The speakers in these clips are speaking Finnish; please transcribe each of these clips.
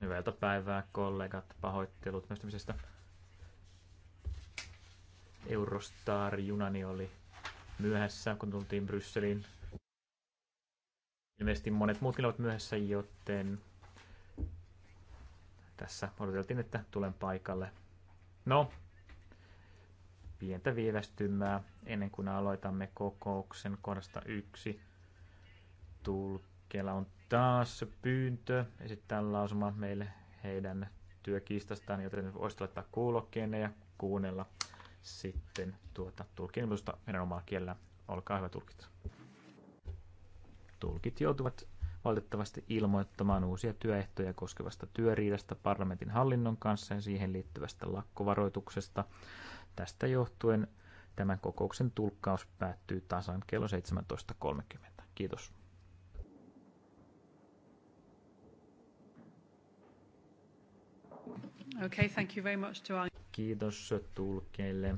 Hyvää päivää kollegat, pahoittelut myöstymisestä. Eurostar-junani oli myöhässä, kun tultiin Brysseliin. Ilmeisesti monet muutkin ovat myöhässä, joten tässä odoteltiin, että tulen paikalle. No, pientä viivästymää ennen kuin aloitamme kokouksen kohdasta yksi. Tulkkeella on taas pyyntö esittää lausuma meille heidän työkiistastaan, joten voisit laittaa kuulokkeen ja kuunnella sitten tuota tulkinnusta meidän omalla kielellä. Olkaa hyvä tulkit. Tulkit joutuvat valitettavasti ilmoittamaan uusia työehtoja koskevasta työriidasta parlamentin hallinnon kanssa ja siihen liittyvästä lakkovaroituksesta. Tästä johtuen tämän kokouksen tulkkaus päättyy tasan kello 17.30. Kiitos. Okay, thank you very much to our... Kiitos tulkeille.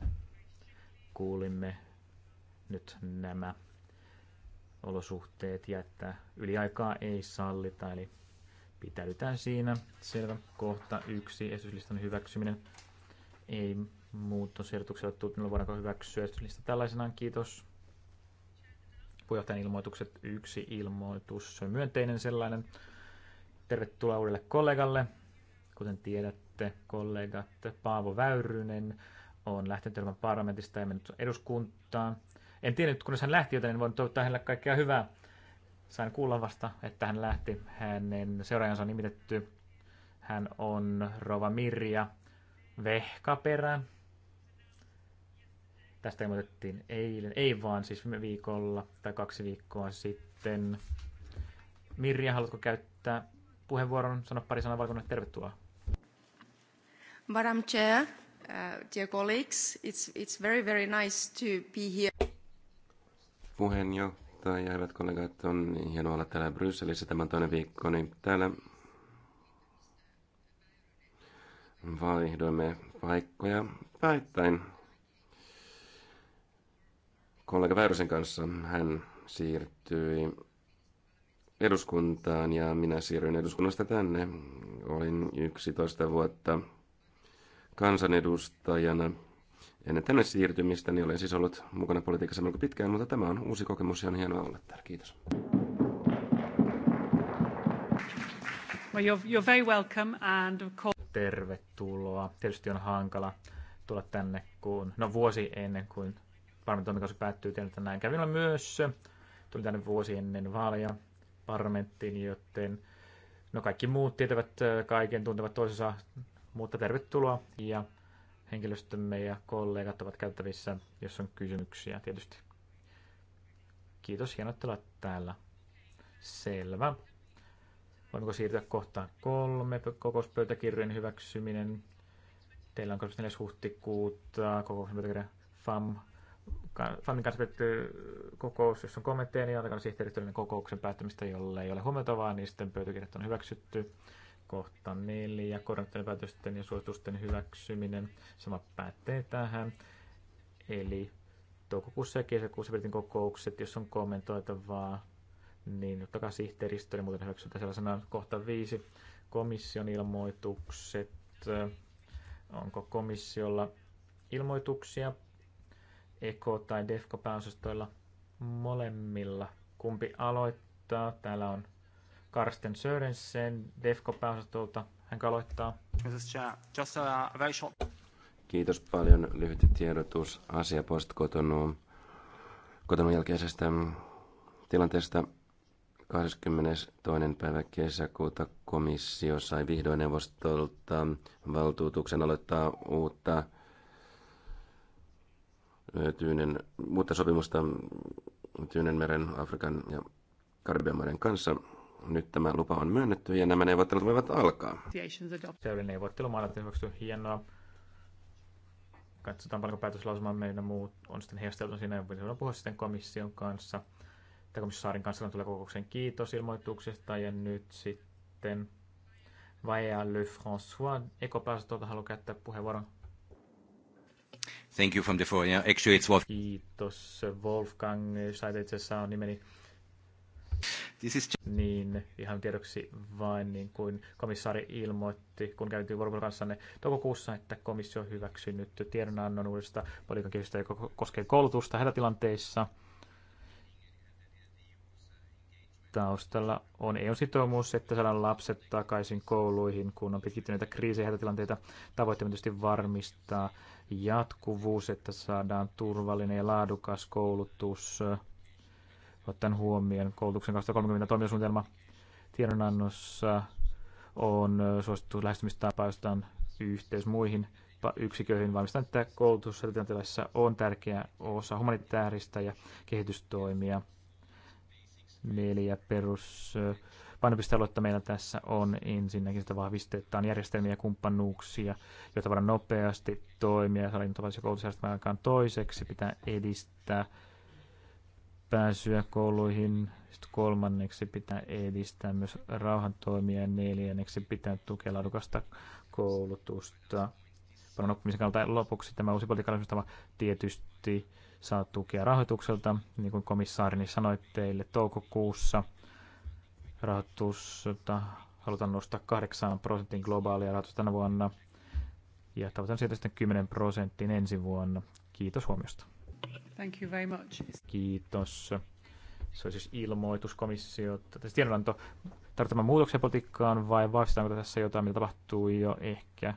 Kuulimme nyt nämä olosuhteet ja että yliaikaa ei sallita, eli pitäydytään siinä. Selvä. Kohta yksi, esityslistan hyväksyminen. Ei muutosehdotuksella tutkinnolla niin voidaanko hyväksyä esityslista tällaisenaan. Kiitos. Puheenjohtajan ilmoitukset. Yksi ilmoitus. Se on myönteinen sellainen. Tervetuloa uudelle kollegalle. Kuten tiedät, kollegat Paavo Väyrynen on lähtenyt Euroopan parlamentista ja mennyt eduskuntaan. En tiedä, kun hän lähti, joten en voinut toivottaa hänelle kaikkea hyvää. Sain kuulla vasta, että hän lähti. Hänen seuraajansa on nimitetty. Hän on Rova Mirja Vehkaperä. Tästä ilmoitettiin eilen, ei vaan siis viikolla tai kaksi viikkoa sitten. Mirja, haluatko käyttää puheenvuoron? Sano pari sanaa valkoinen, tervetuloa. Madam Chair, uh, dear colleagues, it's, it's very, very nice to be here. Puheenjohtaja, hyvät kollegat, on hienoa olla täällä Brysselissä tämän toinen viikko, niin täällä vaihdoimme paikkoja päittäin kollega Väyrysen kanssa. Hän siirtyi eduskuntaan ja minä siirryin eduskunnasta tänne. Olin 11 vuotta kansanedustajana. Ennen tänne siirtymistä niin olen siis ollut mukana politiikassa melko pitkään, mutta tämä on uusi kokemus ja on hienoa olla täällä. Kiitos. Well, you're, you're very welcome and of course... Tervetuloa. Tietysti on hankala tulla tänne, kun, no vuosi ennen kuin parlamentoimikausi päättyy, tiedän, että näin kävi myös. Tuli tänne vuosi ennen vaaleja parlamenttiin, joten no kaikki muut tietävät kaiken, tuntevat toisensa mutta tervetuloa ja henkilöstömme ja kollegat ovat käyttävissä, jos on kysymyksiä tietysti. Kiitos, hienoa, että olet täällä. Selvä. Voimmeko siirtyä kohtaan kolme, kokouspöytäkirjojen hyväksyminen. Teillä on 24. huhtikuuta kokouspöytäkirja FAM, FAMin kanssa pidetty kokous, jos on kommentteja, niin antakaa sihteeristöllinen kokouksen päättämistä, jolle ei ole huomioitavaa, niin sitten pöytäkirjat on hyväksytty kohta neljä, päätösten ja suositusten hyväksyminen. Sama pätee tähän. Eli toukokuussa ja kesäkuussa pidettiin kokoukset, jos on kommentoitavaa, niin ottakaa sihteeristölle, muuten hyväksytään sellaisenaan kohta viisi. Komission ilmoitukset. Onko komissiolla ilmoituksia Eko- tai Defco-pääosastoilla molemmilla? Kumpi aloittaa? Täällä on Karsten Sörensen DEFCO-pääosastolta. Hän kaloittaa. Kiitos paljon. Lyhyt tiedotus asia postkotonuun kotonun jälkeisestä tilanteesta 22. päivä kesäkuuta komissio sai vihdoin neuvostolta valtuutuksen aloittaa uutta Tyynen, uutta sopimusta Tyynenmeren, Afrikan ja Karibian maiden kanssa nyt tämä lupa on myönnetty ja nämä neuvottelut voivat alkaa. Seuraavalle neuvottelumaalat hyväksytty hienoa. Katsotaan paljonko päätöslausumaan meidän muut on sitten heijasteltu siinä ja voidaan puhua sitten komission kanssa. Tämä komissaarin kanssa tulee kokouksen kiitos ilmoituksesta ja nyt sitten Vaea Le François ekopäästötolta haluaa käyttää puheenvuoron. Thank you from the floor. Yeah, actually it's Wolf. Kiitos Wolfgang. Sait itse asiassa on nimeni. Niin ihan tiedoksi vain, niin kuin komissaari ilmoitti, kun käytiin vuoropuhelun kanssanne toukokuussa, että komissio on hyväksynyt tiedonannon uudesta politiikakehystä, joka koskee koulutusta hätätilanteissa. Taustalla on EU-sitoumus, että saadaan lapset takaisin kouluihin, kun on pitkittyneitä kriisejä ja hätätilanteita. Tavoitteena tietysti varmistaa jatkuvuus, että saadaan turvallinen ja laadukas koulutus ottaen huomioon koulutuksen 2030 toimintasuunnitelma tiedonannossa on suosittu lähestymistapa, josta on yhteys muihin yksiköihin varmistetaan, että koulutus tilanteessa on tärkeä osa humanitaarista ja kehitystoimia. Neljä perus painopistealuetta meillä tässä on ensinnäkin, että vahvistetaan järjestelmiä ja kumppanuuksia, joita voidaan nopeasti toimia ja saada innovatiivisia koulutusjärjestelmää aikaan toiseksi, pitää edistää pääsyä kouluihin. Sitten kolmanneksi pitää edistää myös rauhantoimia ja neljänneksi pitää tukea laadukasta koulutusta. Paljon oppimisen kannalta lopuksi tämä uusi politiikalla tietysti saa tukea rahoitukselta, niin kuin komissaarini sanoi teille toukokuussa. Rahoitusta halutaan nostaa 8 prosentin globaalia rahoitusta tänä vuonna ja tavoitetaan sieltä sitten 10 prosenttiin ensi vuonna. Kiitos huomiosta. Thank you very much. Kiitos. Se on siis ilmoituskomissio, siis tiedonanto tarvitaan muutoksia politiikkaan vai vastaanko tässä jotain, mitä tapahtuu jo ehkä?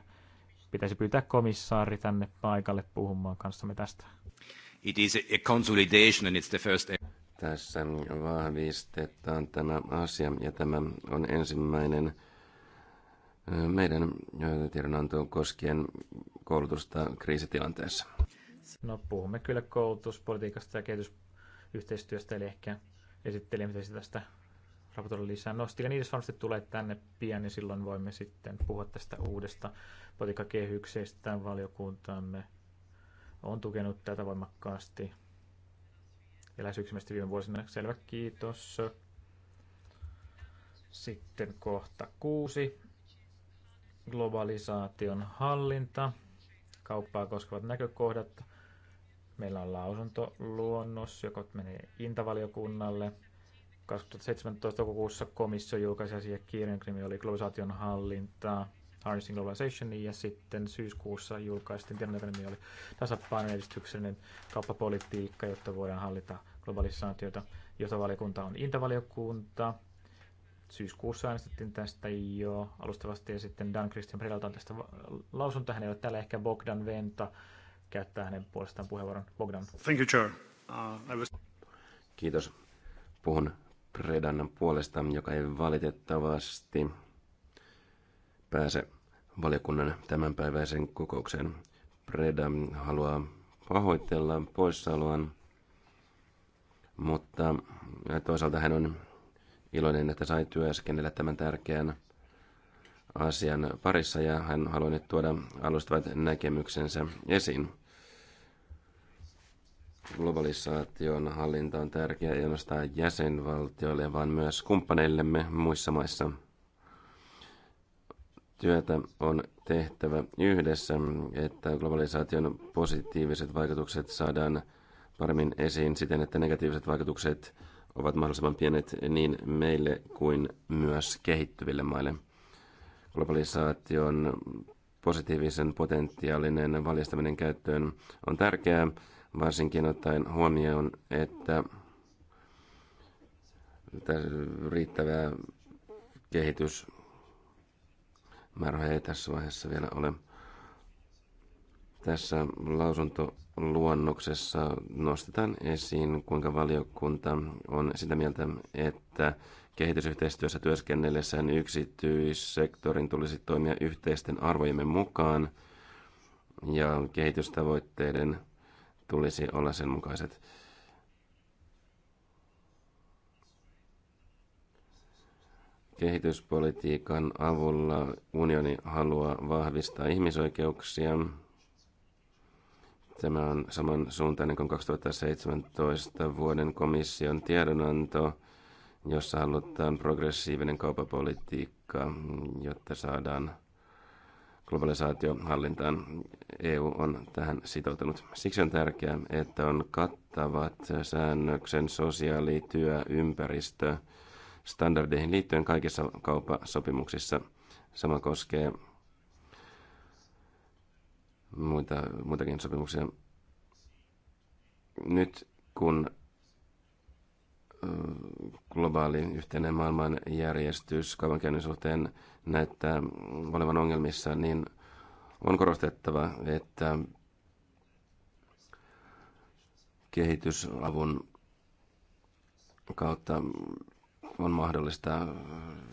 Pitäisi pyytää komissaari tänne paikalle puhumaan kanssamme tästä. It is a consolidation and it's the first... E- tässä vahvistetaan tämä asia ja tämä on ensimmäinen meidän tiedonantoon koskien koulutusta kriisitilanteessa. No puhumme kyllä koulutuspolitiikasta ja kehitysyhteistyöstä, eli ehkä esittelemme sitä tästä raportoida lisää. No Stylianides varmasti tulee tänne pian niin silloin voimme sitten puhua tästä uudesta politiikkakehyksestä. Valiokuntamme on tukenut tätä voimakkaasti ja lähes viime vuosina. Selvä, kiitos. Sitten kohta kuusi. Globalisaation hallinta. Kauppaa koskevat näkökohdat. Meillä on lausuntoluonnos, joka menee intavaliokunnalle. 2017 toukokuussa komissio julkaisi asiakirjan, jonka nimi oli globalisaation hallintaa, Harnessing Globalization, ja sitten syyskuussa julkaistiin tiedon, nimi oli tasapainon edistyksellinen kauppapolitiikka, jotta voidaan hallita globalisaatiota, jota valiokunta on intavaliokunta. Syyskuussa äänestettiin tästä jo alustavasti, ja sitten Dan Christian Predalta on tästä lausunto. ole täällä ehkä Bogdan Venta käyttää hänen puolestaan puheenvuoron. Bogdan. Thank you, Chair. Uh, I was... Kiitos. Puhun Predan puolesta, joka ei valitettavasti pääse valiokunnan tämänpäiväisen kokoukseen. Preda haluaa pahoitella poissaoloaan, mutta toisaalta hän on iloinen, että sai työskennellä tämän tärkeän asian parissa ja hän haluaa nyt tuoda alustavat näkemyksensä esiin. Globalisaation hallinta on tärkeä ei ainoastaan jäsenvaltioille, vaan myös kumppaneillemme muissa maissa. Työtä on tehtävä yhdessä, että globalisaation positiiviset vaikutukset saadaan paremmin esiin siten, että negatiiviset vaikutukset ovat mahdollisimman pienet niin meille kuin myös kehittyville maille – globalisaation positiivisen potentiaalinen valjastaminen käyttöön on tärkeää, varsinkin ottaen huomioon, että riittävää kehitys ei tässä vaiheessa vielä ole. Tässä lausuntoluonnoksessa nostetaan esiin, kuinka valiokunta on sitä mieltä, että Kehitysyhteistyössä työskennellessään yksityissektorin tulisi toimia yhteisten arvojemme mukaan ja kehitystavoitteiden tulisi olla sen mukaiset. Kehityspolitiikan avulla unioni haluaa vahvistaa ihmisoikeuksia. Tämä on samansuuntainen kuin 2017 vuoden komission tiedonanto jossa halutaan progressiivinen kaupapolitiikka, jotta saadaan globalisaatio hallintaan. EU on tähän sitoutunut. Siksi on tärkeää, että on kattavat säännöksen sosiaali-, työ-, ympäristö- standardeihin liittyen kaikissa kauppasopimuksissa. Sama koskee muita, muitakin sopimuksia. Nyt kun globaali yhteinen maailmanjärjestys kaupankäynnin suhteen näyttää olevan ongelmissa, niin on korostettava, että kehitysavun kautta on mahdollista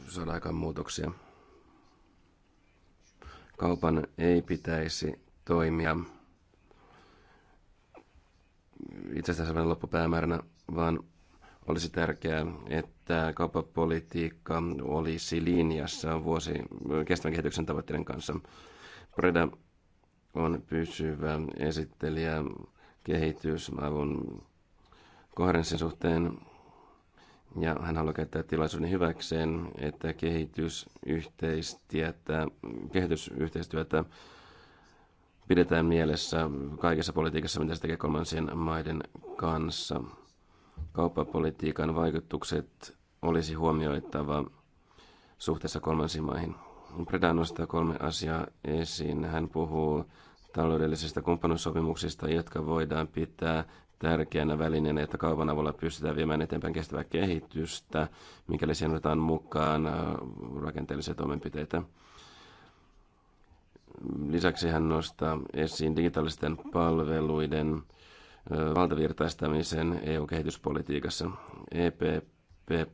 saada aikaan muutoksia. Kaupan ei pitäisi toimia itsestään loppupäämääränä, vaan olisi tärkeää, että kauppapolitiikka olisi linjassa vuosi kestävän kehityksen tavoitteiden kanssa. Preda on pysyvä esittelijä kehitysavun koherenssin suhteen ja hän haluaa käyttää tilaisuuden hyväkseen, että kehitysyhteistyötä, kehitysyhteistyötä pidetään mielessä kaikessa politiikassa, mitä se tekee kolmansien maiden kanssa kauppapolitiikan vaikutukset olisi huomioitava suhteessa kolmansiin maihin. Preda nostaa kolme asiaa esiin. Hän puhuu taloudellisista kumppanuussopimuksista, jotka voidaan pitää tärkeänä välineenä, että kaupan avulla pystytään viemään eteenpäin kestävää kehitystä, mikäli siihen otetaan mukaan äh, rakenteellisia toimenpiteitä. Lisäksi hän nostaa esiin digitaalisten palveluiden valtavirtaistamisen EU-kehityspolitiikassa. EPP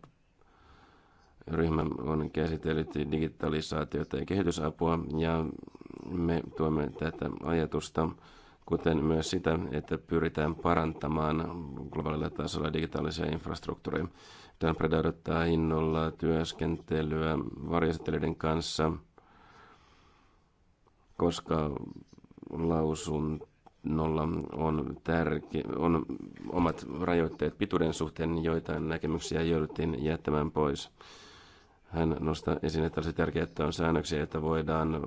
ryhmä on käsitellyt digitalisaatiota ja kehitysapua ja me tuemme tätä ajatusta, kuten myös sitä, että pyritään parantamaan globaalilla tasolla digitaalisia infrastruktuureja. Tämä predadottaa innolla työskentelyä varjosettelijöiden kanssa, koska lausunto nolla on, tärke, on omat rajoitteet pituuden suhteen, joitain näkemyksiä jouduttiin jättämään pois. Hän nostaa esiin, että olisi tärkeää, että on säännöksiä, että voidaan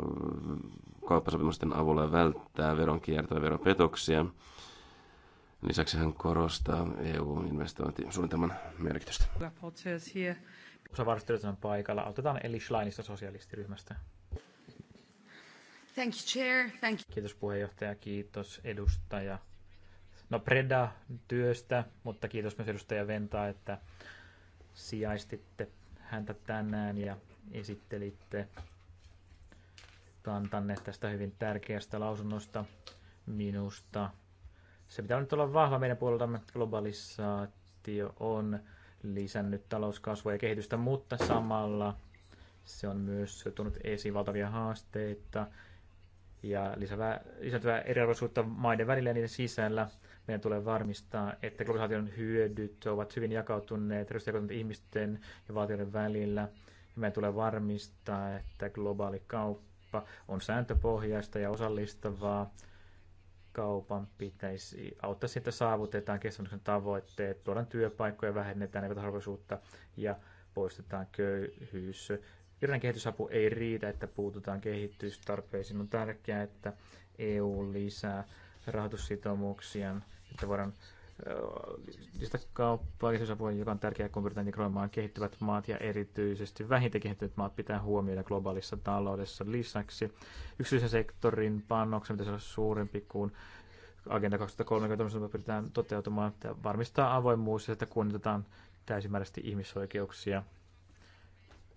kauppasopimusten avulla välttää veronkiertoa ja veropetoksia. Lisäksi hän korostaa EU-investointisuunnitelman merkitystä. Osa on paikalla. Otetaan Eli Schleinista sosialistiryhmästä. Thank you, Chair. Thank you. Kiitos puheenjohtaja, kiitos edustaja. No Preda työstä, mutta kiitos myös edustaja Venta, että sijaistitte häntä tänään ja esittelitte kantanne tästä hyvin tärkeästä lausunnosta minusta. Se pitää nyt olla vahva meidän puoleltamme. Globalisaatio on lisännyt talouskasvua ja kehitystä, mutta samalla se on myös tuonut esiin valtavia haasteita, ja lisävää, lisääntyvää eriarvoisuutta maiden välillä ja niiden sisällä. Meidän tulee varmistaa, että globalisaation hyödyt ovat hyvin jakautuneet, jakautuneet ihmisten ja valtioiden välillä. Ja meidän tulee varmistaa, että globaali kauppa on sääntöpohjaista ja osallistavaa. Kaupan pitäisi auttaa siitä, että saavutetaan kestävyyden tavoitteet, tuodaan työpaikkoja, vähennetään epätasarvoisuutta ja poistetaan köyhyys Virran kehitysapu ei riitä, että puututaan kehitystarpeisiin. On tärkeää, että EU lisää rahoitussitoumuksia, että voidaan lisätä kauppaa kehitysapua, joka on tärkeää, kun pyritään integroimaan kehittyvät maat ja erityisesti vähiten kehittyvät maat pitää huomioida globaalissa taloudessa. Lisäksi yksityisen sektorin panoksen pitäisi olla suurempi kuin Agenda 2030, jota pyritään toteutumaan, että varmistaa avoimuus ja että kunnioitetaan täysimääräisesti ihmisoikeuksia.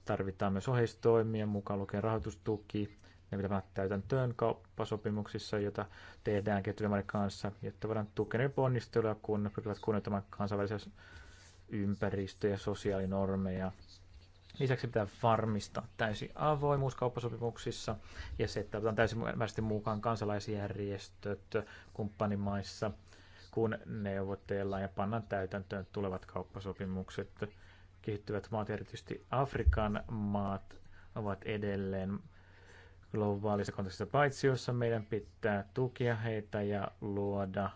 Tarvitaan myös oheistoimia, mukaan lukien rahoitustuki, ne pitää täytäntöön kauppasopimuksissa, joita tehdään kehittyvien kanssa, jotta voidaan tukea ne ponnisteluja, kun ne pyrkivät kunnioittamaan kansainvälisiä ympäristö- ja sosiaalinormeja. Lisäksi pitää varmistaa täysi avoimuus kauppasopimuksissa ja se, että otetaan täysimääräisesti mukaan kansalaisjärjestöt kumppanimaissa, kun neuvotellaan ja pannaan täytäntöön tulevat kauppasopimukset kehittyvät maat, erityisesti Afrikan maat, ovat edelleen globaalissa kontekstissa paitsi, jossa meidän pitää tukea heitä ja luoda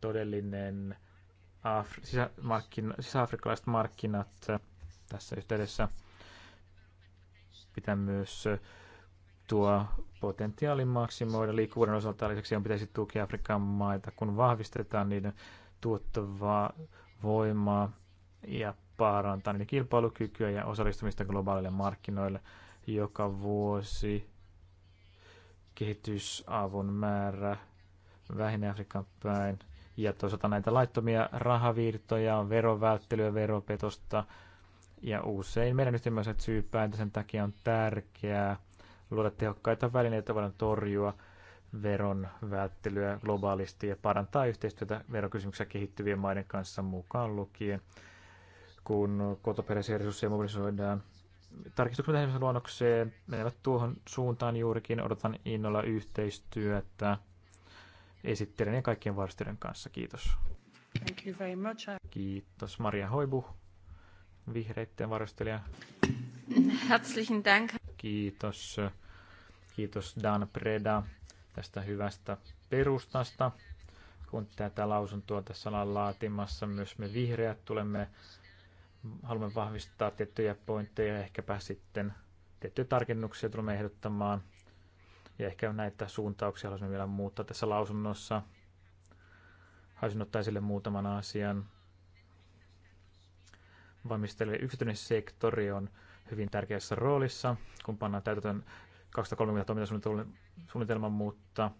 todellinen sisäafrikkalaiset markkinat tässä yhteydessä. Pitää myös tuo potentiaalin maksimoida liikkuvuuden osalta. Lisäksi on pitäisi tukea Afrikan maita, kun vahvistetaan niiden tuottavaa voimaa ja parantaa niiden kilpailukykyä ja osallistumista globaaleille markkinoille joka vuosi. Kehitysavun määrä vähenee Afrikan päin. Ja toisaalta näitä laittomia rahavirtoja, verovälttelyä, veropetosta. Ja usein meidän yhteenmäiset syypäitä sen takia on tärkeää luoda tehokkaita välineitä, voidaan torjua veron välttelyä globaalisti ja parantaa yhteistyötä verokysymyksissä kehittyvien maiden kanssa mukaan lukien kun kotoperäisiä resursseja mobilisoidaan. Tarkistukset tähän luonnokseen menevät tuohon suuntaan juurikin. Odotan innolla yhteistyötä esittelen ja kaikkien varustelijoiden kanssa. Kiitos. Thank you very much. Kiitos Maria Hoibu, vihreitten varustelija. Herzlichen Dank. Kiitos. Kiitos Dan Preda tästä hyvästä perustasta. Kun tätä lausuntoa tässä ollaan laatimassa, myös me vihreät tulemme haluamme vahvistaa tiettyjä pointteja, ehkäpä sitten tiettyjä tarkennuksia tulemme ehdottamaan. Ja ehkä näitä suuntauksia haluaisimme vielä muuttaa tässä lausunnossa. Haluaisin ottaa esille muutaman asian. Valmistelijan yksityinen sektori on hyvin tärkeässä roolissa, kun pannaan täytäntöön 2030 toimintasuunnitelman, muuttaa.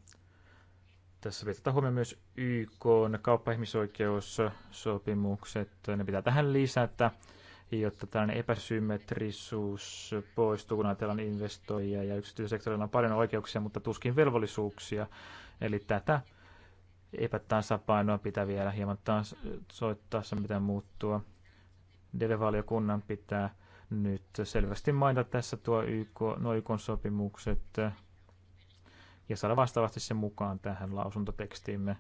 Tässä viitataan huomioon myös YK kauppa- ja Ne pitää tähän lisätä, jotta tällainen epäsymmetrisuus poistuu, kun ajatellaan investoijia ja yksityissektorilla on paljon oikeuksia, mutta tuskin velvollisuuksia. Eli tätä epätasapainoa pitää vielä hieman taas soittaa, se mitä muuttua. Delevaliokunnan pitää nyt selvästi mainita tässä tuo YK, nuo YK sopimukset ja saada vastaavasti sen mukaan tähän lausuntotekstiimme.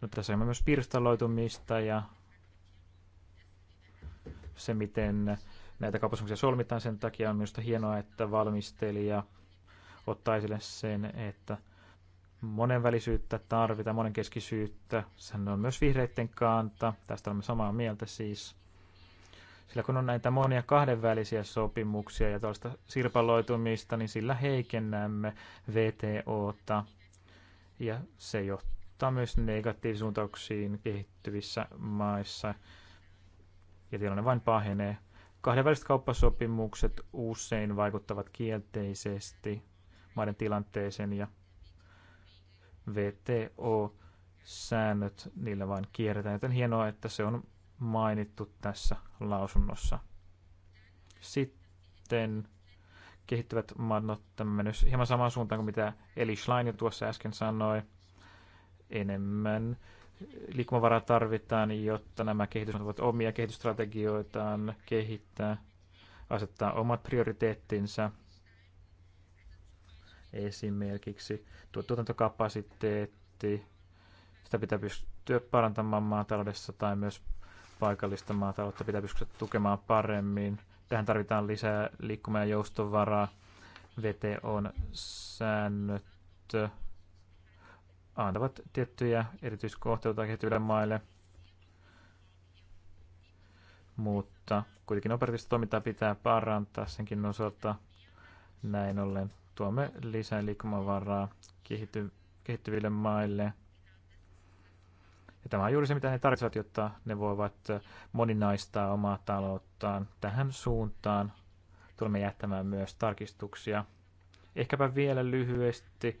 No, tässä on myös pirstaloitumista ja se, miten näitä kauppasopimuksia solmitaan. Sen takia on minusta hienoa, että valmistelija ottaa esille sen, että monenvälisyyttä tarvitaan, monenkeskisyyttä. Sehän on myös vihreitten kanta. Tästä olemme samaa mieltä siis. Sillä kun on näitä monia kahdenvälisiä sopimuksia ja tuollaista sirpaloitumista, niin sillä heikennämme VTOta. Ja se johtaa myös negatiivisuuntauksiin kehittyvissä maissa. Ja tilanne vain pahenee. Kahdenväliset kauppasopimukset usein vaikuttavat kielteisesti maiden tilanteeseen ja VTO-säännöt niillä vain kierretään. Joten hienoa, että se on mainittu tässä lausunnossa. Sitten kehittyvät mannot tämmöinen hieman samaan suuntaan kuin mitä Eli Schlein jo tuossa äsken sanoi. Enemmän liikkumavaraa tarvitaan, jotta nämä kehitysmaat voivat omia kehitysstrategioitaan kehittää, asettaa omat prioriteettinsa. Esimerkiksi tuo tuotantokapasiteetti, sitä pitää pystyä parantamaan maataloudessa tai myös paikallista maataloutta pitää pystyä tukemaan paremmin. Tähän tarvitaan lisää liikkuma- ja joustovaraa. VTOn säännöt antavat tiettyjä erityiskohteluita kehittyville maille, mutta kuitenkin operatiivista toimintaa pitää parantaa senkin osalta. Näin ollen tuomme lisää liikkumavaraa kehittyville maille ja tämä on juuri se, mitä he tarvitsevat, jotta ne voivat moninaistaa omaa talouttaan tähän suuntaan. Tulemme jättämään myös tarkistuksia. Ehkäpä vielä lyhyesti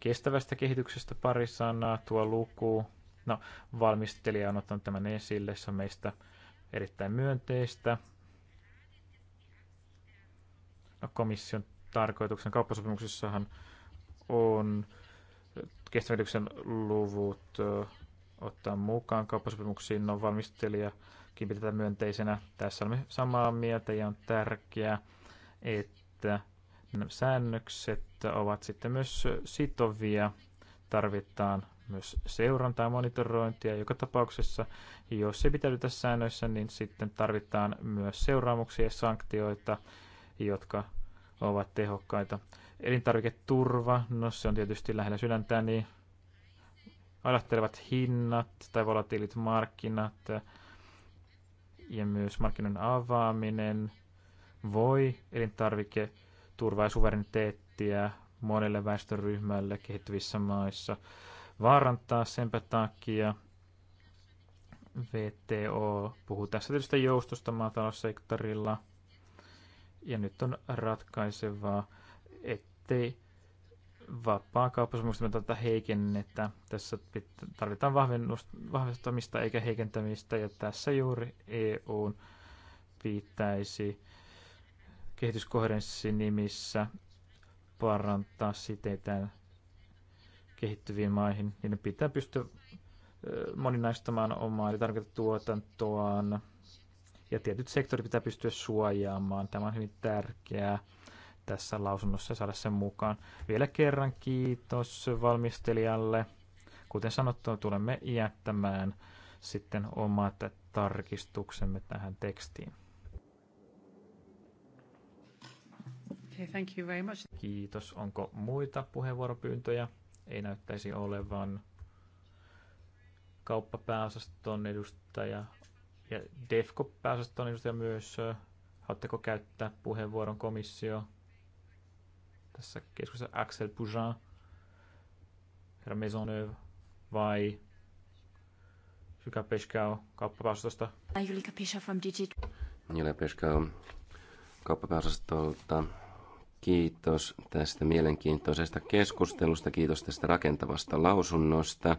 kestävästä kehityksestä pari sanaa tuo luku. No, valmistelija on ottanut tämän esille, se on meistä erittäin myönteistä. No, komission tarkoituksen kauppasopimuksissahan on kestävyyden luvut ottaa mukaan kauppasopimuksiin. No valmistelijakin pitää myönteisenä. Tässä olemme samaa mieltä ja on tärkeää, että säännökset ovat sitten myös sitovia. Tarvitaan myös seurantaa ja monitorointia. Joka tapauksessa, jos se pitäydytä säännöissä, niin sitten tarvitaan myös seuraamuksia ja sanktioita, jotka ovat tehokkaita. Elintarviketurva, no se on tietysti lähellä sydäntäni. Niin ajattelevat hinnat tai volatiilit markkinat ja myös markkinoiden avaaminen voi elintarvike turvaa ja suvereniteettiä monelle väestöryhmälle kehittyvissä maissa vaarantaa senpä takia. VTO puhuu tässä tietysti joustosta maataloussektorilla. Ja nyt on ratkaisevaa, ettei vapaa kauppasopimusta tätä heikennettä. Tässä tarvitaan vahvistamista eikä heikentämistä, ja tässä juuri EU pitäisi kehityskohdenssin nimissä parantaa siteitään kehittyviin maihin. Niiden pitää pystyä moninaistamaan omaa eli tuotantoaan ja tietyt sektorit pitää pystyä suojaamaan. Tämä on hyvin tärkeää tässä lausunnossa saada sen mukaan. Vielä kerran kiitos valmistelijalle. Kuten sanottua, tulemme jättämään sitten omat tarkistuksemme tähän tekstiin. Okay, thank you very much. Kiitos. Onko muita puheenvuoropyyntöjä? Ei näyttäisi olevan. Kauppapääosaston edustaja ja DEFCO-pääosaston edustaja myös. Haluatteko käyttää puheenvuoron komissio? tässä keskustelussa Axel Pujan, herra Maisonneuve vai Jyka Peskau, kauppapäästöstä? Julika Peskau äh, from Digit. Julia Peskau, kauppapäästöstä. Kiitos tästä mielenkiintoisesta keskustelusta, kiitos tästä rakentavasta lausunnosta,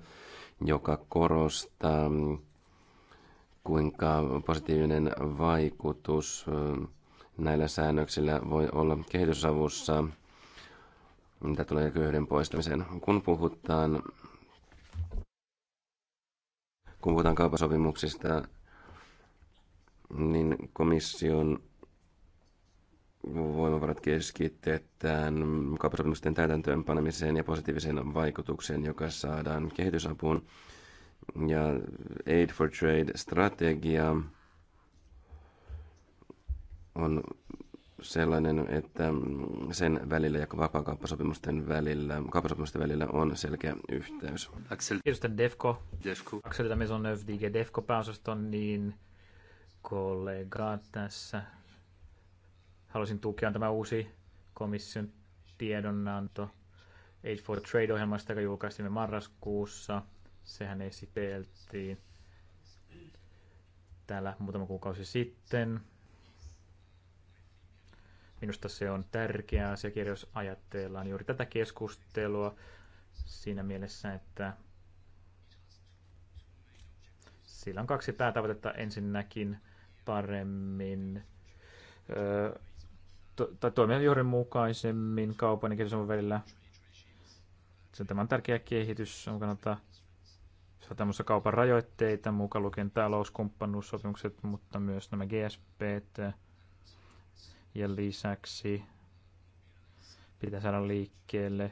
joka korostaa, mm, kuinka positiivinen vaikutus mm, näillä säännöksillä voi olla kehitysavussa – mitä tulee köyhyyden poistamiseen. Kun puhutaan, kun puhutaan kaupasopimuksista, niin komission voimavarat keskitetään kauppasopimusten täytäntöönpanemiseen ja positiiviseen vaikutukseen, joka saadaan kehitysapuun. Ja Aid for Trade-strategia on sellainen, että sen välillä ja vapaakauppasopimusten välillä, kauppasopimusten välillä on selkeä yhteys. Axel. Kiitos, Defko. Defko. Axel, tämä on DG Defko pääosaston, niin kollega tässä. Haluaisin tukea tämä uusi komission tiedonanto Aid for Trade-ohjelmasta, joka julkaistimme marraskuussa. Sehän esiteltiin täällä muutama kuukausi sitten Minusta se on tärkeä asiakirja, jos ajatellaan juuri tätä keskustelua siinä mielessä, että sillä on kaksi päätavoitetta. Ensinnäkin paremmin to, to, toimia juuri mukaisemmin kaupan ja kehitysavun välillä. Se tämä on tärkeä kehitys, on kannalta tämmöisiä kaupan rajoitteita, mukaan lukien talouskumppanuussopimukset, mutta myös nämä GSP, ja lisäksi pitää saada liikkeelle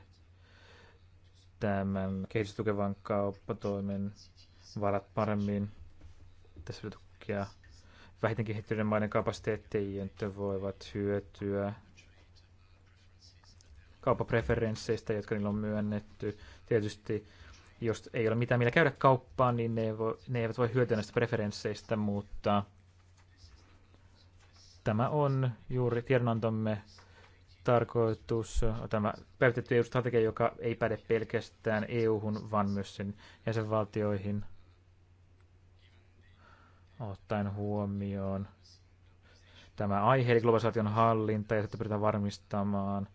tämän kehitystukevan kauppatoimen varat paremmin. Tässä voi tukea vähiten kehittyneiden maiden kapasiteettiin, jotta voivat hyötyä kauppapreferensseistä, jotka niillä on myönnetty. Tietysti jos ei ole mitään millä käydä kauppaan, niin ne, vo, ne eivät voi hyötyä näistä preferensseistä, mutta Tämä on juuri tiedonantomme tarkoitus, tämä päivitetty EU-strategia, joka ei päde pelkästään EU-hun, vaan myös sen jäsenvaltioihin, ottaen huomioon tämä aihe, eli globalisaation hallinta, ja sitten pyritään varmistamaan,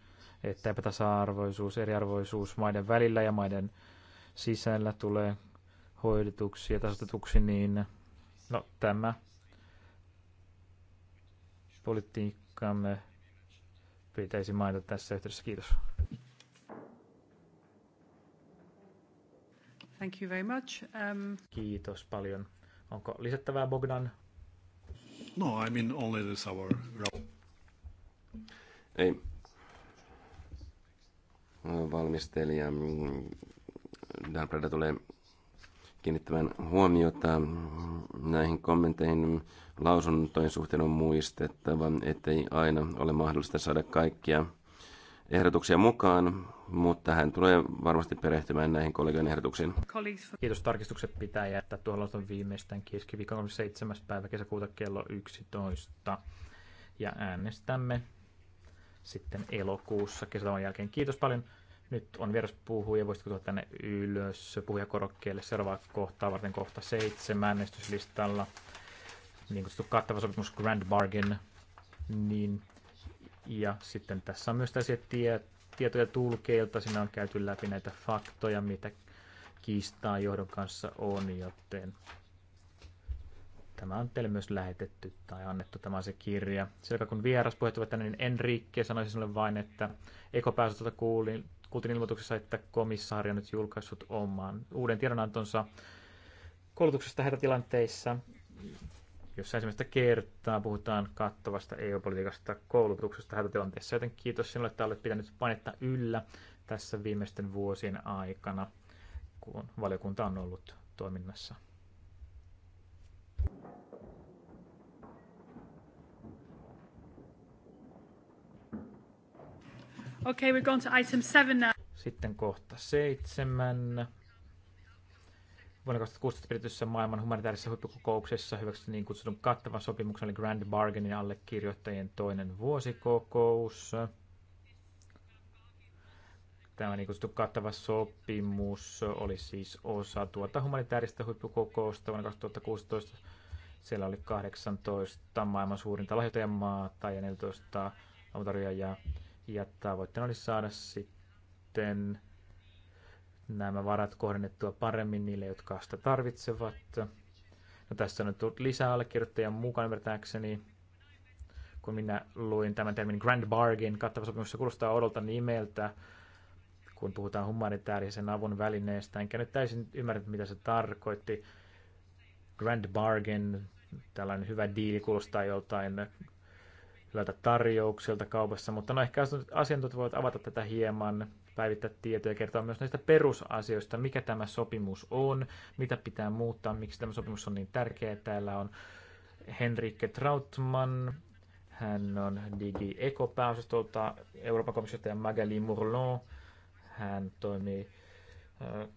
että epätasa-arvoisuus, eriarvoisuus maiden välillä ja maiden sisällä tulee hoidetuksi ja tasoitetuksi, niin no, tämä politiikkaamme pitäisi mainita tässä yhteydessä. Kiitos. Thank you very much. Um... Kiitos paljon. Onko lisättävää Bogdan? No, I mean only this hour. Ei. Valmistelija Dan tulee kiinnittävän huomiota näihin kommenteihin. Lausuntojen suhteen on muistettava, ettei aina ole mahdollista saada kaikkia ehdotuksia mukaan, mutta hän tulee varmasti perehtymään näihin kollegan ehdotuksiin. Kiitos. Tarkistukset pitää jättää tuohon lausunnon viimeistään keskiviikon 7. päivä kesäkuuta kello 11. Ja äänestämme sitten elokuussa kesätauon jälkeen. Kiitos paljon. Nyt on vieras puhuja, voisitko tulla tänne ylös puhujakorokkeelle seuraavaa kohtaa varten kohta seitsemän esityslistalla. Niin kutsuttu kattava sopimus Grand Bargain. Niin. Ja sitten tässä on myös tällaisia tie, tietoja tulkeilta. Siinä on käyty läpi näitä faktoja, mitä kiistaa johdon kanssa on, joten tämä on teille myös lähetetty tai annettu tämä se kirja. Sillä kun vieras puhettuvat tänne, niin Enrique sanoi sinulle vain, että ekopäästöstä kuulin Kuultiin ilmoituksessa, että komissaari on nyt julkaissut oman uuden tiedonantonsa koulutuksesta hätätilanteissa, jossa ensimmäistä kertaa puhutaan kattavasta EU-politiikasta koulutuksesta hätätilanteessa. Joten kiitos sinulle, että olet pitänyt painetta yllä tässä viimeisten vuosien aikana, kun valiokunta on ollut toiminnassa. Okay, we're going to item seven now. Sitten kohta seitsemän. Vuonna 2016 pidetyssä maailman humanitaarisessa huippukokouksessa hyväksytty niin kutsutun kattavan sopimuksen eli Grand Bargainin allekirjoittajien toinen vuosikokous. Tämä niin kutsuttu kattava sopimus oli siis osa tuota humanitaarista huippukokousta vuonna 2016. Siellä oli 18 maailman suurinta lahjoittajamaata ja 14 avutarjoajaa. Ja tavoitteena olisi saada sitten nämä varat kohdennettua paremmin niille, jotka sitä tarvitsevat. No, tässä on nyt tullut lisää allekirjoittajia mukaan ymmärtääkseni. Kun minä luin tämän termin Grand Bargain, kattava sopimus, se kuulostaa odolta nimeltä, kun puhutaan humanitaarisen avun välineestä. Enkä nyt täysin ymmärrä, mitä se tarkoitti. Grand Bargain, tällainen hyvä diili kuulostaa joltain hyvältä tarjoukselta kaupassa, mutta no ehkä asiantuntijat voivat avata tätä hieman, päivittää tietoja ja kertoa myös näistä perusasioista, mikä tämä sopimus on, mitä pitää muuttaa, miksi tämä sopimus on niin tärkeä. Täällä on Henrikke Trautman, hän on Digi Eco pääosastolta, Euroopan ja Magali Mourlon, hän toimii äh,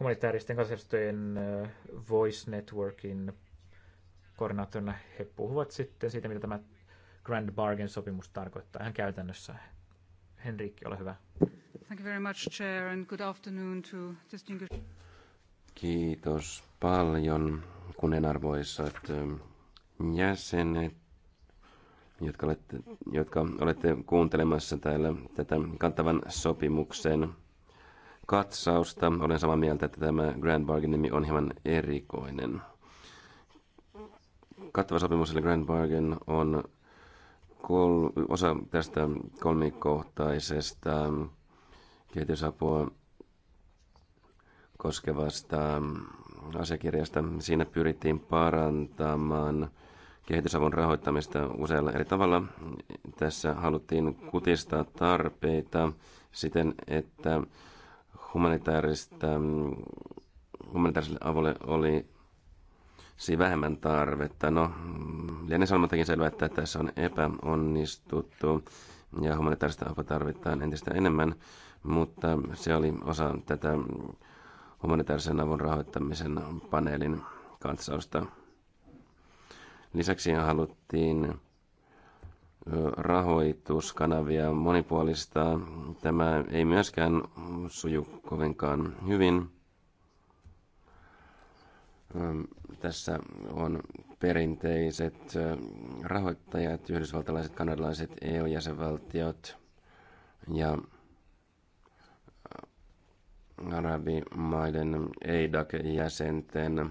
humanitaaristen kansanjärjestöjen äh, Voice Networkin koordinaattorina. He puhuvat sitten siitä, mitä tämä Grand Bargain-sopimus tarkoittaa ihan käytännössä. Henrikki, ole hyvä. Thank you very much, Chair, and good afternoon to distinguished... Kiitos paljon, kunnianarvoisat ähm, jäsenet, jotka olette, jotka olette kuuntelemassa täällä tätä kantavan sopimuksen katsausta. Olen samaa mieltä, että tämä Grand Bargain-nimi on hieman erikoinen. Kattava sopimus eli Grand Bargain on kol, osa tästä kolmikohtaisesta kehitysapua koskevasta asiakirjasta. Siinä pyrittiin parantamaan kehitysavun rahoittamista usealla eri tavalla. Tässä haluttiin kutistaa tarpeita siten, että humanitaarista, humanitaariselle avulle oli si vähemmän tarvetta. No, mm, lienee sanomattakin selvää, että tässä on epäonnistuttu ja humanitaarista apua tarvitaan entistä enemmän, mutta se oli osa tätä humanitaarisen avun rahoittamisen paneelin katsausta. Lisäksi haluttiin rahoituskanavia monipuolistaa. Tämä ei myöskään suju kovinkaan hyvin. Tässä on perinteiset rahoittajat, yhdysvaltalaiset, kanadalaiset, EU-jäsenvaltiot ja arabimaiden EIDAC-jäsenten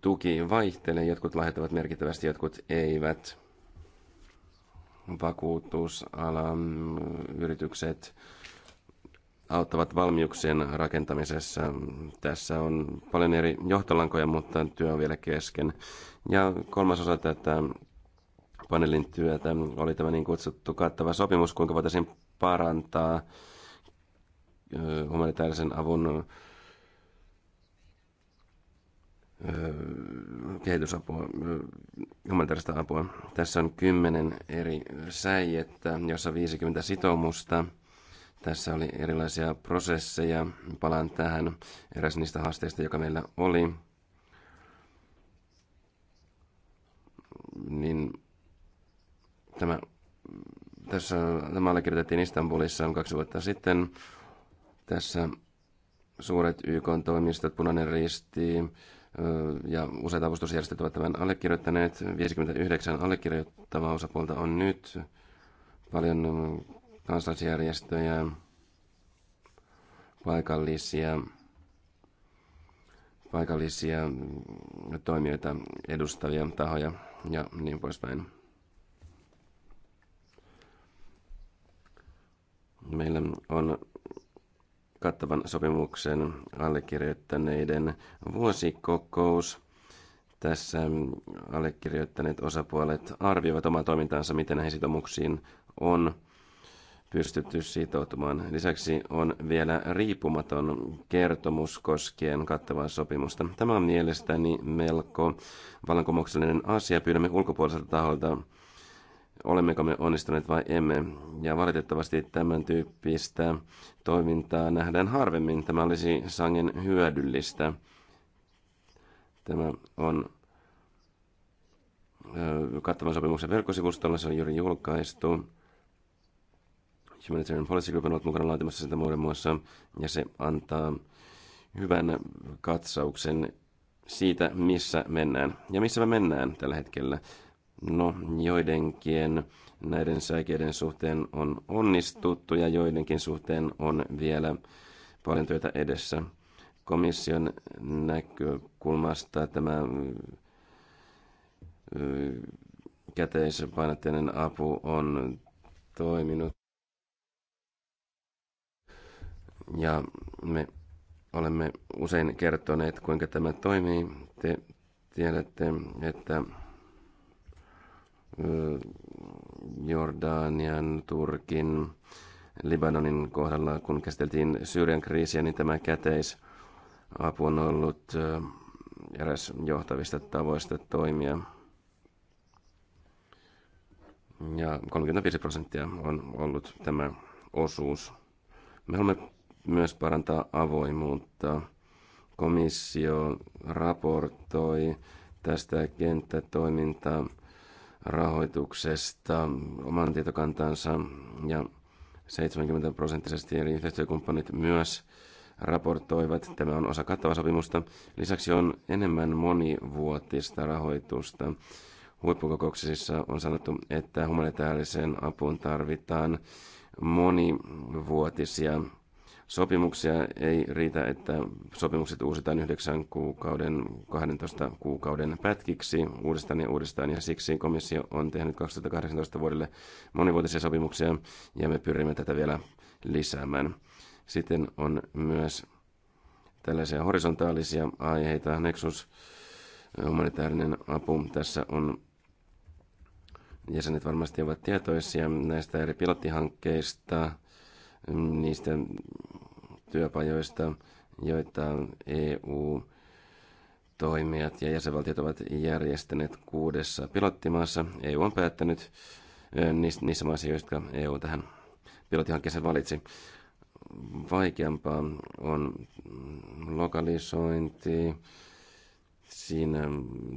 tuki vaihtelee. Jotkut lahjoittavat merkittävästi, jotkut eivät. Vakuutusalan yritykset, auttavat valmiuksien rakentamisessa. Tässä on paljon eri johtolankoja, mutta työ on vielä kesken. Ja kolmas osa tätä paneelin työtä oli tämä niin kutsuttu kattava sopimus, kuinka voitaisiin parantaa humanitaarisen avun kehitysapua, humanitaarista apua. Tässä on kymmenen eri säijettä, jossa 50 sitoumusta – tässä oli erilaisia prosesseja. Palaan tähän eräs niistä haasteista, joka meillä oli. Niin tämä, tässä, tämä allekirjoitettiin Istanbulissa kaksi vuotta sitten. Tässä suuret YK-toimistot, Punainen Risti ja useat avustusjärjestöt ovat tämän allekirjoittaneet. 59 allekirjoittavaa osapuolta on nyt. Paljon kansalaisjärjestöjä, paikallisia, paikallisia toimijoita, edustavia tahoja ja niin poispäin. Meillä on kattavan sopimuksen allekirjoittaneiden vuosikokous. Tässä allekirjoittaneet osapuolet arvioivat omaa toimintaansa, miten näihin sitoumuksiin on pystytty sitoutumaan. Lisäksi on vielä riippumaton kertomus koskien kattavaa sopimusta. Tämä on mielestäni melko vallankumouksellinen asia. Pyydämme ulkopuoliselta taholta, olemmeko me onnistuneet vai emme. Ja valitettavasti tämän tyyppistä toimintaa nähdään harvemmin. Tämä olisi sangen hyödyllistä. Tämä on kattavan sopimuksen verkkosivustolla, se on juuri julkaistu Humanitarian Policy Group on ollut mukana laatimassa sitä muiden muassa, ja se antaa hyvän katsauksen siitä, missä mennään. Ja missä me mennään tällä hetkellä. No, joidenkin näiden säikeiden suhteen on onnistuttu ja joidenkin suhteen on vielä paljon työtä edessä. Komission näkökulmasta tämä käteispainotteinen apu on toiminut Ja me olemme usein kertoneet, kuinka tämä toimii. Te tiedätte, että Jordanian, Turkin, Libanonin kohdalla, kun käsiteltiin Syyrian kriisiä, niin tämä käteisapu on ollut eräs johtavista tavoista toimia. Ja 35 prosenttia on ollut tämä osuus. Me olemme myös parantaa avoimuutta. Komissio raportoi tästä kenttätoiminta rahoituksesta oman tietokantansa ja 70 prosenttisesti eli yhteistyökumppanit myös raportoivat. Tämä on osa kattavaa sopimusta. Lisäksi on enemmän monivuotista rahoitusta. Huippukokouksissa on sanottu, että humanitaariseen apuun tarvitaan monivuotisia sopimuksia. Ei riitä, että sopimukset uusitaan 9 kuukauden, 12 kuukauden pätkiksi uudestaan ja uudestaan, ja siksi komissio on tehnyt 2018 vuodelle monivuotisia sopimuksia, ja me pyrimme tätä vielä lisäämään. Sitten on myös tällaisia horisontaalisia aiheita, Nexus, humanitaarinen apu, tässä on jäsenet varmasti ovat tietoisia näistä eri pilottihankkeista, niistä työpajoista, joita EU toimijat ja jäsenvaltiot ovat järjestäneet kuudessa pilottimaassa. EU on päättänyt niissä maissa, joista EU tähän pilottihankkeeseen valitsi. Vaikeampaa on lokalisointi. Siinä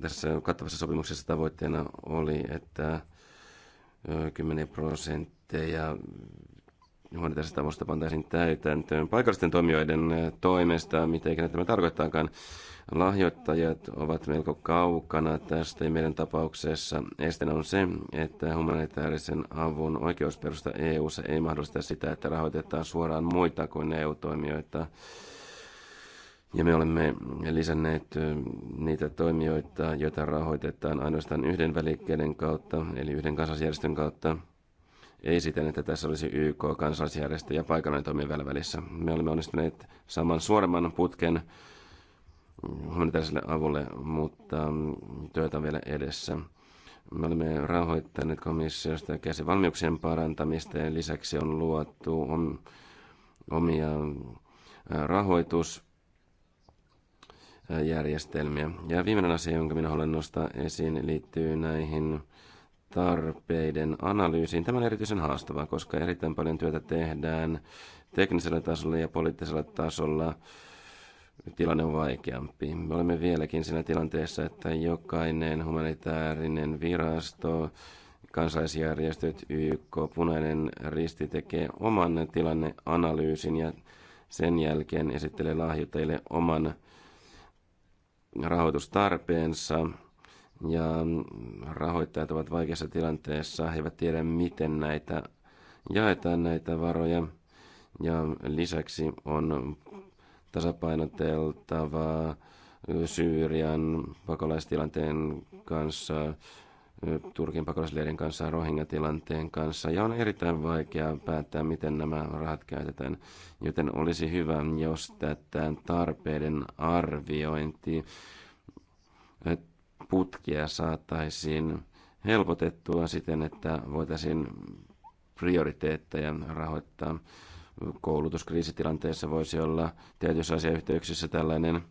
tässä kattavassa sopimuksessa tavoitteena oli, että 10 prosenttia tässä tavoista pantaisiin täytäntöön paikallisten toimijoiden eh, toimesta, mitä ikinä tämä tarkoittaakaan. Lahjoittajat ovat melko kaukana tästä ja meidän tapauksessa estenä on se, että humanitaarisen avun oikeusperusta eu ei mahdollista sitä, että rahoitetaan suoraan muita kuin EU-toimijoita. Ja me olemme lisänneet eh, niitä toimijoita, joita rahoitetaan ainoastaan yhden välikkeiden kautta, eli yhden kansallisjärjestön kautta – ei siten, että tässä olisi YK, kansalaisjärjestö ja paikallinen toimija välissä. Me olemme onnistuneet saman suoremman putken humanitaariselle avulle, mutta mm, työtä on vielä edessä. Me olemme rahoittaneet komissiosta käsi valmiuksien parantamista ja lisäksi on luotu on omia rahoitusjärjestelmiä. Ja viimeinen asia, jonka minä haluan nostaa esiin, liittyy näihin tarpeiden analyysiin. Tämä on erityisen haastavaa, koska erittäin paljon työtä tehdään teknisellä tasolla ja poliittisella tasolla. Tilanne on vaikeampi. Me olemme vieläkin siinä tilanteessa, että jokainen humanitaarinen virasto, kansalaisjärjestöt, YK, punainen risti tekee oman tilanneanalyysin ja sen jälkeen esittelee lahjoittajille oman rahoitustarpeensa ja rahoittajat ovat vaikeassa tilanteessa, he eivät tiedä miten näitä jaetaan näitä varoja ja lisäksi on tasapainoteltava Syyrian pakolaistilanteen kanssa, Turkin pakolaisleirin kanssa, Rohingya-tilanteen kanssa, ja on erittäin vaikea päättää, miten nämä rahat käytetään. Joten olisi hyvä, jos tätä tarpeiden arviointi putkia saataisiin helpotettua siten, että voitaisiin prioriteetteja rahoittaa. Koulutuskriisitilanteessa voisi olla tietyissä asiayhteyksissä tällainen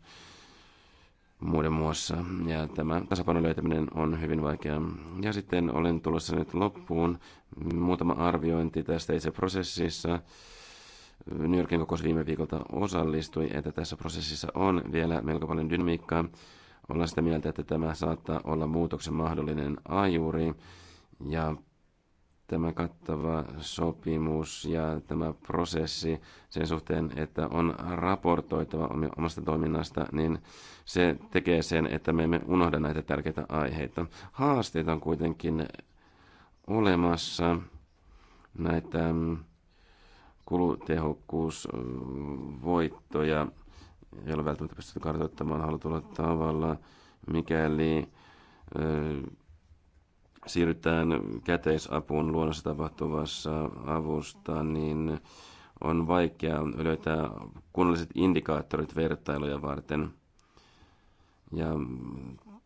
muiden muassa. Ja tämä tasapainon löytäminen on hyvin vaikeaa. Ja sitten olen tulossa nyt loppuun. Muutama arviointi tästä itse prosessissa. New Yorkin kokous viime viikolta osallistui, että tässä prosessissa on vielä melko paljon dynamiikkaa. Ollaan sitä mieltä, että tämä saattaa olla muutoksen mahdollinen ajuri ja tämä kattava sopimus ja tämä prosessi sen suhteen, että on raportoitava omasta toiminnasta, niin se tekee sen, että me emme unohda näitä tärkeitä aiheita. Haasteita on kuitenkin olemassa näitä mm, kulutehokkuusvoittoja ei ole välttämättä pystytty kartoittamaan halutulla tavalla, mikäli ö, siirrytään käteisapuun luonnossa tapahtuvassa avusta, niin on vaikea löytää kunnolliset indikaattorit vertailuja varten. Ja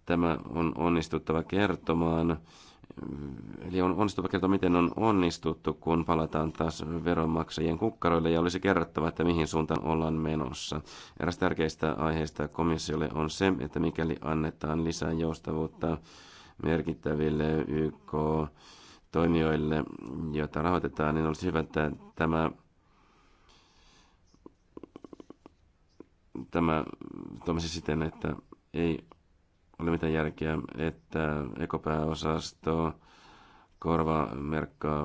tämä on onnistuttava kertomaan Eli on onnistuva kertoa, miten on onnistuttu, kun palataan taas veronmaksajien kukkaroille ja olisi kerrottava, että mihin suuntaan ollaan menossa. Eräs tärkeistä aiheista komissiolle on se, että mikäli annetaan lisää joustavuutta merkittäville YK toimijoille, joita rahoitetaan, niin olisi hyvä, että tämä tämä toimisi siten, että ei ole mitään järkeä, että ekopääosasto korva merkkaa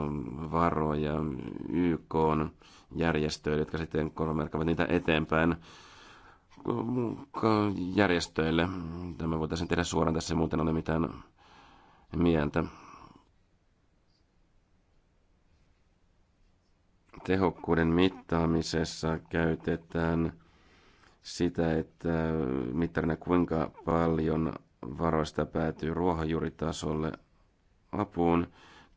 varoja YK järjestöille, jotka sitten korvamerkkaavat niitä eteenpäin järjestöille. Tämä voitaisiin tehdä suoraan tässä, muuten ole mitään mieltä. Tehokkuuden mittaamisessa käytetään sitä, että mittarina kuinka paljon varoista päätyy ruohonjuuritasolle apuun.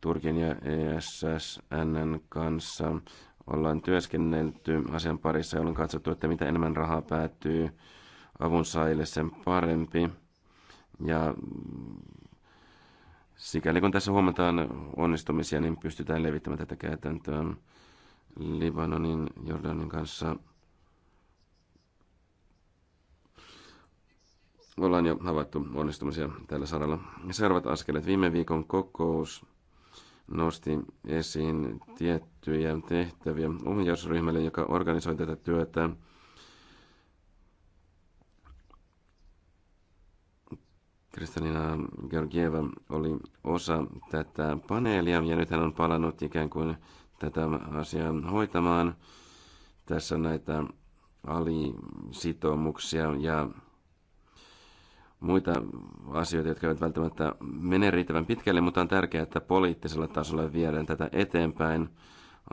Turkin ja ESSNn kanssa ollaan työskennelty asian parissa ja on katsottu, että mitä enemmän rahaa päätyy saajille, sen parempi. Ja sikäli kun tässä huomataan onnistumisia, niin pystytään levittämään tätä käytäntöä Libanonin, Jordanin kanssa – ollaan jo havaittu onnistumisia tällä saralla. Seuraavat askeleet. Viime viikon kokous nosti esiin tiettyjä tehtäviä ohjausryhmälle, joka organisoi tätä työtä. Kristalina Georgieva oli osa tätä paneelia ja nyt hän on palannut ikään kuin tätä asiaa hoitamaan. Tässä on näitä alisitoumuksia ja muita asioita, jotka eivät välttämättä mene riittävän pitkälle, mutta on tärkeää, että poliittisella tasolla viedään tätä eteenpäin.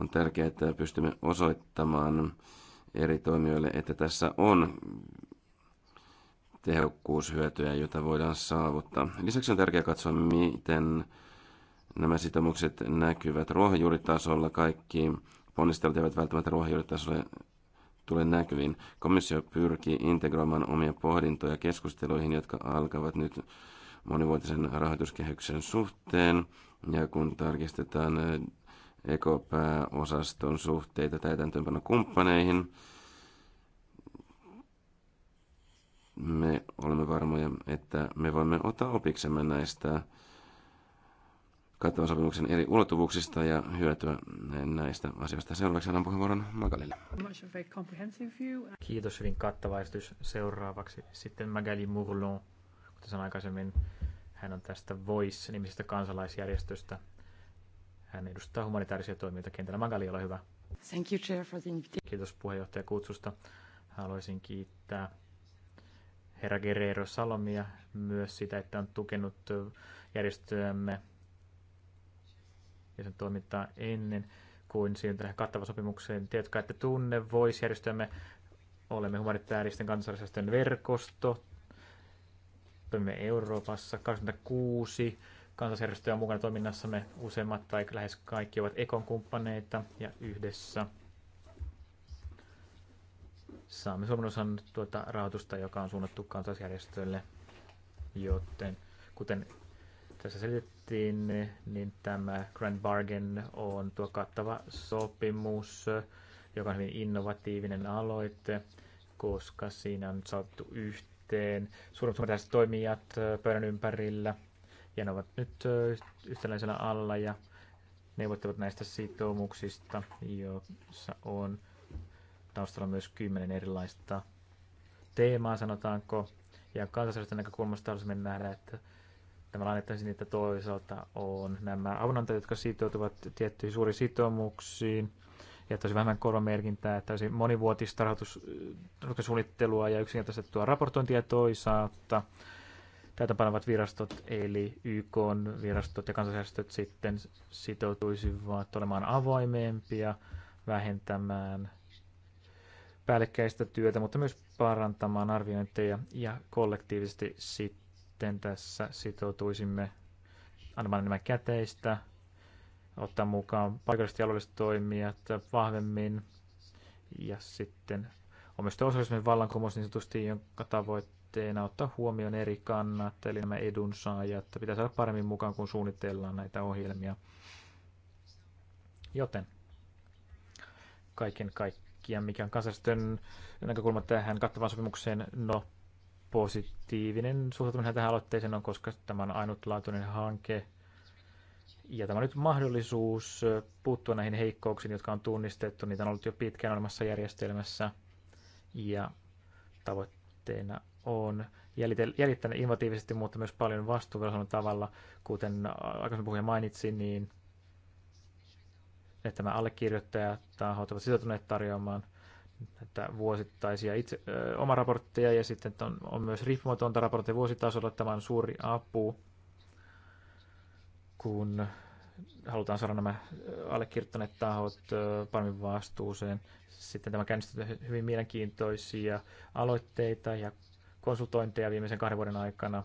On tärkeää, että pystymme osoittamaan eri toimijoille, että tässä on tehokkuushyötyjä, joita voidaan saavuttaa. Lisäksi on tärkeää katsoa, miten nämä sitoumukset näkyvät ruohonjuuritasolla. Kaikki ponnistelut eivät välttämättä ruohonjuuritasolla tule näkyviin. Komissio pyrkii integroimaan omia pohdintoja keskusteluihin, jotka alkavat nyt monivuotisen rahoituskehyksen suhteen. Ja kun tarkistetaan eh, ekopääosaston suhteita täytäntöönpano kumppaneihin, me olemme varmoja, että me voimme ottaa opiksemme näistä kattavan sopimuksen eri ulottuvuuksista ja hyötyä näistä asioista. Seuraavaksi annan puheenvuoron Magalille. Kiitos, hyvin kattava esitys. Seuraavaksi sitten Magali Mourlon, kuten sanoin aikaisemmin, hän on tästä Voice-nimisestä kansalaisjärjestöstä. Hän edustaa humanitaarisia toimijoita kentällä. Magali, ole hyvä. Thank you, Chair, for the invitation. Kiitos puheenjohtaja kutsusta. Haluaisin kiittää herra Guerrero Salomia myös sitä, että on tukenut järjestöämme ja sen toimintaa ennen kuin siirrytään kattava sopimukseen. Te, jotka ette tunne, voisi järjestämme olemme humanitaaristen kansallisten verkosto. Toimimme Euroopassa 26 kansalaisjärjestöjä on mukana toiminnassamme. Useimmat tai lähes kaikki ovat Ekon kumppaneita ja yhdessä saamme Suomen osan tuota rahoitusta, joka on suunnattu kansallisjärjestöille, joten kuten tässä selitettiin, niin tämä Grand Bargain on tuo kattava sopimus, joka on hyvin innovatiivinen aloite, koska siinä on saatu yhteen suurimmat toimijat pöydän ympärillä, ja ne ovat nyt yhtäläisellä alla ja neuvottelut näistä sitoumuksista, joissa on taustalla myös kymmenen erilaista teemaa, sanotaanko. Ja kansallisesta näkökulmasta haluaisimme nähdä, että tämä lainittaisin niitä toisaalta on nämä avunantajat, jotka sitoutuvat tiettyihin suuriin sitoumuksiin, ja tosi vähemmän korvamerkintää, että olisi monivuotista rahoitussuunnittelua ja yksinkertaistettua raportointia toisaalta. Täytäntöpanevat virastot, eli YK virastot ja kansallisjärjestöt sitten sitoutuisivat olemaan avoimempia, vähentämään päällekkäistä työtä, mutta myös parantamaan arviointeja ja kollektiivisesti sitten sitten tässä sitoutuisimme antamaan nämä käteistä, ottaa mukaan paikalliset ja alueelliset toimijat vahvemmin ja sitten omista osallisemmin vallankumous niin sanotusti, jonka tavoitteena ottaa huomioon eri kannat, eli nämä edunsaajat. Pitää saada paremmin mukaan, kun suunnitellaan näitä ohjelmia. Joten kaiken kaikkiaan, mikä on kansallisten näkökulma tähän kattavaan sopimukseen, no positiivinen suhtautuminen tähän aloitteeseen on, koska tämä on ainutlaatuinen hanke. Ja tämä on nyt mahdollisuus puuttua näihin heikkouksiin, jotka on tunnistettu. Niitä on ollut jo pitkään olemassa järjestelmässä. Ja tavoitteena on jäljittää innovatiivisesti, mutta myös paljon vastuullisella tavalla. Kuten aikaisemmin puhuja mainitsi, niin että nämä allekirjoittajat tahot ovat sitoutuneet tarjoamaan – että vuosittaisia itse, ö, omaraportteja ja sitten on, on myös riippumatonta raporttia vuositasolla. Tämä on suuri apu, kun halutaan saada nämä allekirjoittaneet tahot paremmin vastuuseen. Sitten tämä käynnistetty hyvin mielenkiintoisia aloitteita ja konsultointeja viimeisen kahden vuoden aikana.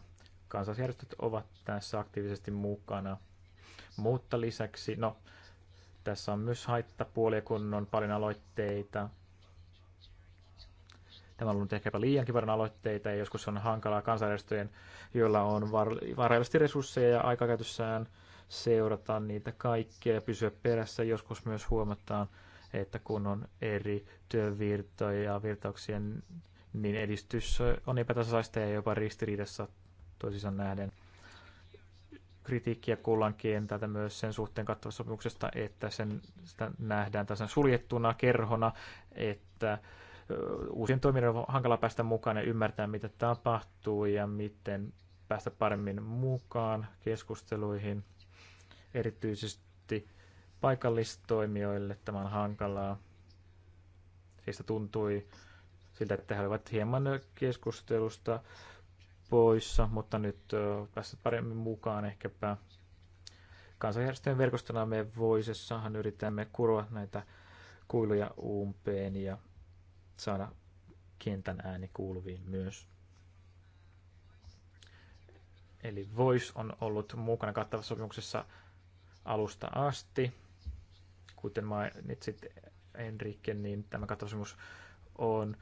Kansallisjärjestöt ovat tässä aktiivisesti mukana. Mutta lisäksi, no, tässä on myös haittapuolia, kun on paljon aloitteita, Tämä on ollut ehkäpä liiankin paljon aloitteita ja joskus on hankalaa kansanjärjestöjen, joilla on varallisesti resursseja ja aikaa käytössään seurata niitä kaikkia ja pysyä perässä. Joskus myös huomataan, että kun on eri työvirtoja ja virtauksia, niin edistys on epätasaista ja jopa ristiriidassa toisiinsa nähden. Kritiikkiä kuullaan kentältä myös sen suhteen kattavasta sopimuksesta, että sen, sitä nähdään tässä suljettuna kerhona, että uusien toimijoiden on hankala päästä mukaan ja ymmärtää, mitä tapahtuu ja miten päästä paremmin mukaan keskusteluihin. Erityisesti paikallistoimijoille tämä on hankalaa. Siitä tuntui siltä, että he olivat hieman keskustelusta poissa, mutta nyt päästä paremmin mukaan ehkäpä kansanjärjestöjen verkostona me Voisessahan yritämme kuroa näitä kuiluja umpeen ja saada kentän ääni kuuluviin myös. Eli Voice on ollut mukana kattavassa sopimuksessa alusta asti. Kuten mainitsit Enrique, niin tämä kattava sopimus on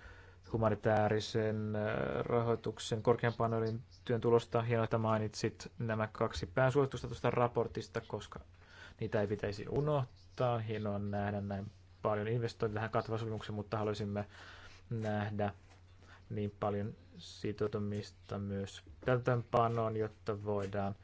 humanitaarisen äh, rahoituksen korkean paneelin työn tulosta. Hienoa, että mainitsit nämä kaksi pääsuositusta tuosta raportista, koska niitä ei pitäisi unohtaa. Hienoa nähdä näin paljon investointeja tähän kattavaan mutta haluaisimme nähdä niin paljon sitoutumista myös täytäntöönpanoon, jotta voidaan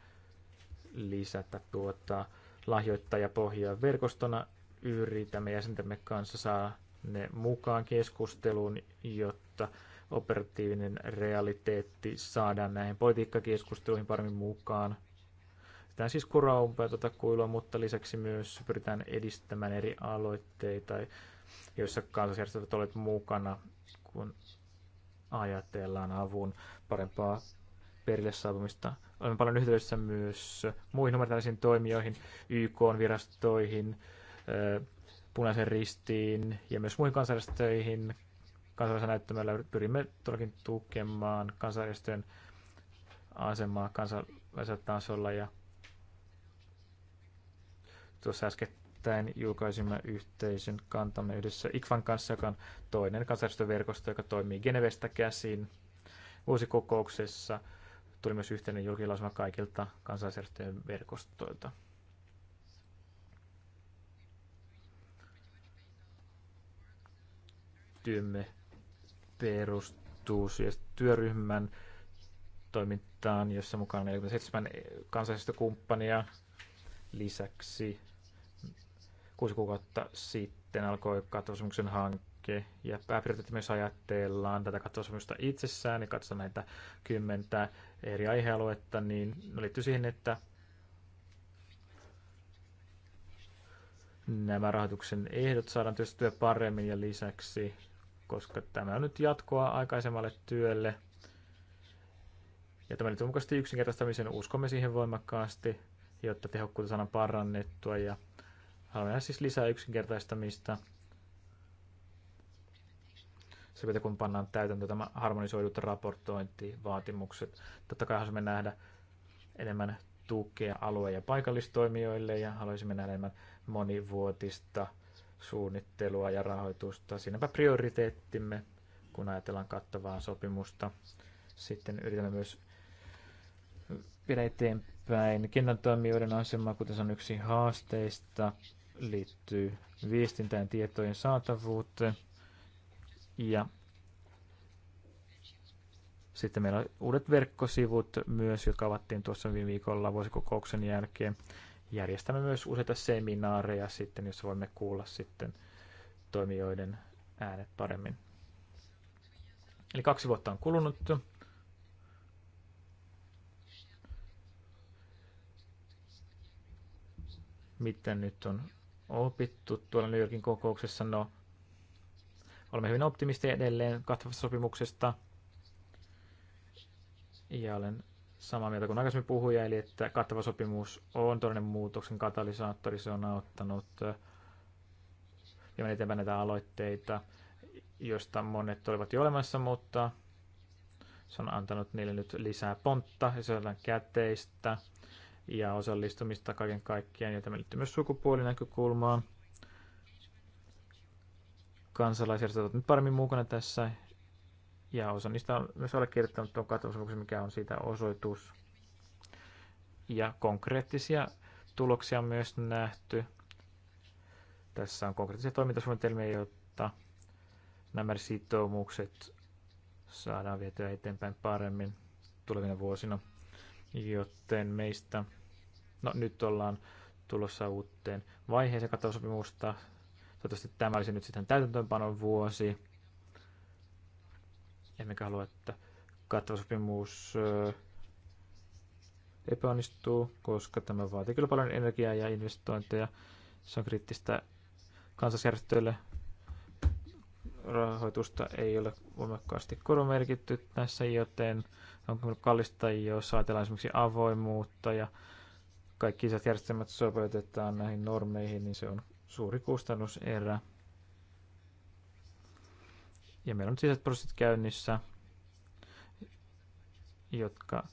lisätä tuota lahjoittajapohjaa verkostona. Yritämme jäsentämme kanssa saa ne mukaan keskusteluun, jotta operatiivinen realiteetti saadaan näihin politiikkakeskusteluihin paremmin mukaan yritetään siis kuroa umpea tuota kuilua, mutta lisäksi myös pyritään edistämään eri aloitteita, joissa kansallisjärjestöt olet mukana, kun ajatellaan avun parempaa perille saapumista. Olemme paljon yhteydessä myös muihin humanitaarisiin toimijoihin, YK-virastoihin, punaisen ristiin ja myös muihin kansalaisjärjestöihin. Kansainvälisellä näyttämällä pyrimme todellakin tukemaan kansalaisjärjestöjen asemaa kansainvälisellä tasolla ja Tuossa äskettäin julkaisimme yhteisen kantamme yhdessä IKFAN kanssa, joka on toinen kansanverkosto, joka toimii Genevestä käsin. Vuosikokouksessa tuli myös yhteinen julkilausuma kaikilta kansalaisjärjestöjen verkostoilta. Työmme perustuu siis työryhmän toimintaan, jossa mukana on 47 kansallisesta kumppania Lisäksi kuusi kuukautta sitten alkoi kattavasopimuksen hanke ja pääpiirteet myös ajatellaan tätä kattavasopimusta itsessään ja katsotaan näitä kymmentä eri aihealuetta, niin liittyy siihen, että nämä rahoituksen ehdot saadaan työstyä paremmin ja lisäksi, koska tämä on nyt jatkoa aikaisemmalle työlle. Ja tämä liittyy mukaisesti yksinkertaistamisen uskomme siihen voimakkaasti jotta tehokkuutta saadaan parannettua ja haluan siis lisää yksinkertaistamista. Se pitää kun pannaan täytäntöön tämä harmonisoidut raportointivaatimukset. Totta kai haluaisimme nähdä enemmän tukea alue- ja paikallistoimijoille ja haluaisimme nähdä enemmän monivuotista suunnittelua ja rahoitusta. Siinäpä prioriteettimme, kun ajatellaan kattavaa sopimusta. Sitten yritämme myös viedä eteenpäin eteenpäin. Kentän toimijoiden asema, kuten se on yksi haasteista, liittyy viestintään tietojen saatavuuteen. Ja sitten meillä on uudet verkkosivut myös, jotka avattiin tuossa viime viikolla vuosikokouksen jälkeen. Järjestämme myös useita seminaareja sitten, jos voimme kuulla sitten toimijoiden äänet paremmin. Eli kaksi vuotta on kulunut mitä nyt on opittu tuolla New Yorkin kokouksessa. No, olemme hyvin optimisteja edelleen kattavasta sopimuksesta. Ja olen samaa mieltä kuin aikaisemmin puhuja, eli että kattava sopimus on todellinen muutoksen katalysaattori, se on auttanut ja eteenpäin näitä aloitteita, joista monet olivat jo olemassa, mutta se on antanut niille nyt lisää pontta ja se on käteistä ja osallistumista kaiken kaikkiaan, ja tämä liittyy myös sukupuolinäkökulmaan. Kansalaisjärjestöt ovat nyt paremmin mukana tässä, ja osa niistä on myös allekirjoittanut tuon katsomuksen, mikä on siitä osoitus. Ja konkreettisia tuloksia on myös nähty. Tässä on konkreettisia toimintasuunnitelmia, jotta nämä sitoumukset saadaan vietyä eteenpäin paremmin tulevina vuosina. Joten meistä No nyt ollaan tulossa uuteen vaiheeseen katosopimusta. Toivottavasti tämä olisi nyt sitten täytäntöönpanon vuosi. Emmekä halua, että katosopimus epäonnistuu, koska tämä vaatii kyllä paljon energiaa ja investointeja. Se on kriittistä kansallisjärjestöille. Rahoitusta ei ole voimakkaasti korvamerkitty tässä, joten on kallista, jos ajatellaan esimerkiksi avoimuutta ja kaikki isät järjestelmät sopeutetaan näihin normeihin, niin se on suuri kustannuserä. Ja meillä on nyt sisäiset prosessit käynnissä, jotka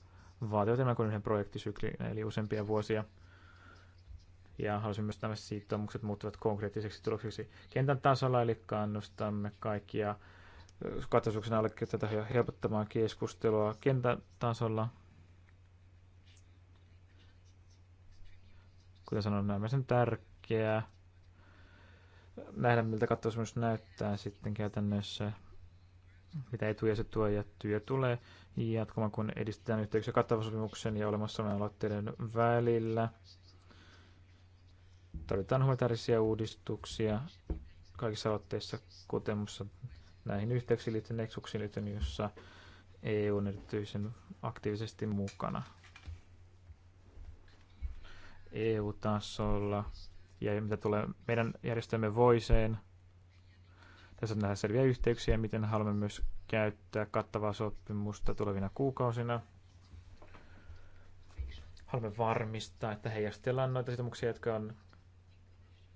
vaativat enemmän kuin yhden projektisyklin, eli useampia vuosia. Ja haluaisin myös nämä sitoumukset muuttuvat konkreettiseksi tuloksiksi kentän tasolla, eli kannustamme kaikkia katsotuksen allekirjoittajia helpottamaan keskustelua kentän tasolla – Kuten sanoin, nämä on tärkeää nähdä, miltä kattosopimus näyttää sitten käytännössä, mitä etuja se tuo ja työ tulee jatkumaan, kun edistetään yhteyksiä kattavasopimuksen ja olemassa olevien aloitteiden välillä. Tarvitaan humanitaarisia uudistuksia kaikissa aloitteissa, kuten näihin yhteyksiin liittyen eksuksiin, joissa EU on erityisen aktiivisesti mukana. EU-tasolla ja mitä tulee meidän järjestelmämme voiseen. Tässä nähdään selviä yhteyksiä, miten haluamme myös käyttää kattavaa sopimusta tulevina kuukausina. Haluamme varmistaa, että heijastellaan noita sitoumuksia, jotka, on,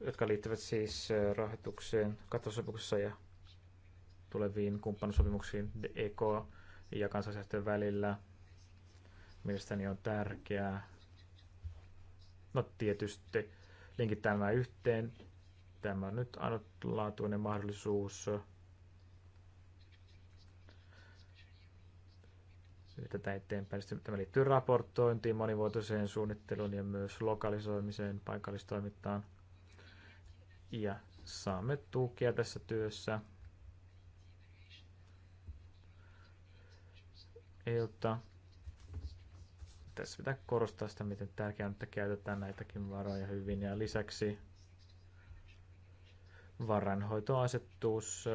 jotka liittyvät siis äh, rahoitukseen kattavassa ja tuleviin kumppanusopimuksiin EK ja kansalaisjärjestöjen välillä. Mielestäni on tärkeää No tietysti linkitään nämä yhteen. Tämä on nyt ainutlaatuinen mahdollisuus. Tätä eteenpäin. Sitten tämä liittyy raportointiin, monivuotoiseen suunnitteluun ja myös lokalisoimiseen, paikallistoimintaan. Ja saamme tukea tässä työssä. ottaa. Tässä pitää korostaa sitä, miten tärkeää on, että käytetään näitäkin varoja hyvin. Ja lisäksi varainhoitoasetus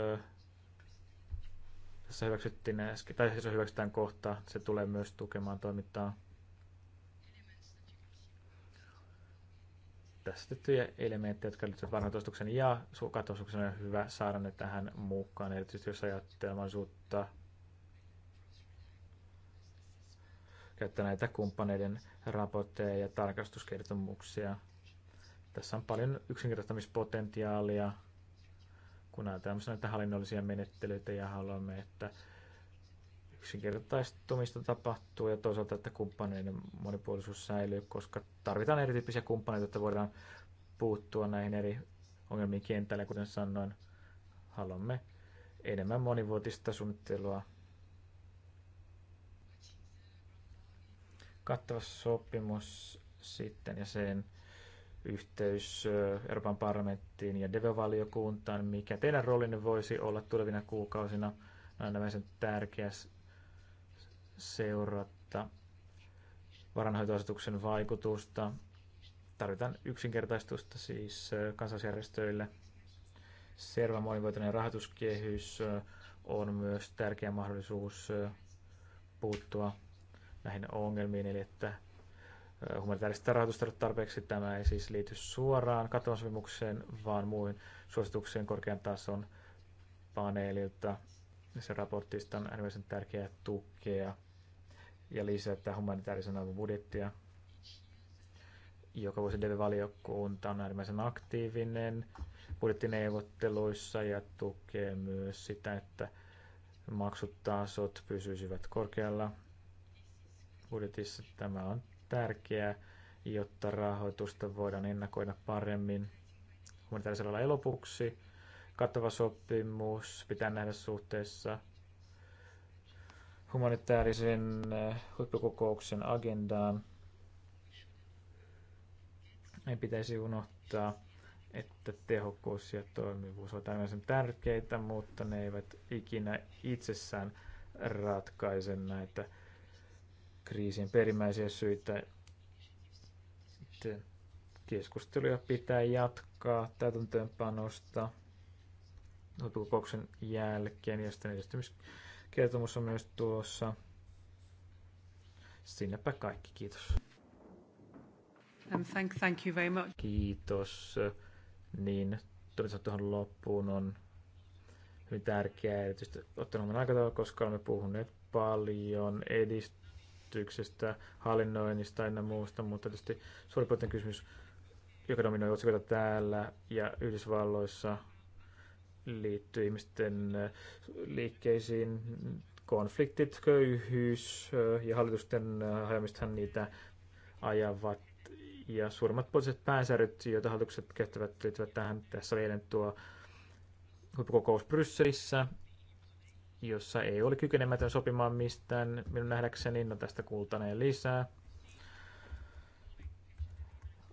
tässä hyväksyttiin, tai siis se hyväksytään kohta, se tulee myös tukemaan toimintaa. Tässä tiettyjä elementtejä, jotka liittyvät varhaitoistuksen ja katostuksen on hyvä saada ne tähän mukaan, erityisesti jos ajattelee mahdollisuutta että näitä kumppaneiden raportteja ja tarkastuskertomuksia. Tässä on paljon yksinkertaistamispotentiaalia, kun ajatellaan näitä hallinnollisia menettelyitä ja haluamme, että yksinkertaistumista tapahtuu ja toisaalta, että kumppaneiden monipuolisuus säilyy, koska tarvitaan erityyppisiä kumppaneita, että voidaan puuttua näihin eri ongelmiin kentällä. Kuten sanoin, haluamme enemmän monivuotista suunnittelua kattava sopimus sitten ja sen yhteys Euroopan parlamenttiin ja DEVE-valiokuntaan, mikä teidän roolinne voisi olla tulevina kuukausina. On aina sen tärkeä seurata varanhoitoasetuksen vaikutusta. Tarvitaan yksinkertaistusta siis kansalaisjärjestöille. Serva monivuotinen rahoituskehys on myös tärkeä mahdollisuus puuttua näihin ongelmiin, eli että humanitaarista rahoitusta tarpeeksi. Tämä ei siis liity suoraan Katovan vaan muihin suositukseen korkean tason paneelilta. Se raportista on äärimmäisen tärkeää tukea ja lisätä humanitaarisen avun budjettia. Joka vuosi DV-valiokunta on äärimmäisen aktiivinen budjettineuvotteluissa ja tukee myös sitä, että maksutasot pysyisivät korkealla budjetissa. Tämä on tärkeää, jotta rahoitusta voidaan ennakoida paremmin. Humanitaarisella alalla elopuksi kattava sopimus pitää nähdä suhteessa humanitaarisen eh, huippukokouksen agendaan. Ei pitäisi unohtaa, että tehokkuus ja toimivuus ovat äärimmäisen tärkeitä, mutta ne eivät ikinä itsessään ratkaise näitä kriisin perimmäisiä syitä. Keskusteluja pitää jatkaa täytäntöönpanosta kokouksen jälkeen ja sitten edistymiskertomus on myös tuossa. Sinnepä kaikki, kiitos. Um, thank, thank you very much. Kiitos. Niin, todella tuohon loppuun on hyvin tärkeää, erityisesti ottanut aikataulu, koska olemme puhuneet paljon edist- järjestyksestä, hallinnoinnista ja muusta, mutta tietysti suurin kysymys, joka dominoi otsikoita täällä ja Yhdysvalloissa, liittyy ihmisten äh, liikkeisiin, konfliktit, köyhyys äh, ja hallitusten äh, hajoamistahan niitä ajavat ja suurimmat poliittiset päänsärjyt, joita hallitukset käyttävät, liittyvät tähän. Tässä oli eilen tuo huippukokous Brysselissä, jossa ei oli kykenemätön sopimaan mistään. Minun nähdäkseni no tästä kultaneen lisää.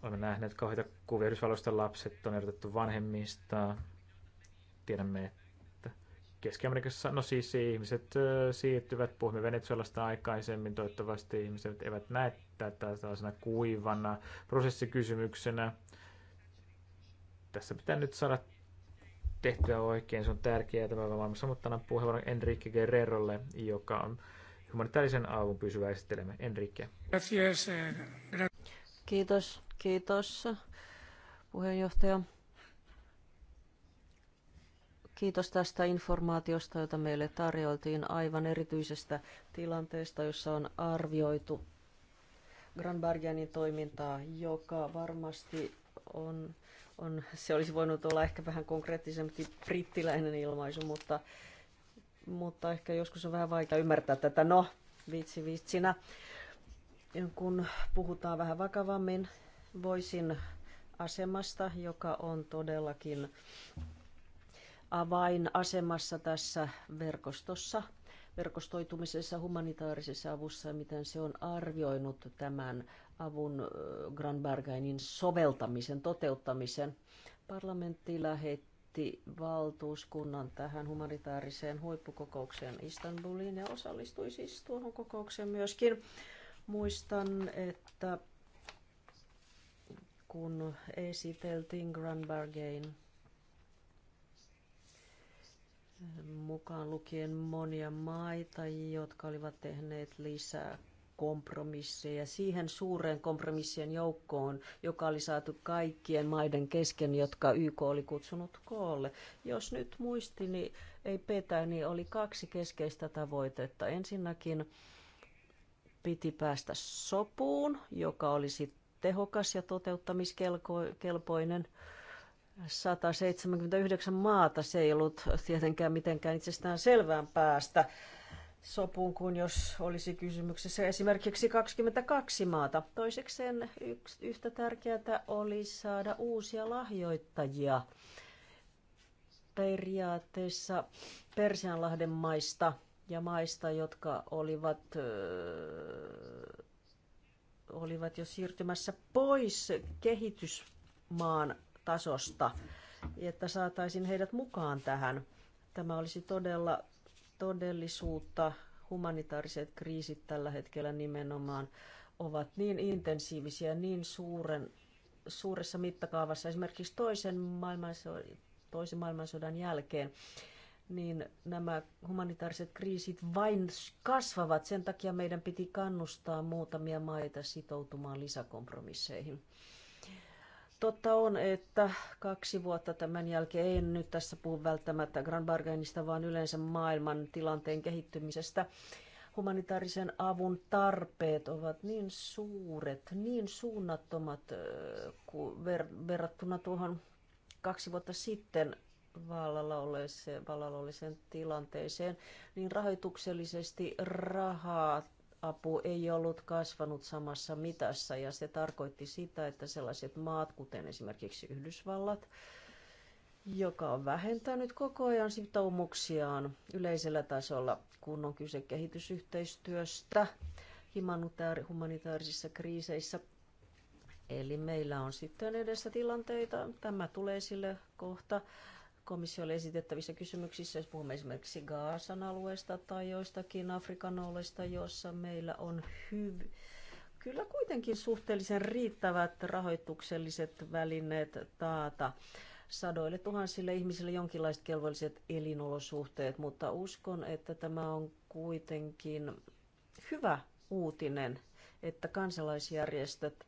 Olemme nähneet kauheita kuvia Yhdysvalloista lapset on erotettu vanhemmista. Tiedämme, että Keski-Amerikassa, no siis ihmiset siirtyvät, puhumme Venezuelasta aikaisemmin, toivottavasti ihmiset eivät näe tätä tällaisena kuivana prosessikysymyksenä. Tässä pitää nyt saada tehtyä oikein. Se on tärkeää tämä maailmassa, mutta annan puheenvuoron Enrique Guerrerolle, joka on humanitaarisen avun pysyvä esittelemä. Enrique. Eh, kiitos, kiitos puheenjohtaja. Kiitos tästä informaatiosta, jota meille tarjoltiin aivan erityisestä tilanteesta, jossa on arvioitu Granbergianin toimintaa, joka varmasti on on, se olisi voinut olla ehkä vähän konkreettisempi brittiläinen ilmaisu, mutta, mutta ehkä joskus on vähän vaikea ymmärtää tätä. No, vitsi vitsinä. Kun puhutaan vähän vakavammin, voisin asemasta, joka on todellakin avainasemassa tässä verkostossa – verkostoitumisessa humanitaarisessa avussa, miten se on arvioinut tämän avun Granbergainin soveltamisen, toteuttamisen. Parlamentti lähetti valtuuskunnan tähän humanitaariseen huippukokoukseen Istanbuliin ja osallistui siis tuohon kokoukseen myöskin. Muistan, että kun esiteltiin Granbergain mukaan lukien monia maita, jotka olivat tehneet lisää kompromisseja siihen suureen kompromissien joukkoon, joka oli saatu kaikkien maiden kesken, jotka YK oli kutsunut koolle. Jos nyt muistini ei petä, niin oli kaksi keskeistä tavoitetta. Ensinnäkin piti päästä sopuun, joka olisi tehokas ja toteuttamiskelpoinen. 179 maata. Se ei ollut tietenkään mitenkään itsestään selvään päästä sopuun kun jos olisi kysymyksessä esimerkiksi 22 maata. Toisekseen yks, yhtä tärkeää oli saada uusia lahjoittajia periaatteessa Persianlahden maista ja maista, jotka olivat, öö, olivat jo siirtymässä pois kehitysmaan tasosta, että saataisiin heidät mukaan tähän. Tämä olisi todella todellisuutta. Humanitaariset kriisit tällä hetkellä nimenomaan ovat niin intensiivisiä, niin suuren, suuressa mittakaavassa, esimerkiksi toisen maailmansodan, toisen maailmansodan jälkeen, niin nämä humanitaariset kriisit vain kasvavat. Sen takia meidän piti kannustaa muutamia maita sitoutumaan lisäkompromisseihin. Totta on, että kaksi vuotta tämän jälkeen, en nyt tässä puhu välttämättä Grand Bargainista, vaan yleensä maailman tilanteen kehittymisestä, humanitaarisen avun tarpeet ovat niin suuret, niin suunnattomat ver- verrattuna tuohon kaksi vuotta sitten vallalla olleeseen, vallalla olleeseen tilanteeseen, niin rahoituksellisesti rahaa apu ei ollut kasvanut samassa mitassa ja se tarkoitti sitä, että sellaiset maat, kuten esimerkiksi Yhdysvallat, joka on vähentänyt koko ajan sitoumuksiaan yleisellä tasolla, kun on kyse kehitysyhteistyöstä humanitaarisissa kriiseissä. Eli meillä on sitten edessä tilanteita, tämä tulee sille kohta, komissiolle esitettävissä kysymyksissä, jos puhumme esimerkiksi Gaasan alueesta tai joistakin Afrikan alueista, jossa meillä on hyv- kyllä kuitenkin suhteellisen riittävät rahoitukselliset välineet taata sadoille tuhansille ihmisille jonkinlaiset kelvolliset elinolosuhteet, mutta uskon, että tämä on kuitenkin hyvä uutinen, että kansalaisjärjestöt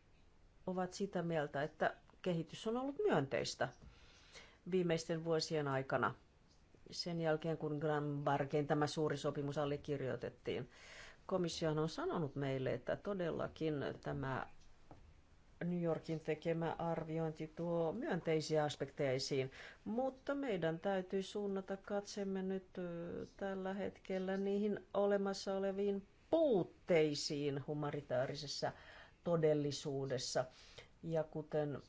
ovat sitä mieltä, että kehitys on ollut myönteistä viimeisten vuosien aikana. Sen jälkeen, kun Granbargen tämä suuri sopimus allekirjoitettiin, komissio on sanonut meille, että todellakin tämä New Yorkin tekemä arviointi tuo myönteisiä aspekteja esiin, mutta meidän täytyy suunnata katsemme nyt tällä hetkellä niihin olemassa oleviin puutteisiin humanitaarisessa todellisuudessa. Ja kuten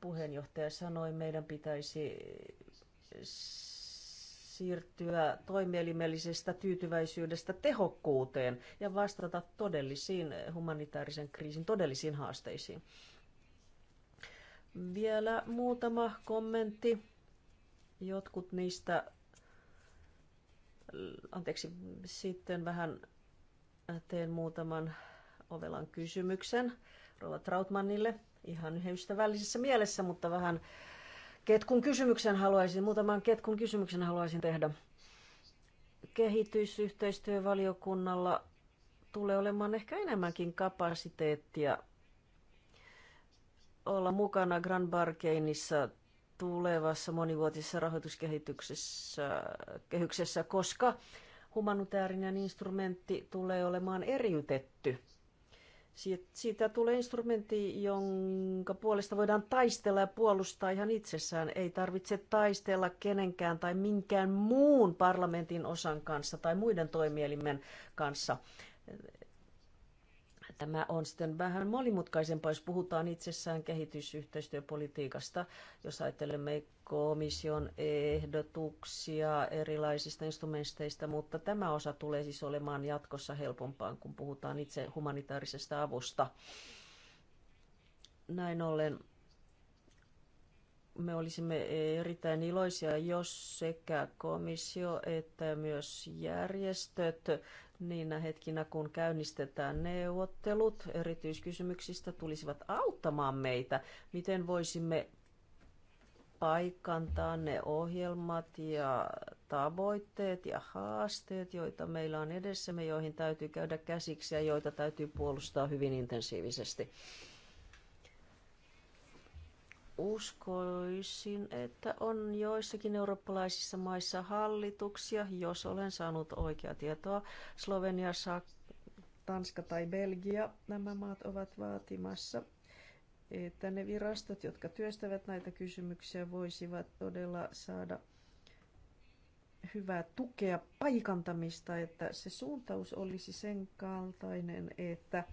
puheenjohtaja sanoi, meidän pitäisi siirtyä toimielimellisestä tyytyväisyydestä tehokkuuteen ja vastata todellisiin humanitaarisen kriisin todellisiin haasteisiin. Vielä muutama kommentti. Jotkut niistä, anteeksi, sitten vähän teen muutaman ovelan kysymyksen Rova Trautmannille ihan ystävällisessä mielessä, mutta vähän ketkun kysymyksen haluaisin, muutaman ketkun kysymyksen haluaisin tehdä. Kehitysyhteistyövaliokunnalla tulee olemaan ehkä enemmänkin kapasiteettia olla mukana Grand Bargainissa tulevassa monivuotisessa kehyksessä, koska humanitaarinen instrumentti tulee olemaan eriytetty – siitä tulee instrumentti, jonka puolesta voidaan taistella ja puolustaa ihan itsessään. Ei tarvitse taistella kenenkään tai minkään muun parlamentin osan kanssa tai muiden toimielimen kanssa. Tämä on sitten vähän monimutkaisempaa, jos puhutaan itsessään kehitysyhteistyöpolitiikasta, jos ajattelemme komission ehdotuksia erilaisista instrumenteista, mutta tämä osa tulee siis olemaan jatkossa helpompaa, kun puhutaan itse humanitaarisesta avusta. Näin ollen me olisimme erittäin iloisia, jos sekä komissio että myös järjestöt niinä hetkinä, kun käynnistetään neuvottelut erityiskysymyksistä, tulisivat auttamaan meitä, miten voisimme paikantaa ne ohjelmat ja tavoitteet ja haasteet, joita meillä on edessämme, joihin täytyy käydä käsiksi ja joita täytyy puolustaa hyvin intensiivisesti. Uskoisin, että on joissakin eurooppalaisissa maissa hallituksia, jos olen saanut oikeaa tietoa. Slovenia, Tanska tai Belgia, nämä maat ovat vaatimassa, että ne virastot, jotka työstävät näitä kysymyksiä, voisivat todella saada hyvää tukea paikantamista, että se suuntaus olisi sen kaltainen, että –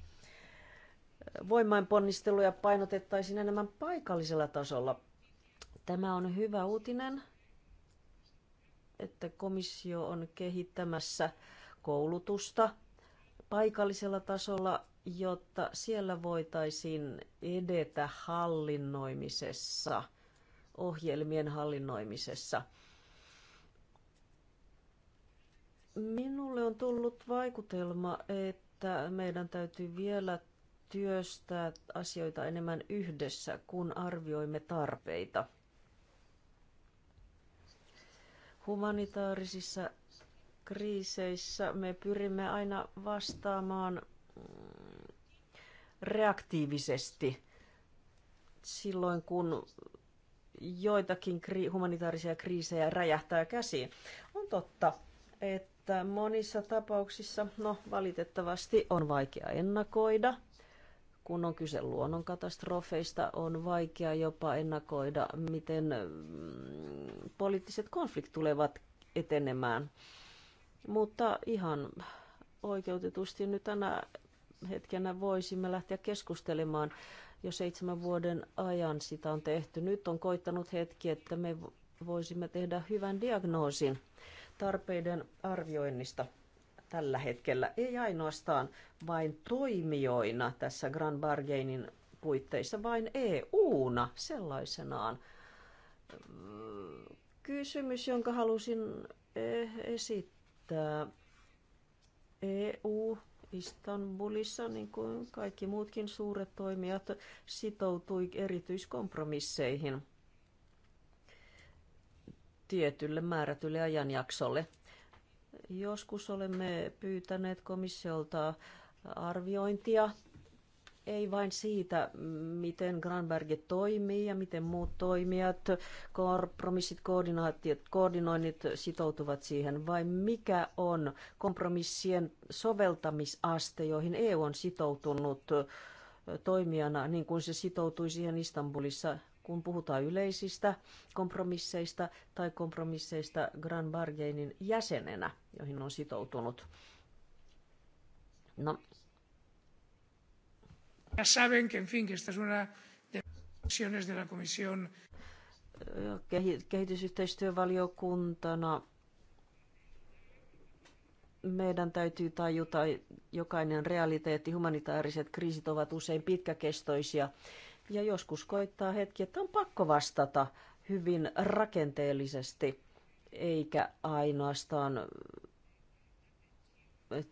voimainponnisteluja painotettaisiin enemmän paikallisella tasolla. Tämä on hyvä uutinen, että komissio on kehittämässä koulutusta paikallisella tasolla, jotta siellä voitaisiin edetä hallinnoimisessa, ohjelmien hallinnoimisessa. Minulle on tullut vaikutelma, että meidän täytyy vielä työstää asioita enemmän yhdessä, kun arvioimme tarpeita. Humanitaarisissa kriiseissä me pyrimme aina vastaamaan mm, reaktiivisesti silloin, kun joitakin kri- humanitaarisia kriisejä räjähtää käsiin. On totta, että monissa tapauksissa, no valitettavasti, on vaikea ennakoida – kun on kyse luonnonkatastrofeista, on vaikea jopa ennakoida, miten mm, poliittiset konfliktit tulevat etenemään. Mutta ihan oikeutetusti nyt tänä hetkenä voisimme lähteä keskustelemaan jo seitsemän vuoden ajan sitä on tehty. Nyt on koittanut hetki, että me voisimme tehdä hyvän diagnoosin tarpeiden arvioinnista tällä hetkellä, ei ainoastaan vain toimijoina tässä Grand Bargainin puitteissa, vain EU-na sellaisenaan. Kysymys, jonka halusin eh, esittää. EU Istanbulissa, niin kuin kaikki muutkin suuret toimijat, sitoutui erityiskompromisseihin tietylle määrätylle ajanjaksolle – Joskus olemme pyytäneet komissiolta arviointia, ei vain siitä, miten Granberget toimii ja miten muut toimijat, kompromissit, koordinaatiot, koordinoinnit sitoutuvat siihen, vai mikä on kompromissien soveltamisaste, joihin EU on sitoutunut toimijana, niin kuin se sitoutui siihen Istanbulissa kun puhutaan yleisistä kompromisseista tai kompromisseista Grand Bargainin jäsenenä, joihin on sitoutunut. No. Kehitysyhteistyövaliokuntana meidän täytyy tajuta jokainen realiteetti. Humanitaariset kriisit ovat usein pitkäkestoisia ja joskus koittaa hetki, että on pakko vastata hyvin rakenteellisesti, eikä ainoastaan eh,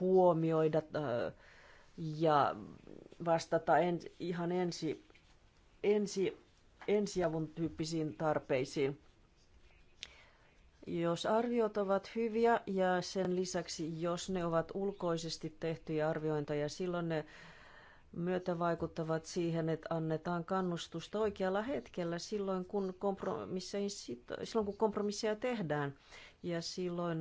huomioida eh, ja vastata en, ihan ensi, ensi, ensiavun tyyppisiin tarpeisiin. Jos arviot ovat hyviä ja sen lisäksi, jos ne ovat ulkoisesti tehtyjä arviointeja, silloin ne myötä vaikuttavat siihen, että annetaan kannustusta oikealla hetkellä silloin, kun kompromisseja, silloin, kun kompromisseja tehdään. Ja silloin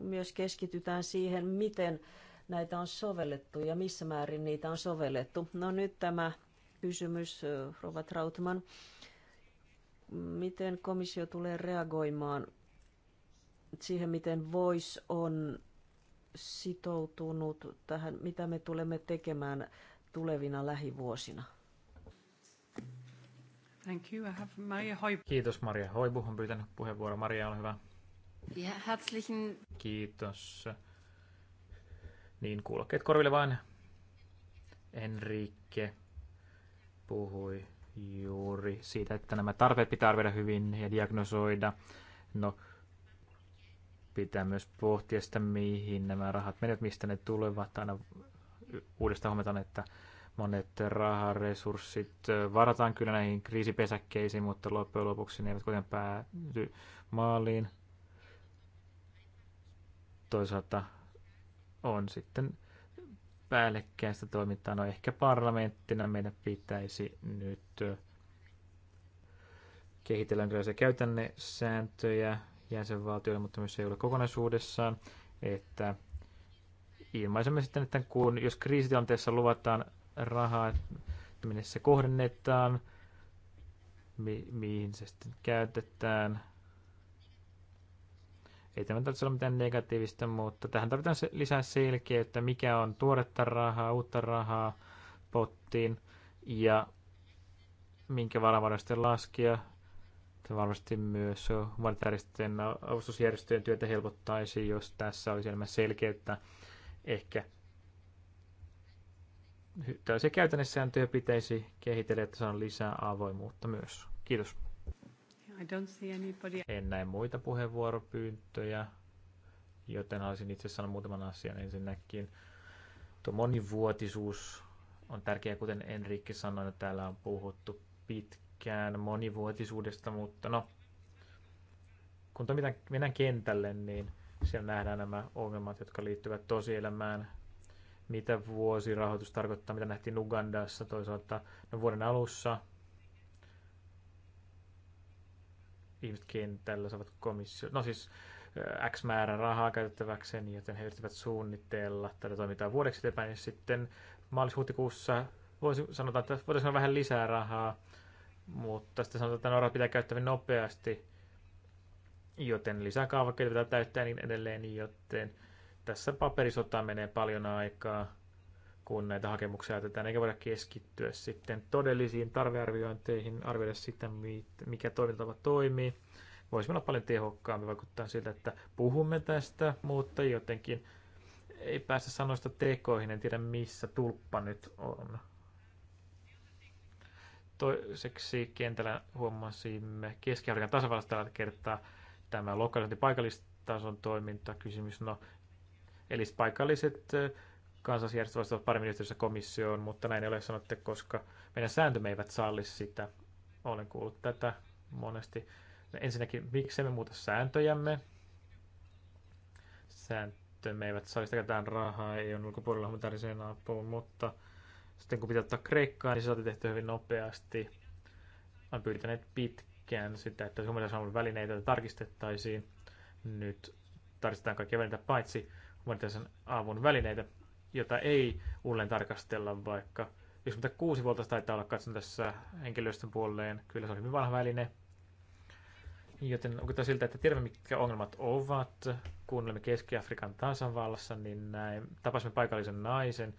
myös keskitytään siihen, miten näitä on sovellettu ja missä määrin niitä on sovellettu. No nyt tämä kysymys, Rova Trautman. Miten komissio tulee reagoimaan siihen, miten voice on sitoutunut tähän, mitä me tulemme tekemään tulevina lähivuosina. Thank you. I have Maria Hoibu. Kiitos Maria Hoibu on pyytänyt puheenvuoron. Maria, ole hyvä. Ja, herzlichen... Kiitos. Niin, kuulokkeet korville vain. Enrique puhui juuri siitä, että nämä tarpeet pitää arvioida hyvin ja diagnosoida. No, Pitää myös pohtia sitä, mihin nämä rahat menevät, mistä ne tulevat. Aina uudestaan huomataan, että monet raharesurssit varataan kyllä näihin kriisipesäkkeisiin, mutta loppujen lopuksi ne eivät kuitenkaan pääty maaliin. Toisaalta on sitten päällekkäistä toimintaa. No ehkä parlamenttina meidän pitäisi nyt kehitellä jonkinlaisia käytännön sääntöjä, jäsenvaltioille, mutta myös EUlle kokonaisuudessaan, että ilmaisemme sitten, että kun, jos kriisitilanteessa luvataan rahaa, minne se kohdennetaan, mi- mihin se sitten käytetään. Ei tämä tarvitse olla mitään negatiivista, mutta tähän tarvitaan lisää lisää selkeyttä, mikä on tuoretta rahaa, uutta rahaa pottiin ja minkä varavaroista laskea. Se varmasti myös humanitaaristen avustusjärjestöjen työtä helpottaisi, jos tässä olisi enemmän selkeyttä. Ehkä tällaisia sääntöjä pitäisi kehitellä, että saan lisää avoimuutta myös. Kiitos. I don't see anybody. En näe muita puheenvuoropyyntöjä, joten haluaisin itse sanoa muutaman asian ensinnäkin. Tuo monivuotisuus on tärkeää, kuten Enrique sanoi, että täällä on puhuttu pitkään tykkään monivuotisuudesta, mutta no, kun toimitan, mennään kentälle, niin siellä nähdään nämä ongelmat, jotka liittyvät tosielämään, mitä vuosirahoitus tarkoittaa, mitä nähtiin Ugandassa toisaalta no vuoden alussa. Ihmiset kentällä saavat komissio, no siis äh, X määrä rahaa käytettäväkseen, joten he yrittävät suunnitella tätä toimintaa vuodeksi eteenpäin. Ja sitten maalis-huhtikuussa voisi, sanotaan, että voitaisiin vähän lisää rahaa mutta sitten sanotaan, että Nora pitää käyttää nopeasti, joten lisää kaavakkeita pitää täyttää niin edelleen, joten tässä paperisotaan menee paljon aikaa, kun näitä hakemuksia jätetään, eikä voida keskittyä sitten todellisiin tarvearviointeihin, arvioida sitä, mikä toimintava toimii. voisi olla paljon tehokkaampi, vaikuttaa siltä, että puhumme tästä, mutta jotenkin ei päästä sanoista tekoihin, en tiedä missä tulppa nyt on. Toiseksi kentällä huomasimme Keski-Afrikan tasavallasta tällä kertaa tämä lokalisointi paikallistason toimintakysymys. No, eli paikalliset kansallisjärjestöt vastaavat paremmin yhteydessä komissioon, mutta näin ei ole sanottu, koska meidän sääntömme eivät salli sitä. Olen kuullut tätä monesti. No, ensinnäkin, miksi me muuta sääntöjämme? Sääntömme eivät salli sitäkään rahaa, ei ole ulkopuolella humanitaariseen apuun, mutta sitten kun pitää ottaa kreikkaa, niin se saatiin tehty hyvin nopeasti. Olen pyytänyt pitkään sitä, että humanitaarisen välineitä tarkistettaisiin. Nyt tarkistetaan kaikkia välineitä paitsi humanitaarisen avun välineitä, jota ei uudelleen tarkastella, vaikka 56 vuotta taitaa olla katsonut tässä henkilöstön puoleen. Kyllä se on hyvin vanha väline. Joten onko tämä siltä, että tiedämme mitkä ongelmat ovat, kun olemme Keski-Afrikan tasavallassa, niin näin, tapasimme paikallisen naisen,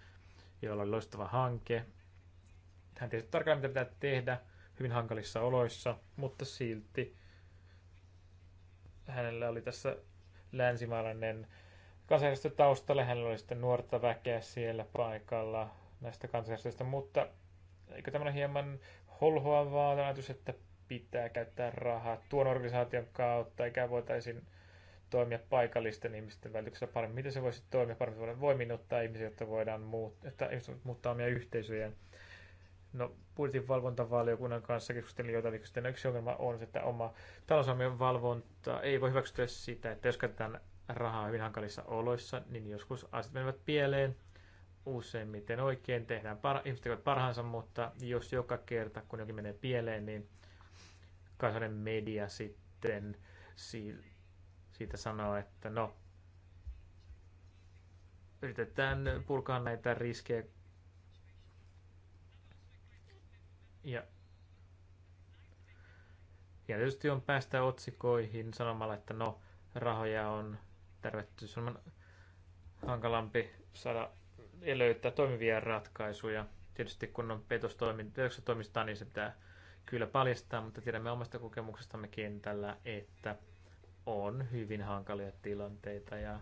jolla oli loistava hanke. Hän tiesi tarkkaan, mitä pitää tehdä hyvin hankalissa oloissa, mutta silti hänellä oli tässä länsimaalainen kansanjärjestö taustalla. Hänellä oli sitten nuorta väkeä siellä paikalla näistä kansanjärjestöistä, mutta eikö tämmöinen hieman holhoavaa ajatus, että pitää käyttää rahaa tuon organisaation kautta, eikä voitaisiin toimia paikallisten ihmisten välityksellä paremmin? Miten se voisi toimia paremmin? Voidaan voiminnuttaa ihmisiä, jotta voidaan muut, että ihmiset muuttaa omia yhteisöjään. No, budjetin valvontavaliokunnan kanssa keskustelin joita sitten yksi ongelma on, että oma talousarvion valvonta ei voi hyväksyä sitä, että jos käytetään rahaa hyvin hankalissa oloissa, niin joskus asiat menevät pieleen. Useimmiten oikein tehdään, par- ihmiset tekevät parhaansa, mutta jos joka kerta, kun jokin menee pieleen, niin kansallinen media sitten si- siitä sanoo, että no, yritetään purkaa näitä riskejä. Ja, ja tietysti on päästä otsikoihin sanomalla, että no, rahoja on tervetty, se on hankalampi saada ja löytää toimivia ratkaisuja. Tietysti kun on petostoimista, niin se pitää kyllä paljastaa, mutta tiedämme omasta kokemuksestamme kentällä, että on hyvin hankalia tilanteita ja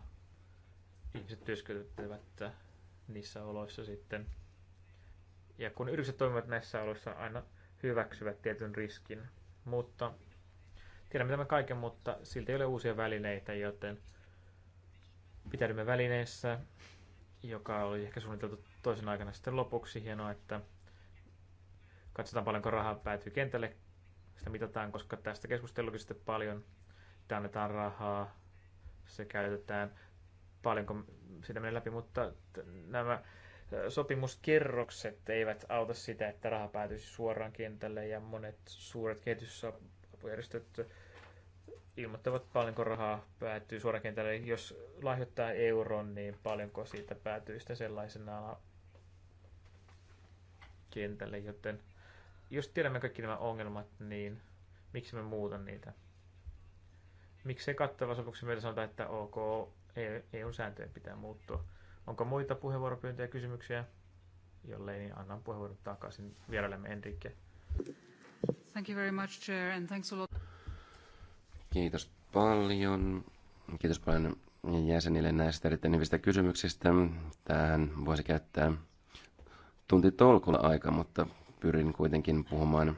ihmiset työskentelevät niissä oloissa sitten. Ja kun yritykset toimivat näissä oloissa, aina hyväksyvät tietyn riskin. Mutta tiedämme tämän kaiken, mutta silti ei ole uusia välineitä, joten pitäydymme välineessä, joka oli ehkä suunniteltu toisen aikana sitten lopuksi. Hienoa, että katsotaan paljonko rahaa päätyy kentälle. Sitä mitataan, koska tästä keskustellaan sitten paljon – sitten annetaan rahaa, se käytetään, paljonko sitä menee läpi, mutta nämä sopimuskerrokset eivät auta sitä, että raha päätyisi suoraan kentälle ja monet suuret kehitysapujärjestöt ilmoittavat paljonko rahaa päätyy suoraan kentälle. Jos lahjoittaa euron, niin paljonko siitä päätyy sitä sellaisena kentälle, joten jos tiedämme kaikki nämä ongelmat, niin miksi me muuta niitä? miksei kattava sopuksi meillä sanota, että ok, EU-sääntöjen e pitää muuttua. Onko muita puheenvuoropyyntöjä ja kysymyksiä? Jollei, niin annan puheenvuoron takaisin vierailemme Enrique. Thank you very much, Chair, and thanks a lot. Kiitos paljon. Kiitos paljon jäsenille näistä erittäin hyvistä kysymyksistä. Tähän voisi käyttää tunti tolkulla aika, mutta pyrin kuitenkin puhumaan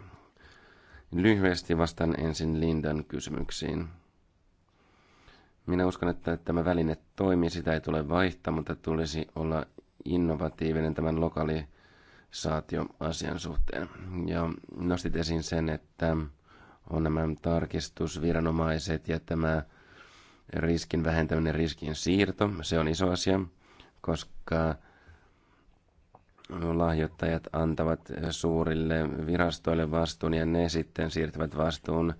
lyhyesti. Vastaan ensin Lindan kysymyksiin. Minä uskon, että tämä väline toimii, sitä ei tule vaihtaa, mutta tulisi olla innovatiivinen tämän lokalisaatioasian suhteen. Ja nostit esiin sen, että on nämä tarkistusviranomaiset ja tämä riskin vähentäminen, riskin siirto. Se on iso asia, koska lahjoittajat antavat suurille virastoille vastuun ja ne sitten siirtävät vastuun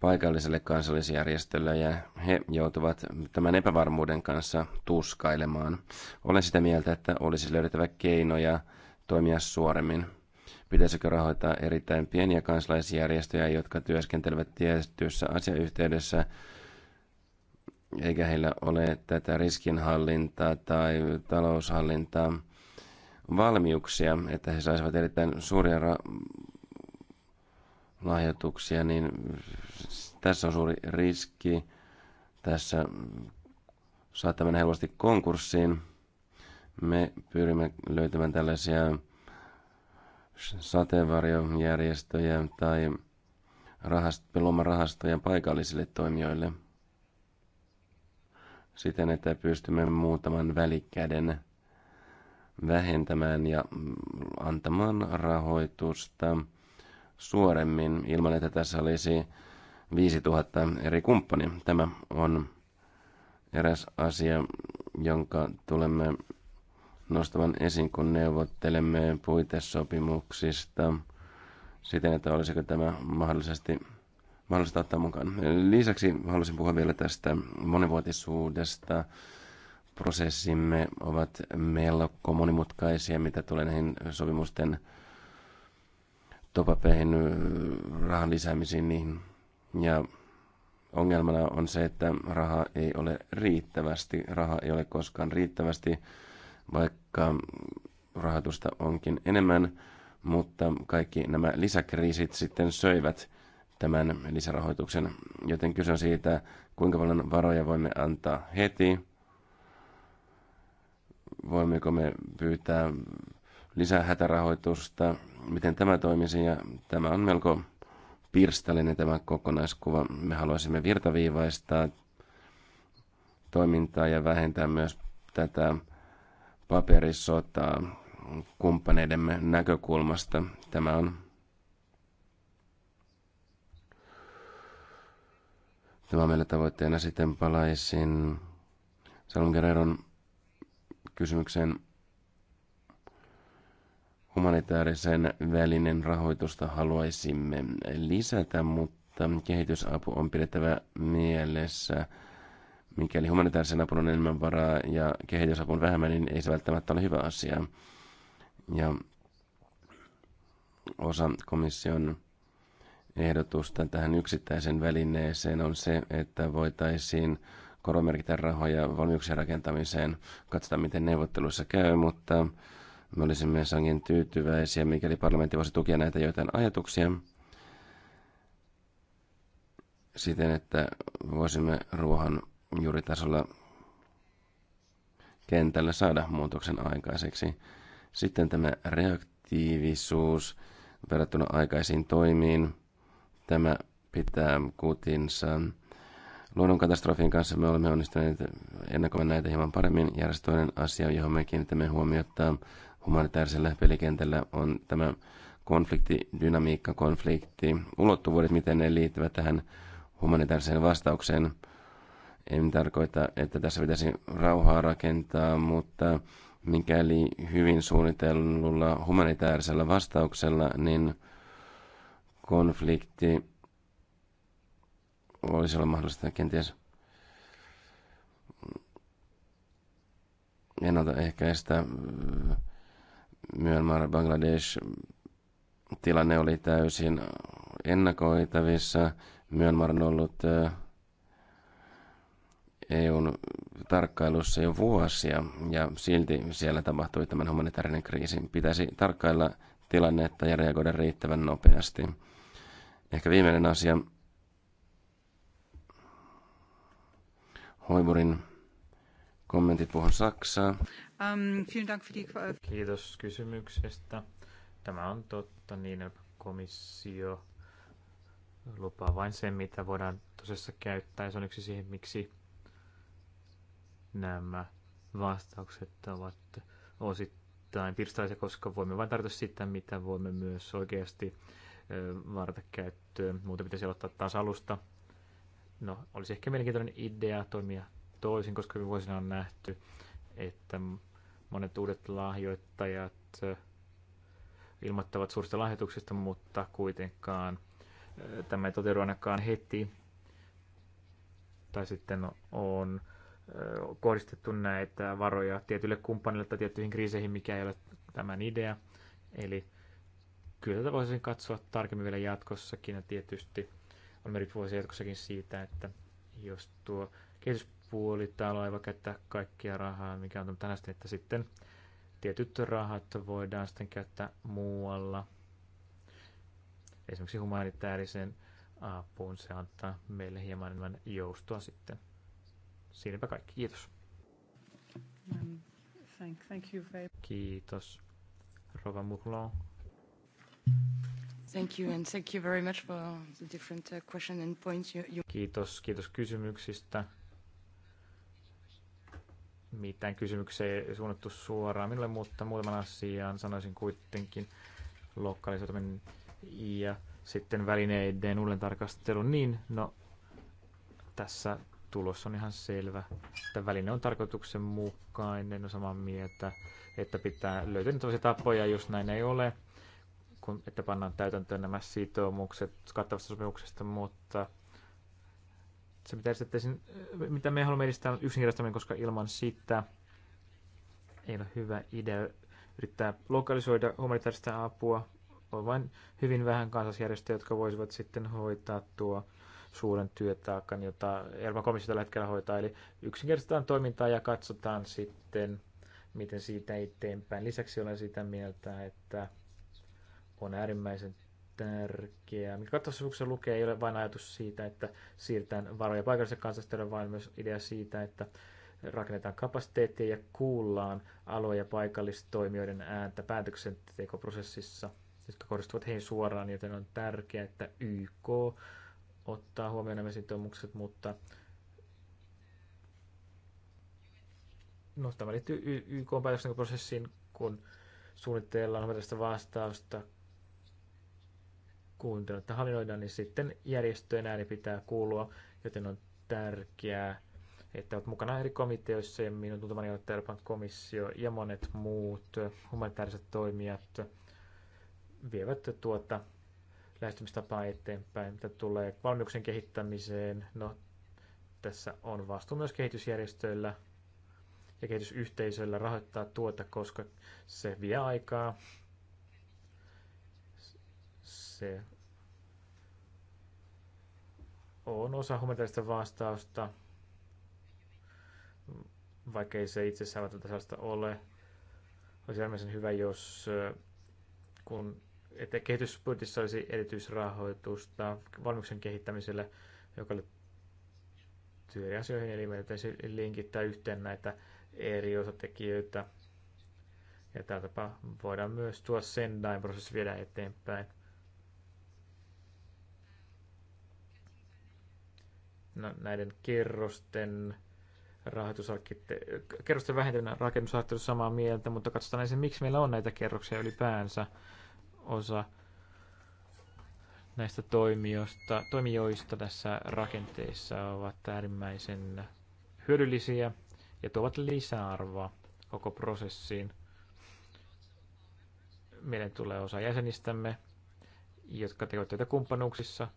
paikalliselle kansallisjärjestölle ja he joutuvat tämän epävarmuuden kanssa tuskailemaan. Olen sitä mieltä, että olisi löydettävä keinoja toimia suoremmin. Pitäisikö rahoittaa erittäin pieniä kansalaisjärjestöjä, jotka työskentelevät tietyssä asiayhteydessä, eikä heillä ole tätä riskinhallintaa tai taloushallintaa valmiuksia, että he saisivat erittäin suuria lahjoituksia, niin tässä on suuri riski. Tässä saattaa mennä helposti konkurssiin. Me pyrimme löytämään tällaisia sateenvarjojärjestöjä tai rahast, rahastoja paikallisille toimijoille siten, että pystymme muutaman välikäden vähentämään ja antamaan rahoitusta suoremmin ilman, että tässä olisi 5000 eri kumppania. Tämä on eräs asia, jonka tulemme nostavan esiin, kun neuvottelemme puitesopimuksista siten, että olisiko tämä mahdollisesti mahdollista ottaa mukaan. Lisäksi haluaisin puhua vielä tästä monivuotisuudesta. Prosessimme ovat melko monimutkaisia, mitä tulee näihin sopimusten topapeihin, rahan lisäämisiin, niihin ja ongelmana on se, että raha ei ole riittävästi. Raha ei ole koskaan riittävästi, vaikka rahoitusta onkin enemmän, mutta kaikki nämä lisäkriisit sitten söivät tämän lisärahoituksen. Joten kyse on siitä, kuinka paljon varoja voimme antaa heti, voimmeko me pyytää lisää hätärahoitusta, miten tämä toimisi, ja tämä on melko pirstallinen tämä kokonaiskuva. Me haluaisimme virtaviivaistaa toimintaa ja vähentää myös tätä paperisotaa kumppaneidemme näkökulmasta. Tämä on Tämä on meillä tavoitteena sitten palaisin Salon Guerreron kysymykseen humanitaarisen välinen rahoitusta haluaisimme lisätä, mutta kehitysapu on pidettävä mielessä. Mikäli humanitaarisen apun on enemmän varaa ja kehitysapun vähemmän, niin ei se välttämättä ole hyvä asia. Ja osa komission ehdotusta tähän yksittäiseen välineeseen on se, että voitaisiin koromerkitä rahoja valmiuksien rakentamiseen. Katsotaan, miten neuvotteluissa käy, mutta me olisimme sangen tyytyväisiä, mikäli parlamentti voisi tukea näitä joitain ajatuksia siten, että voisimme ruohon juuritasolla kentällä saada muutoksen aikaiseksi. Sitten tämä reaktiivisuus verrattuna aikaisiin toimiin. Tämä pitää kutinsa. Luonnonkatastrofien kanssa me olemme onnistuneet ennakoimaan näitä hieman paremmin. Järjestöinen asia, johon me kiinnitämme huomiota, humanitaarisella pelikentällä on tämä konflikti dynamiikka, konflikti, ulottuvuudet, miten ne liittyvät tähän humanitaariseen vastaukseen. En tarkoita, että tässä pitäisi rauhaa rakentaa, mutta mikäli hyvin suunnitellulla humanitaarisella vastauksella, niin konflikti olisi olla mahdollista kenties ennaltaehkäistä Myanmar, Bangladesh, tilanne oli täysin ennakoitavissa. Myanmar on ollut äh, EUn tarkkailussa jo vuosia ja silti siellä tapahtui tämän humanitaarinen kriisi. Pitäisi tarkkailla tilannetta ja reagoida riittävän nopeasti. Ehkä viimeinen asia. Hoiburin kommentit puhun Saksaa. Ähm, äh, Kiitos kysymyksestä. Tämä on totta, niin komissio lupaa vain sen, mitä voidaan tosessa käyttää. Ja se on yksi siihen, miksi nämä vastaukset ovat osittain pirstaisia, koska voimme vain tarjota sitä, mitä voimme myös oikeasti varata käyttöön. Muuten pitäisi aloittaa taas alusta. No, olisi ehkä mielenkiintoinen idea toimia toisin, koska vuosina on nähty, että Monet uudet lahjoittajat eh, ilmoittavat suurista lahjoituksista, mutta kuitenkaan eh, tämä ei toteudu ainakaan heti. Tai sitten on eh, kohdistettu näitä varoja tietyille kumppanille tai tiettyihin kriiseihin, mikä ei ole tämän idea. Eli kyllä tätä voisin katsoa tarkemmin vielä jatkossakin ja tietysti on merkit jatkossakin siitä, että jos tuo kehitys puoli taloa ei käyttää kaikkia rahaa, mikä on tänä sitten, että sitten tietyt rahat voidaan sitten käyttää muualla. Esimerkiksi humanitaariseen apuun se antaa meille hieman enemmän joustoa sitten. Siinäpä kaikki. Kiitos. Thank, thank you very... Kiitos. Rova Muhlon. Thank you and thank you very much for the different uh, questions and points you... Kiitos, kiitos kysymyksistä mitään kysymyksiä suunnattu suoraan minulle, mutta muutaman asian sanoisin kuitenkin lokalisoituminen ja sitten välineiden uuden tarkastelu, niin no tässä tulos on ihan selvä. että väline on tarkoituksenmukainen, on samaa mieltä, että pitää löytää tosi tapoja, jos näin ei ole, kun, että pannaan täytäntöön nämä sitoumukset kattavasta sopimuksesta, mutta se, mitä, mitä me haluamme edistää, on yksinkertaistaminen, koska ilman sitä ei ole hyvä idea yrittää lokalisoida humanitaarista apua. On vain hyvin vähän kansalaisjärjestöjä, jotka voisivat sitten hoitaa tuo suuren työtaakan, jota Euroopan komissio tällä hetkellä hoitaa. Eli yksinkertaistetaan toimintaa ja katsotaan sitten, miten siitä eteenpäin. Lisäksi olen sitä mieltä, että on äärimmäisen tärkeää. Mikä katsomuksessa lukee, ei ole vain ajatus siitä, että siirretään varoja paikalliselle kansalliselle, vaan myös idea siitä, että rakennetaan kapasiteettia ja kuullaan alue- ja paikallistoimijoiden ääntä päätöksentekoprosessissa, jotka kohdistuvat heihin suoraan, joten on tärkeää, että YK ottaa huomioon nämä sitoumukset, mutta no, tämä liittyy YK-päätöksentekoprosessiin, kun suunnitellaan tästä vastausta kun että hallinnoidaan, niin sitten järjestöjen ääni pitää kuulua, joten on tärkeää, että olet mukana eri komiteoissa ja minun tuntemani on Euroopan komissio ja monet muut humanitaariset toimijat vievät tuota lähestymistapaa eteenpäin, mitä tulee valmiuksen kehittämiseen. No, tässä on vastuu myös kehitysjärjestöillä ja kehitysyhteisöillä rahoittaa tuota, koska se vie aikaa se on osa humanitaarista vastausta, ei se itse saavutonta sellaista ole. Olisi äärimmäisen hyvä, jos äh, kun, että kehitysbudjetissa olisi erityisrahoitusta valmiuksen kehittämiselle, joka liittyy eri asioihin, eli meidän linkittää yhteen näitä eri osatekijöitä. Ja tällä tapaa voidaan myös tuo Sendain prosessi viedä eteenpäin. näiden kerrosten kerrosten vähentäminen rakennusarkkitehtuurissa samaa mieltä, mutta katsotaan ensin, miksi meillä on näitä kerroksia ylipäänsä. Osa näistä toimijoista, toimijoista tässä rakenteissa ovat äärimmäisen hyödyllisiä ja tuovat lisäarvoa koko prosessiin. Meille tulee osa jäsenistämme, jotka tekevät töitä kumppanuuksissa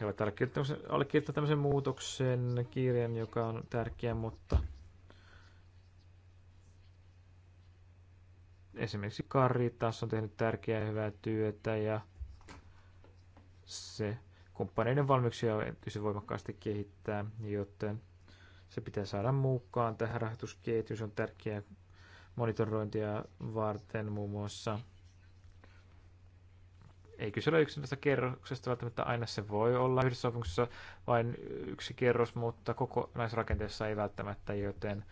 he ovat allekirjoittaneet tämmöisen muutoksen kirjan, joka on tärkeä, mutta esimerkiksi Karri taas on tehnyt tärkeää ja hyvää työtä ja se kumppaneiden valmiuksia täytyy voimakkaasti kehittää, joten se pitää saada mukaan tähän rahoitusketjuun. Se on tärkeää monitorointia varten muun muassa – ei kyse ole tästä kerroksesta, välttämättä aina se voi olla yhdessä sopimuksessa vain yksi kerros, mutta kokonaisrakenteessa ei välttämättä, joten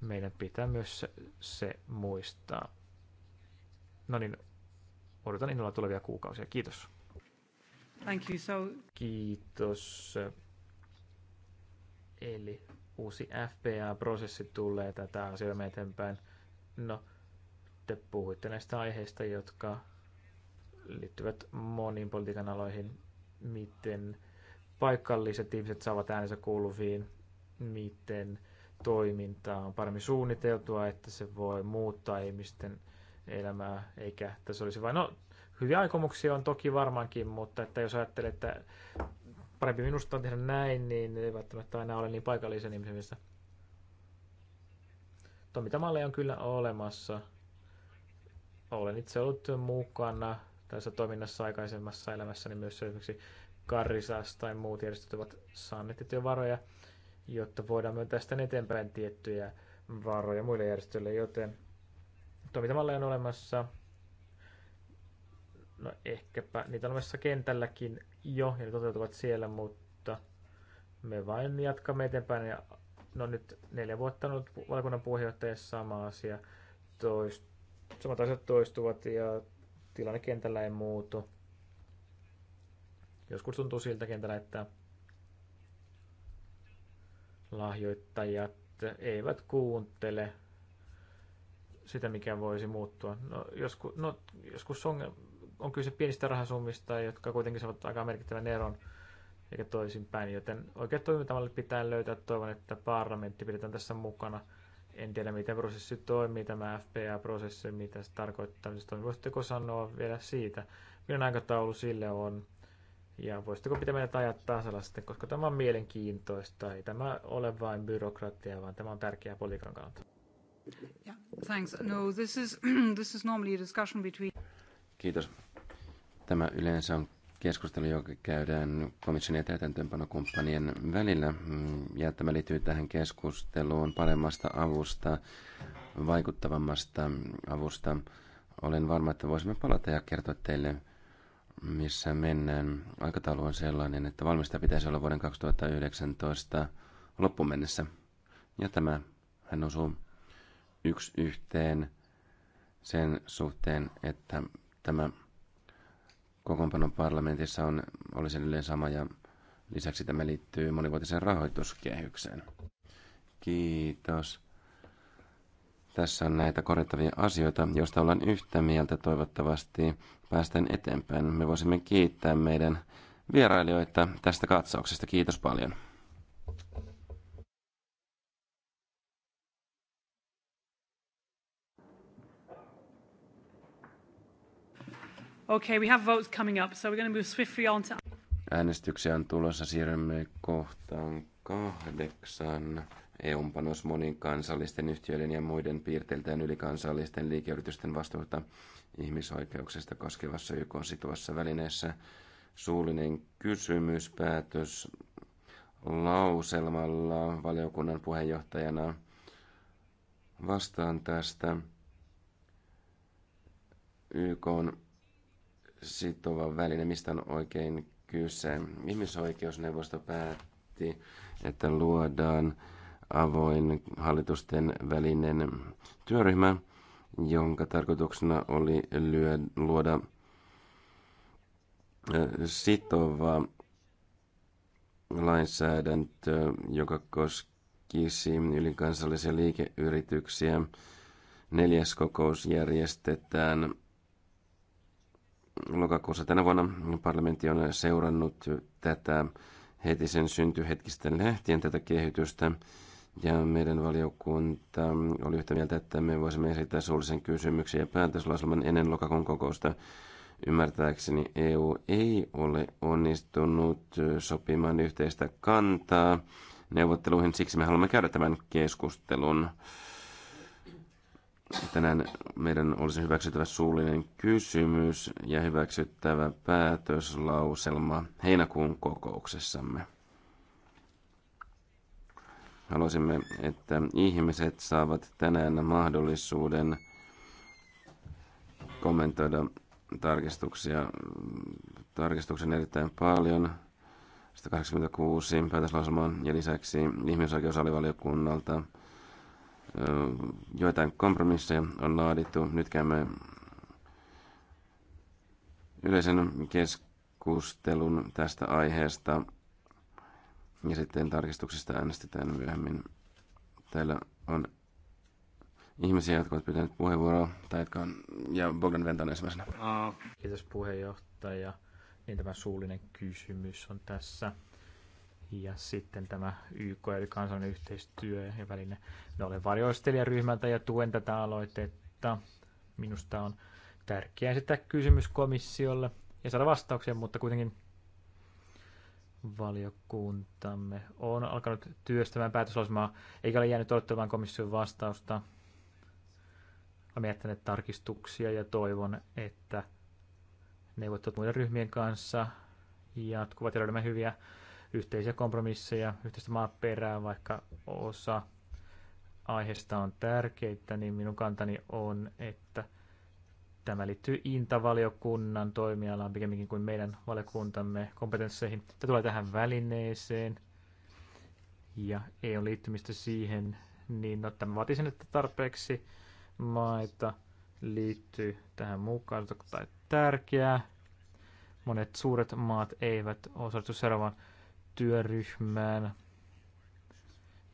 meidän pitää myös se, se muistaa. No niin, odotan innolla tulevia kuukausia. Kiitos. Thank you so... Kiitos. Eli uusi FPA-prosessi tulee tätä asiaa eteenpäin. No, te puhuitte näistä aiheista, jotka liittyvät moniin politiikan aloihin, miten paikalliset ihmiset saavat äänensä kuuluviin, miten toiminta on paremmin suunniteltua, että se voi muuttaa ihmisten elämää, eikä tässä olisi vain, no hyviä aikomuksia on toki varmaankin, mutta että jos ajattelee, että parempi minusta on tehdä näin, niin ei välttämättä aina ole niin paikallisen ihmisen mielestä. Toimintamalleja on kyllä olemassa. Olen itse ollut mukana tässä toiminnassa aikaisemmassa elämässä, niin myös esimerkiksi Karisas tai muut järjestöt ovat saaneet tiettyjä varoja, jotta voidaan myöntää sitten eteenpäin tiettyjä varoja muille järjestöille, joten toimintamalleja on olemassa. No ehkäpä niitä on olemassa kentälläkin jo, ja ne toteutuvat siellä, mutta me vain jatkamme eteenpäin. Ja no nyt neljä vuotta on ollut valiokunnan puheenjohtaja sama asia. Toist, samat asiat toistuvat ja tilanne kentällä ei muutu. Joskus tuntuu siltä kentällä, että lahjoittajat eivät kuuntele sitä, mikä voisi muuttua. No, joskus, no, joskus on, on kyse pienistä rahasummista, jotka kuitenkin saavat aika merkittävän eron, eikä toisinpäin, joten oikeat toimintamalle pitää löytää. Toivon, että parlamentti pidetään tässä mukana. En tiedä, mitä prosessi toimii, tämä FPA-prosessi, mitä se tarkoittaa, niin se toimii. Voisitteko sanoa vielä siitä, millainen aikataulu sille on? Ja voisitteko pitää meidät ajat tasalla sitten, koska tämä on mielenkiintoista. Ei tämä ole vain byrokratia, vaan tämä on tärkeää politiikan kannalta. Yeah, thanks. No, this is, this is normally a discussion between... Kiitos. Tämä yleensä on keskustelu, joka käydään komission ja täytäntöönpanokumppanien välillä. Ja tämä liittyy tähän keskusteluun paremmasta avusta, vaikuttavammasta avusta. Olen varma, että voisimme palata ja kertoa teille, missä mennään. Aikataulu on sellainen, että valmista pitäisi olla vuoden 2019 loppuun mennessä. Ja tämä hän osuu yksi yhteen sen suhteen, että tämä kokoonpano parlamentissa on, olisi edelleen sama ja lisäksi tämä liittyy monivuotiseen rahoituskehykseen. Kiitos. Tässä on näitä korjattavia asioita, joista ollaan yhtä mieltä toivottavasti päästään eteenpäin. Me voisimme kiittää meidän vierailijoita tästä katsauksesta. Kiitos paljon. Okay, we have votes coming up, so we're going to move swiftly on to... Äänestyksiä on tulossa. Siirrymme kohtaan kahdeksan. EUn panos monin kansallisten yhtiöiden ja muiden piirteiltään ylikansallisten liikeyritysten vastuuta ihmisoikeuksista koskevassa YK sitovassa välineessä. Suullinen kysymys, päätös lauselmalla valiokunnan puheenjohtajana vastaan tästä YK on sitova väline, mistä on oikein kyse. Ihmisoikeusneuvosto päätti, että luodaan avoin hallitusten välinen työryhmä, jonka tarkoituksena oli lyö, luoda sitova lainsäädäntö, joka koskisi ylikansallisia liikeyrityksiä. Neljäs kokous järjestetään lokakuussa tänä vuonna parlamentti on seurannut tätä heti sen syntyhetkistä lähtien tätä kehitystä. Ja meidän valiokunta oli yhtä mieltä, että me voisimme esittää suullisen kysymyksen ja päätöslauselman ennen lokakuun kokousta. Ymmärtääkseni EU ei ole onnistunut sopimaan yhteistä kantaa neuvotteluihin, siksi me haluamme käydä tämän keskustelun tänään meidän olisi hyväksyttävä suullinen kysymys ja hyväksyttävä päätöslauselma heinäkuun kokouksessamme. Haluaisimme, että ihmiset saavat tänään mahdollisuuden kommentoida tarkistuksia, tarkistuksen erittäin paljon. 186 päätöslauselmaa ja lisäksi ihmisoikeusalivaliokunnalta joitain kompromisseja on laadittu. Nyt käymme yleisen keskustelun tästä aiheesta ja sitten tarkistuksista äänestetään myöhemmin. Täällä on ihmisiä, jotka ovat pyytäneet puheenvuoroa, tai jotka on, ja Bogdan Venta on ensimmäisenä. Kiitos puheenjohtaja. Niin tämä suullinen kysymys on tässä ja sitten tämä YK eli kansallinen yhteistyö ja väline. No, olen varjoistelijaryhmältä ja tuen tätä aloitetta. Minusta on tärkeää sitä kysymys komissiolle ja saada vastauksia, mutta kuitenkin valiokuntamme on alkanut työstämään päätöslausumaa, eikä ole jäänyt odottamaan komission vastausta. Olen miettinyt tarkistuksia ja toivon, että neuvottelut muiden ryhmien kanssa jatkuvat ja löydämme hyviä yhteisiä kompromisseja, yhteistä maaperää, vaikka osa aiheesta on tärkeitä, niin minun kantani on, että tämä liittyy Inta-valiokunnan toimialaan pikemminkin kuin meidän valiokuntamme kompetensseihin. Tämä tulee tähän välineeseen ja ei ole liittymistä siihen, niin no, tämä vaatii sen, että tarpeeksi maita liittyy tähän mukaan, tai tärkeää. Monet suuret maat eivät osallistu seuraavaan työryhmään,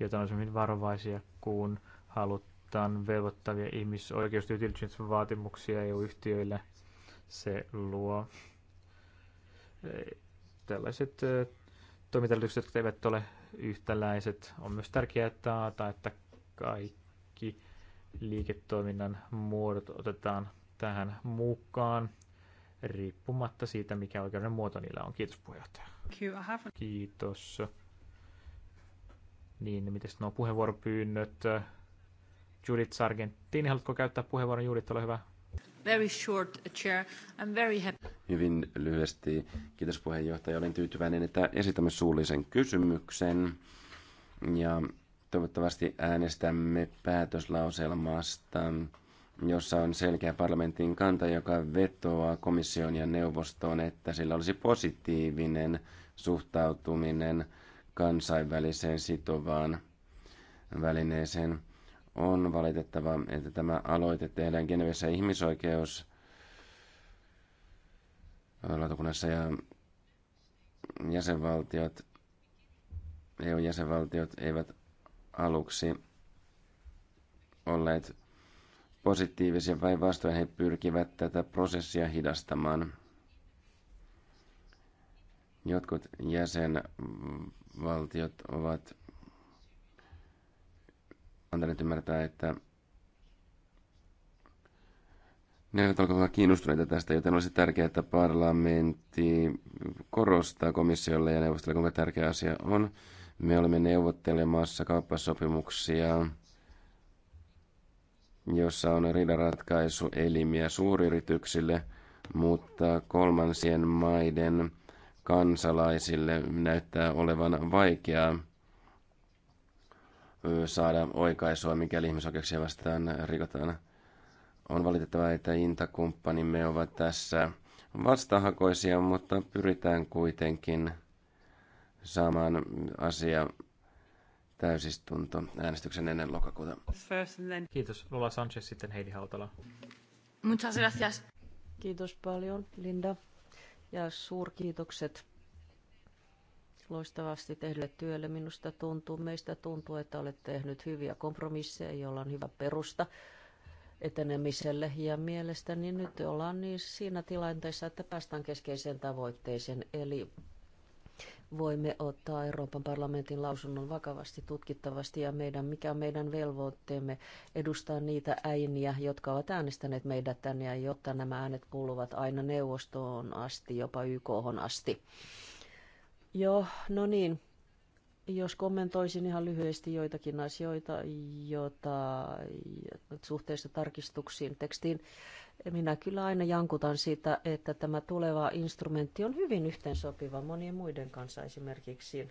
jota on hyvin varovaisia, kun halutaan velvoittavia ihmisoikeus- vaatimuksia EU-yhtiöille. Se luo eh, tällaiset eh, toimintaedellytykset, jotka eivät ole yhtäläiset. On myös tärkeää taata, että kaikki liiketoiminnan muodot otetaan tähän mukaan, riippumatta siitä, mikä oikeuden muoto niillä on. Kiitos puheenjohtaja. Kiitos. Niin, miten nuo puheenvuoropyynnöt? Judith Sargentini, haluatko käyttää puheenvuoron? Judith, ole hyvä. Very short, chair. I'm very happy. Hyvin lyhyesti. Kiitos puheenjohtaja. Olen tyytyväinen, että esitämme suullisen kysymyksen. Ja toivottavasti äänestämme päätöslauselmasta jossa on selkeä parlamentin kanta, joka vetoaa komission ja neuvostoon, että sillä olisi positiivinen suhtautuminen kansainväliseen sitovaan välineeseen. On valitettava, että tämä aloite tehdään Genevessä ihmisoikeus lautakunnassa ja jäsenvaltiot, EU-jäsenvaltiot eivät aluksi olleet positiivisia, vastoin he pyrkivät tätä prosessia hidastamaan. Jotkut jäsenvaltiot ovat antaneet ymmärtää, että ne eivät olla kiinnostuneita tästä, joten olisi tärkeää, että parlamentti korostaa komissiolle ja neuvostolle, kuinka tärkeä asia on. Me olemme neuvottelemassa kauppasopimuksia jossa on riidanratkaisuelimiä suuryrityksille, mutta kolmansien maiden kansalaisille näyttää olevan vaikeaa saada oikaisua, mikäli ihmisoikeuksia vastaan rikotaan. On valitettavaa, että Intakumppanimme ovat tässä vastahakoisia, mutta pyritään kuitenkin saamaan asia täysistunto äänestyksen ennen lokakuuta. Kiitos Lola Sanchez, sitten Heidi Hautala. Muchas gracias. Kiitos paljon Linda ja suurkiitokset loistavasti tehdylle työlle. Minusta tuntuu, meistä tuntuu, että olet tehnyt hyviä kompromisseja, joilla on hyvä perusta etenemiselle. Ja mielestäni nyt ollaan niin siinä tilanteessa, että päästään keskeiseen tavoitteeseen, eli voimme ottaa Euroopan parlamentin lausunnon vakavasti tutkittavasti ja meidän, mikä on meidän velvoitteemme edustaa niitä äiniä, jotka ovat äänestäneet meidät tänne ja jotta nämä äänet kuuluvat aina neuvostoon asti, jopa YK asti. Joo, no niin. Jos kommentoisin ihan lyhyesti joitakin asioita, joita suhteessa tarkistuksiin tekstiin minä kyllä aina jankutan sitä, että tämä tuleva instrumentti on hyvin yhteensopiva monien muiden kanssa esimerkiksi.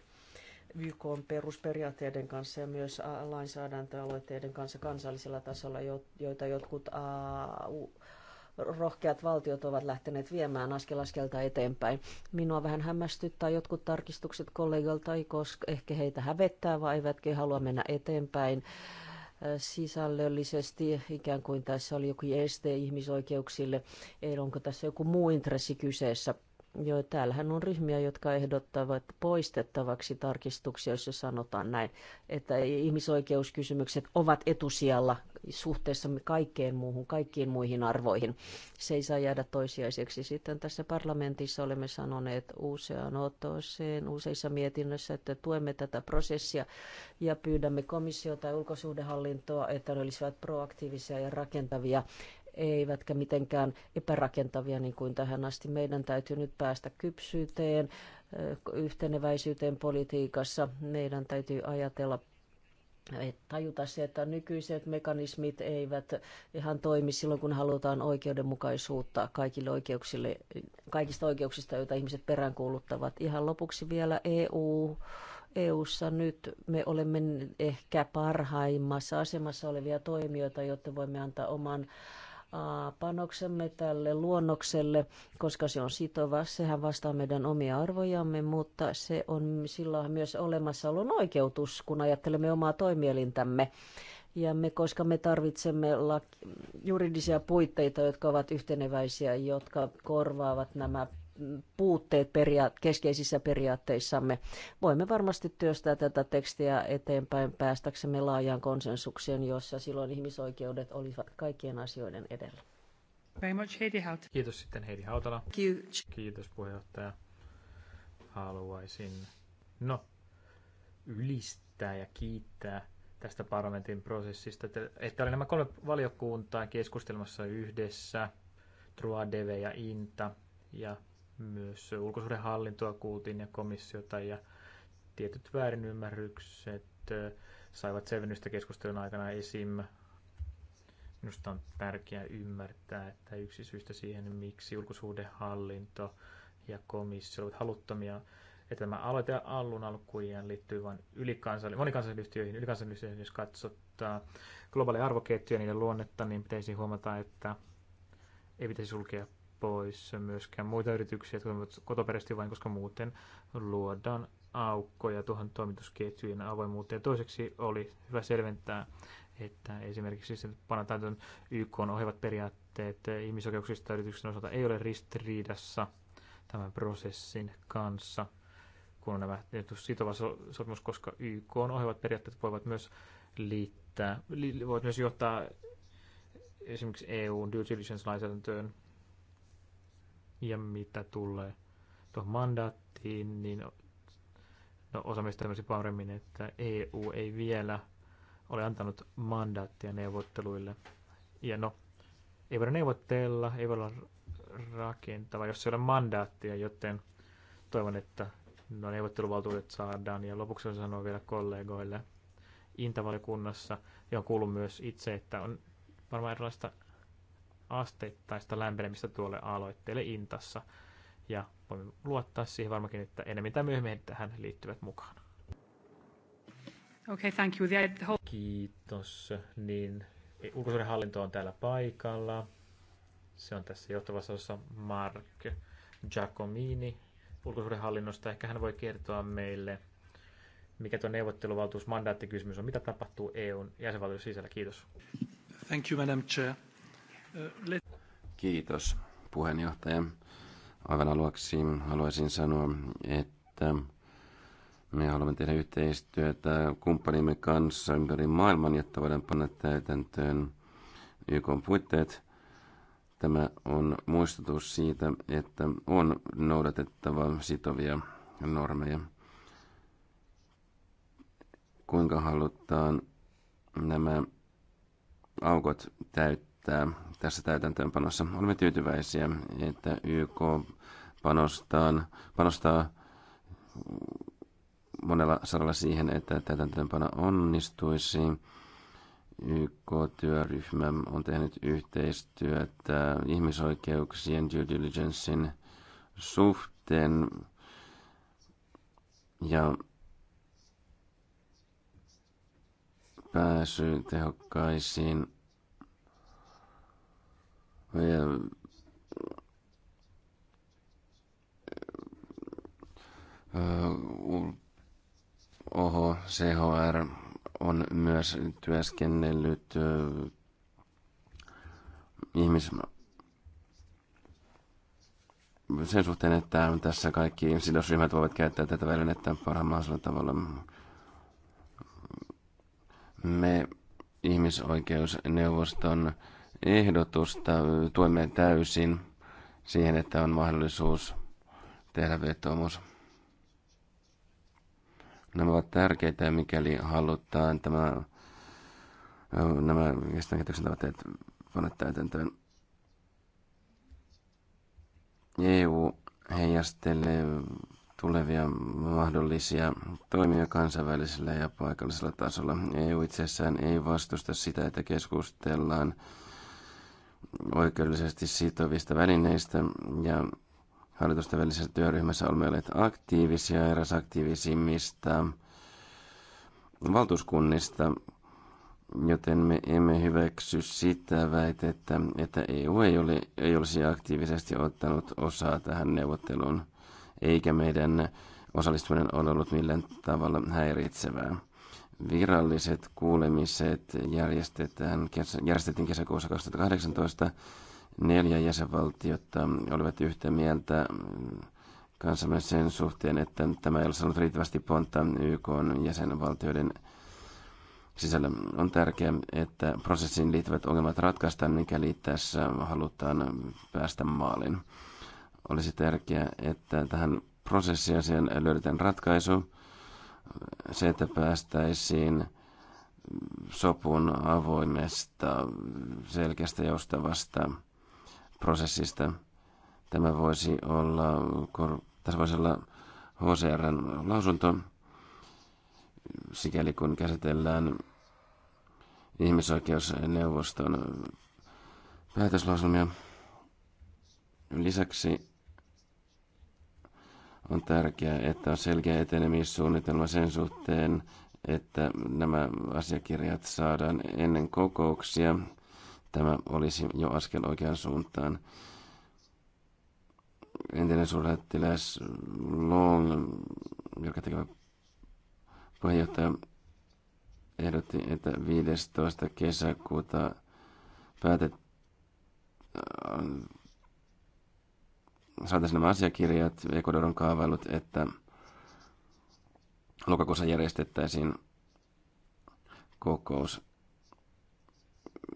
YK on perusperiaatteiden kanssa ja myös lainsäädäntöaloitteiden kanssa kansallisella tasolla, joita jotkut rohkeat valtiot ovat lähteneet viemään askel askelta eteenpäin. Minua vähän hämmästyttää jotkut tarkistukset kollegalta, koska ehkä heitä hävettää vai eivätkä halua mennä eteenpäin sisällöllisesti, ikään kuin tässä oli joku este ihmisoikeuksille, ei onko tässä joku muu intressi kyseessä Joo, täällähän on ryhmiä, jotka ehdottavat poistettavaksi tarkistuksia, jos sanotaan näin, että ihmisoikeuskysymykset ovat etusijalla suhteessa kaikkeen muuhun, kaikkiin muihin arvoihin. Se ei saa jäädä toisiaiseksi. Sitten tässä parlamentissa olemme sanoneet usean otoseen, useissa mietinnöissä, että tuemme tätä prosessia ja pyydämme komissiota ja ulkosuhdehallintoa, että ne olisivat proaktiivisia ja rakentavia eivätkä mitenkään epärakentavia niin kuin tähän asti. Meidän täytyy nyt päästä kypsyyteen, eh, yhteneväisyyteen politiikassa. Meidän täytyy ajatella eh, tajuta se, että nykyiset mekanismit eivät ihan toimi silloin, kun halutaan oikeudenmukaisuutta kaikille oikeuksille, kaikista oikeuksista, joita ihmiset peräänkuuluttavat. Ihan lopuksi vielä EU EU:ssa nyt me olemme ehkä parhaimmassa asemassa olevia toimijoita, jotta voimme antaa oman panoksemme tälle luonnokselle, koska se on sitova. Sehän vastaa meidän omia arvojamme, mutta se on, sillä on myös olemassaolon oikeutus, kun ajattelemme omaa toimielintämme. Ja me, koska me tarvitsemme laki, juridisia puitteita, jotka ovat yhteneväisiä, jotka korvaavat nämä puutteet peria keskeisissä periaatteissamme. Voimme varmasti työstää tätä tekstiä eteenpäin päästäksemme laajaan konsensukseen, jossa silloin ihmisoikeudet olivat kaikkien asioiden edellä. Very much Heidi Kiitos sitten Heidi Hautala. Kiitos. Kiitos puheenjohtaja. Haluaisin no, ylistää ja kiittää tästä parlamentin prosessista, että oli nämä kolme valiokuntaa keskustelmassa yhdessä, Trua, Deve ja Inta, ja myös ulkosuhdehallintoa kuultiin ja komissiota ja tietyt väärinymmärrykset saivat selvennystä keskustelun aikana esim. Minusta on tärkeää ymmärtää, että yksi syystä siihen, miksi ulkosuhdehallinto ja komissio ovat haluttomia, että tämä aloite alun alkujaan liittyy vain ylikansalli- monikansallisyhtiöihin. Ylikansallisyhtiöihin, jos katsotaan globaaleja arvoketjuja ja niiden luonnetta, niin pitäisi huomata, että ei pitäisi sulkea pois myöskään muita yrityksiä, jotka toimivat kotoperäisesti vain, koska muuten luodaan aukkoja tuohon toimitusketjujen avoimuuteen. Toiseksi oli hyvä selventää, että esimerkiksi se panataan YK on ohjaavat periaatteet ihmisoikeuksista yrityksen osalta ei ole ristiriidassa tämän prosessin kanssa, kun on nämä sitova sopimus, koska YK on ohjaavat periaatteet voivat myös liittää, voivat myös johtaa esimerkiksi EUn due diligence-lainsäädäntöön ja mitä tulee tuohon mandaattiin, niin no, osa meistä ymmärsi paremmin, että EU ei vielä ole antanut mandaattia neuvotteluille. Ja no, ei voida neuvotella, ei voida rakentava, jos ei ole mandaattia, joten toivon, että no, neuvotteluvaltuudet saadaan. Ja lopuksi on sanoa vielä kollegoille Intavaliokunnassa, johon kuuluu myös itse, että on varmaan erilaista asteittaista lämpenemistä tuolle aloitteelle Intassa. Ja voimme luottaa siihen varmaankin, että enemmän tai myöhemmin tähän liittyvät mukaan. Okay, thank you. The whole... Kiitos. Niin, hallinto on täällä paikalla. Se on tässä johtavassa osassa Mark Giacomini ulkosuudenhallinnosta. Ehkä hän voi kertoa meille, mikä tuo neuvotteluvaltuusmandaattikysymys on. Mitä tapahtuu EUn jäsenvaltion sisällä? Kiitos. Thank you, Madam Chair. Kiitos puheenjohtaja. Aivan aluksi haluaisin sanoa, että me haluamme tehdä yhteistyötä kumppanimme kanssa ympäri maailman, jotta voidaan panna täytäntöön YK puitteet. Tämä on muistutus siitä, että on noudatettava sitovia normeja. Kuinka halutaan nämä aukot täyttää? riittää tässä täytäntöönpanossa. Olemme tyytyväisiä, että YK panostaa, panostaa monella saralla siihen, että täytäntöönpano onnistuisi. YK-työryhmä on tehnyt yhteistyötä ihmisoikeuksien due diligencein suhteen. Ja pääsy tehokkaisiin CHR on myös työskennellyt ihmis sen suhteen, että tässä kaikki sidosryhmät voivat käyttää tätä välinettä parhaimmalla tavalla. Me ihmisoikeusneuvoston ehdotusta tuemme täysin siihen, että on mahdollisuus tehdä vetomus. Nämä ovat tärkeitä, mikäli halutaan tämä, nämä kestävän tavoitteet panna täytäntöön. EU heijastelee tulevia mahdollisia toimia kansainvälisellä ja paikallisella tasolla. EU itsessään ei vastusta sitä, että keskustellaan oikeudellisesti sitovista välineistä ja hallitusten välisessä työryhmässä olemme olleet aktiivisia, eräs aktiivisimmista valtuuskunnista, joten me emme hyväksy sitä väitettä, että EU ei, ole, ei olisi aktiivisesti ottanut osaa tähän neuvotteluun, eikä meidän osallistuminen ole ollut millään tavalla häiritsevää. Viralliset kuulemiset järjestetään, järjestettiin kesäkuussa 2018. Neljä jäsenvaltiota olivat yhtä mieltä kansamme sen suhteen, että tämä ei ole saanut riittävästi pontta YK jäsenvaltioiden sisällä. On tärkeää, että prosessiin liittyvät ongelmat ratkaistaan, mikäli tässä halutaan päästä maaliin. Olisi tärkeää, että tähän prosessiasiaan löydetään ratkaisu se, että päästäisiin sopun avoimesta, selkeästä, joustavasta prosessista. Tämä voisi olla, tässä voisi olla HCRn lausunto, sikäli kun käsitellään ihmisoikeusneuvoston päätöslauselmia. Lisäksi on tärkeää, että on selkeä etenemissuunnitelma sen suhteen, että nämä asiakirjat saadaan ennen kokouksia. Tämä olisi jo askel oikeaan suuntaan. Entinen suurlähettiläs Long, joka tekevä puheenjohtaja, ehdotti, että 15. kesäkuuta päätet saataisiin nämä asiakirjat, Ecuadorin kaavailut, että lokakuussa järjestettäisiin kokous.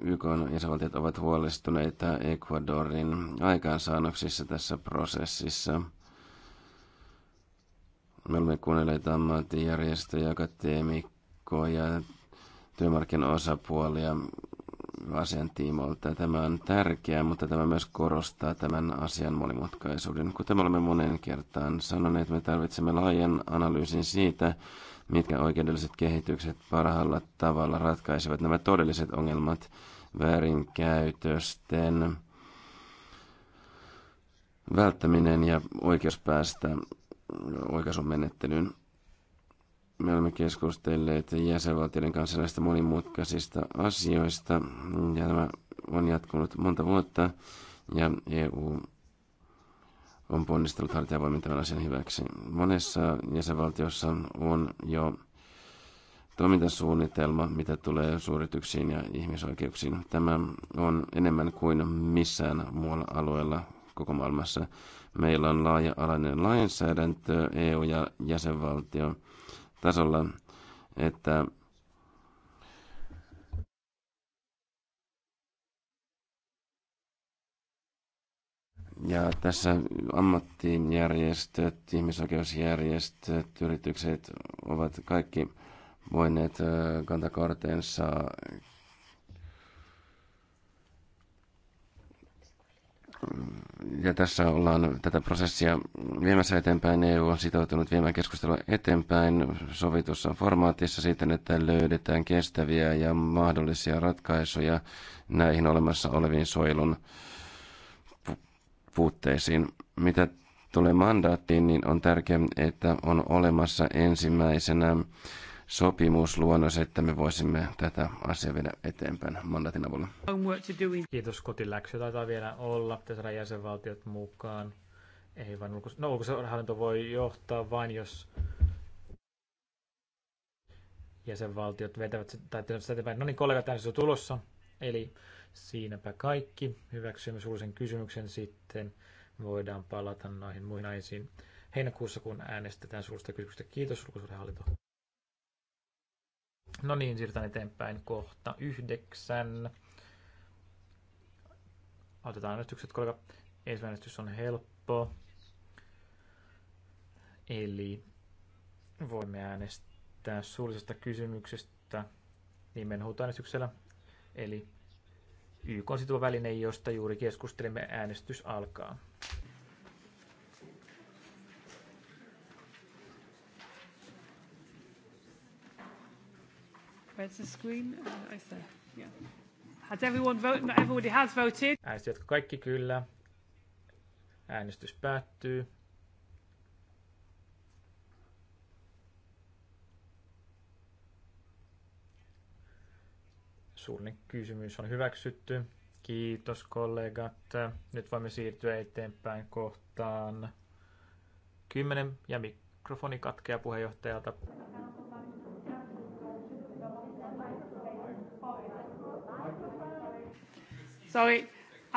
YK jäsenvaltiot ovat huolestuneita Ecuadorin aikaansaannoksissa tässä prosessissa. Me olemme kuunnelleet ammattijärjestöjä, akateemikkoja, työmarkkinaosapuolia asian tiimoilta. Tämä on tärkeää, mutta tämä myös korostaa tämän asian monimutkaisuuden. Kuten olemme monen kertaan sanoneet, me tarvitsemme laajan analyysin siitä, mitkä oikeudelliset kehitykset parhaalla tavalla ratkaisevat nämä todelliset ongelmat väärinkäytösten välttäminen ja oikeus päästä oikaisumenettelyyn me olemme keskustelleet jäsenvaltioiden kanssa näistä monimutkaisista asioista, ja tämä on jatkunut monta vuotta, ja EU on ponnistellut hartiavoimin tämän asian hyväksi. Monessa jäsenvaltiossa on jo toimintasuunnitelma, mitä tulee suurityksiin ja ihmisoikeuksiin. Tämä on enemmän kuin missään muualla alueella koko maailmassa. Meillä on laaja-alainen lainsäädäntö, EU ja jäsenvaltio tasolla, että Ja tässä ammattijärjestöt, ihmisoikeusjärjestöt, yritykset ovat kaikki voineet äh, kantaa kortensa ja tässä ollaan tätä prosessia viemässä eteenpäin. EU on sitoutunut viemään keskustelua eteenpäin sovitussa formaatissa siten, että löydetään kestäviä ja mahdollisia ratkaisuja näihin olemassa oleviin suojelun puutteisiin. Mitä tulee mandaattiin, niin on tärkeää, että on olemassa ensimmäisenä sopimusluonnos, että me voisimme tätä asiaa viedä eteenpäin mandatin avulla. Kiitos kotiläksy. Taitaa vielä olla. Pitäisi saada jäsenvaltiot mukaan. Ei vain ulkos... No ulkosuorahallinto voi johtaa vain, jos jäsenvaltiot vetävät tai sitä eteenpäin. No niin, kollegat, äänestys on tulossa. Eli siinäpä kaikki. Hyväksymme suullisen kysymyksen sitten. Voidaan palata noihin muihin aisiin heinäkuussa, kun äänestetään suurista kysymyksistä. Kiitos, ulkosuorahallinto. No niin, siirrytään eteenpäin kohta yhdeksän. Otetaan äänestykset, kollega. Ensimmäinen äänestys on helppo. Eli voimme äänestää suullisesta kysymyksestä nimen huutoäänestyksellä. Eli YK on sitova väline, josta juuri keskustelimme, äänestys alkaa. Where's the screen? Uh, oh, no, is there? Yeah. Has everyone voted? everybody has voted. kaikki kyllä. Äänestys päättyy. Suullinen kysymys on hyväksytty. Kiitos kollegat. Nyt voimme siirtyä eteenpäin kohtaan Kymmenen ja mikrofoni katkeaa puheenjohtajalta. Sorry,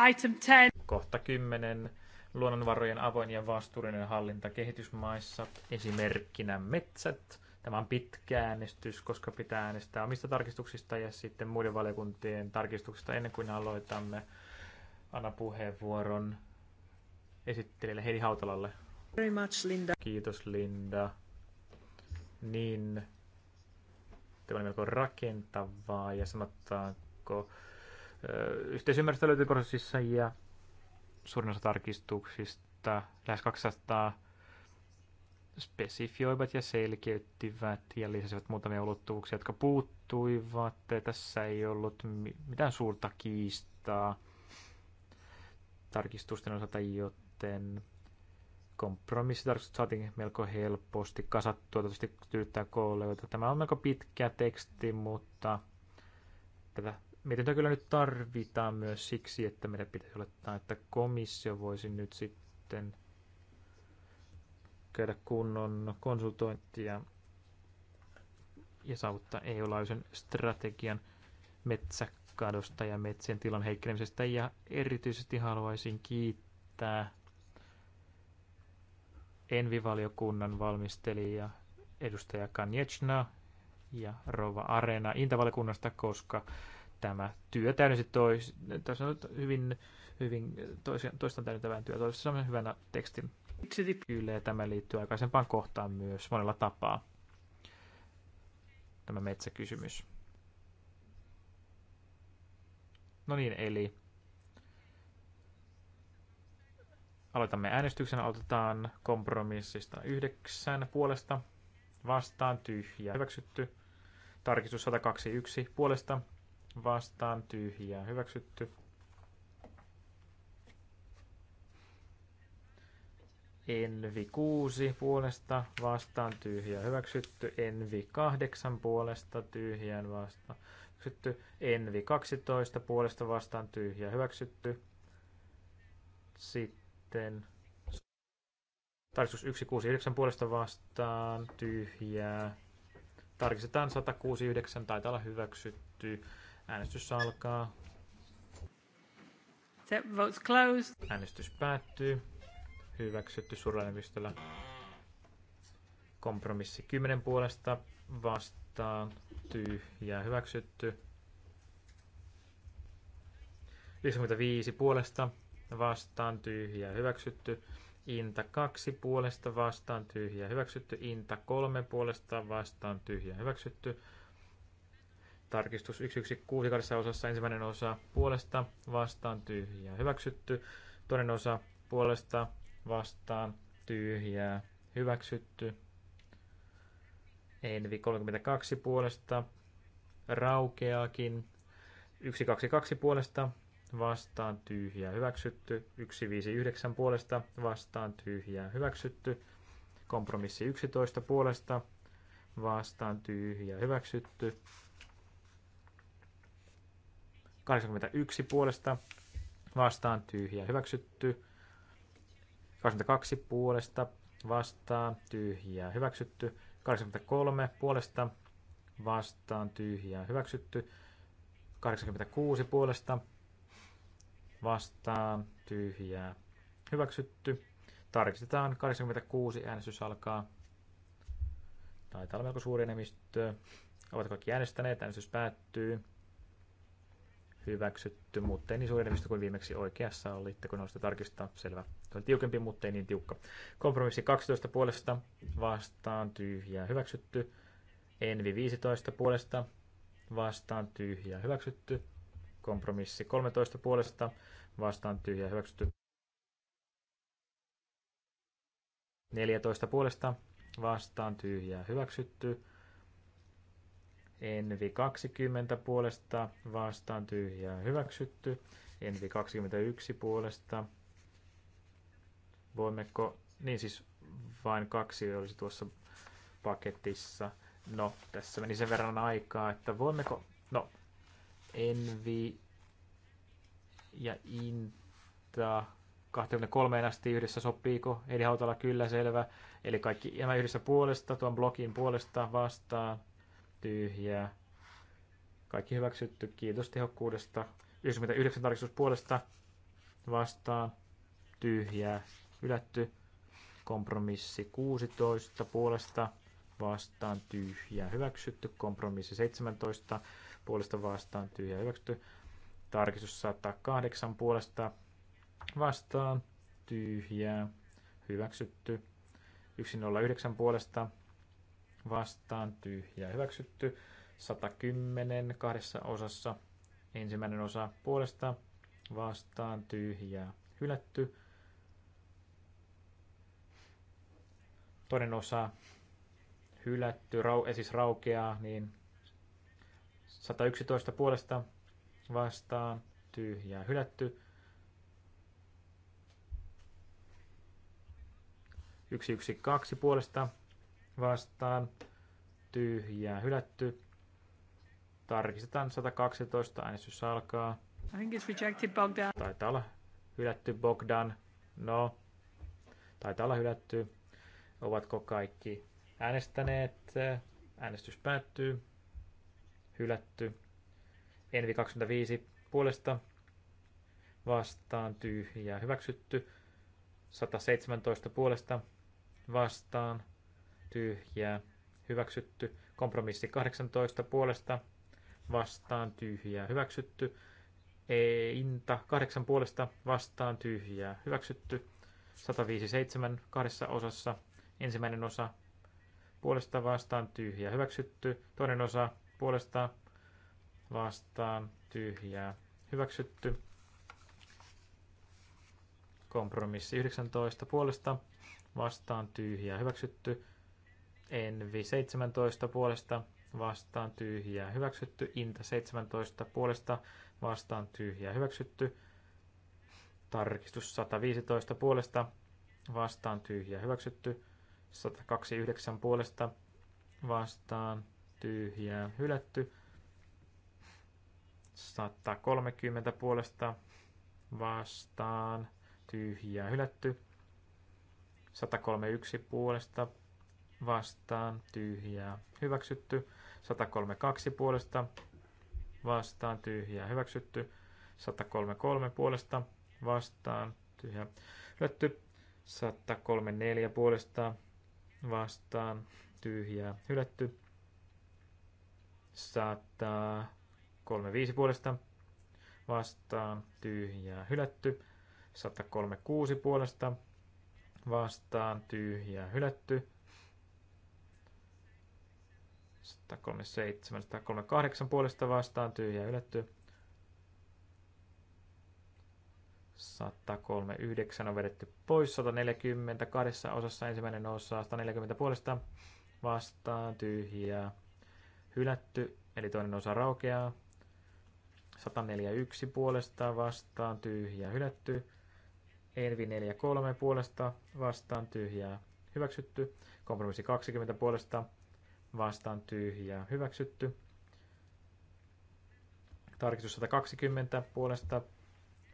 item 10. Kohta 10. Luonnonvarojen avoin ja vastuullinen hallinta kehitysmaissa, esimerkkinä metsät. Tämä on pitkä äänestys, koska pitää äänestää omista tarkistuksista ja sitten muiden valiokuntien tarkistuksista ennen kuin aloitamme. Anna puheenvuoron esittelijälle Heidi Hautalalle. Very much, Linda. Kiitos, Linda. Niin, tämä oli melko rakentavaa ja sanotaanko, yhteisymmärrystä löytyy prosessissa ja suurin osa tarkistuksista, lähes 200 spesifioivat ja selkeyttivät ja lisäsivät muutamia ulottuvuuksia, jotka puuttuivat. Tässä ei ollut mitään suurta kiistaa tarkistusten osalta, joten kompromissitarkistus saatiin melko helposti kasattua, tietysti tyydyttää kollegoita. Tämä on melko pitkä teksti, mutta tätä mietintöä kyllä nyt tarvitaan myös siksi, että meidän pitäisi olettaa, että komissio voisi nyt sitten käydä kunnon konsultointia ja saavuttaa EU-laajuisen strategian metsäkadosta ja metsien tilan heikkenemisestä. Ja erityisesti haluaisin kiittää Envivaliokunnan valmistelija edustaja Kanjechna ja Rova Arena Intavaliokunnasta, koska tämä työ täydensi tois, tässä on hyvin, hyvin toistaan täydentävän työ, toisesta saman hyvänä tekstin. Kyllä, ja tämä liittyy aikaisempaan kohtaan myös monella tapaa, tämä metsäkysymys. No niin, eli aloitamme äänestyksen, aloitetaan kompromissista yhdeksän puolesta, vastaan tyhjä, hyväksytty, tarkistus 121 puolesta, vastaan tyhjää hyväksytty. Envi 6 puolesta vastaan tyhjää hyväksytty. Envi 8 puolesta tyhjään vastaan hyväksytty. Envi 12 puolesta vastaan tyhjää hyväksytty. Sitten tarkistus 169 puolesta vastaan tyhjää. Tarkistetaan 169, taitaa olla hyväksytty. Äänestys alkaa. The vote's closed. Äänestys päättyy. Hyväksytty suurella Kompromissi 10 puolesta vastaan. Tyhjää hyväksytty. 55 puolesta vastaan tyhjää hyväksytty. Inta 2 puolesta vastaan tyhjää hyväksytty. Inta 3 puolesta vastaan tyhjää hyväksytty. Tarkistus 116 osassa. Ensimmäinen osa puolesta vastaan tyhjää hyväksytty. Toinen osa puolesta vastaan tyhjää hyväksytty. Envi 32 puolesta raukeakin. 122 puolesta vastaan tyhjää hyväksytty. 159 puolesta vastaan tyhjää hyväksytty. Kompromissi 11 puolesta vastaan tyhjää hyväksytty. 81 puolesta vastaan tyhjä hyväksytty. 82 puolesta vastaan tyhjää hyväksytty. 83 puolesta vastaan tyhjää hyväksytty. 86 puolesta vastaan tyhjää hyväksytty. Tarkistetaan 86 äänestys alkaa. Taitaa olla melko suuri enemmistö. Ovat kaikki äänestäneet, äänestys päättyy hyväksytty, mutta ei niin suuri enemmistö kuin viimeksi oikeassa olitte, kun olisitte tarkistaa. Selvä. Se oli tiukempi, mutta ei niin tiukka. Kompromissi 12 puolesta vastaan tyhjää hyväksytty. Envi 15 puolesta vastaan tyhjää hyväksytty. Kompromissi 13 puolesta vastaan tyhjää hyväksytty. 14 puolesta vastaan tyhjää hyväksytty. Envi 20 puolesta vastaan tyhjää hyväksytty. Envi 21 puolesta. Voimmeko, niin siis vain kaksi olisi tuossa paketissa. No, tässä meni sen verran aikaa, että voimmeko, no, Envi ja Inta 23 asti yhdessä sopiiko? Eli hautala kyllä selvä. Eli kaikki nämä yhdessä puolesta, tuon blogin puolesta vastaan tyhjää. Kaikki hyväksytty. Kiitos tehokkuudesta. 99 tarkistus puolesta vastaan tyhjää. Ylätty. Kompromissi 16 puolesta vastaan tyhjää. Hyväksytty. Kompromissi 17 puolesta vastaan tyhjää. Hyväksytty. Tarkistus 108 puolesta vastaan tyhjää. Hyväksytty. 109 puolesta vastaan tyhjää hyväksytty. 110 kahdessa osassa ensimmäinen osa puolesta vastaan tyhjää hylätty. Toinen osa hylätty, rau, siis raukeaa, niin 111 puolesta vastaan tyhjää hylätty. 112 puolesta vastaan tyhjää hylätty. Tarkistetaan 112, äänestys alkaa. I think it's rejected Bogdan. Taitaa olla hylätty Bogdan. No, taitaa olla hylätty. Ovatko kaikki äänestäneet? Äänestys päättyy. Hylätty. Envi 25 puolesta vastaan tyhjää hyväksytty. 117 puolesta vastaan tyhjää, hyväksytty. Kompromissi 18 puolesta vastaan tyhjää, hyväksytty. E, inta 8 puolesta vastaan tyhjää, hyväksytty. 157 kahdessa osassa. Ensimmäinen osa puolesta vastaan tyhjää, hyväksytty. Toinen osa puolesta vastaan tyhjää, hyväksytty. Kompromissi 19 puolesta vastaan tyhjää, hyväksytty. Envi 17 puolesta vastaan tyhjää hyväksytty. Inta 17 puolesta vastaan tyhjää hyväksytty. Tarkistus 115 puolesta vastaan tyhjää hyväksytty. 129 puolesta vastaan tyhjää hylätty. 130 puolesta vastaan tyhjää hylätty. 131 puolesta vastaan tyhjää hyväksytty. 132 puolesta vastaan tyhjää hyväksytty. 133 puolesta vastaan tyhjää hyväksytty. 134 puolesta vastaan tyhjää hylätty. 135 puolesta vastaan tyhjää hylätty. 136 puolesta vastaan tyhjää hylätty. 137, 138 puolesta vastaan, tyhjä yletty. 139 on vedetty pois, 140 kahdessa osassa ensimmäinen osa, 140 puolesta vastaan, tyhjää, hylätty, eli toinen osa raukeaa. 141 puolesta vastaan, tyhjää, hylätty. Elvi 43 puolesta vastaan, tyhjää, hyväksytty. Kompromissi 20 puolesta vastaan tyhjää hyväksytty. Tarkistus 120 puolesta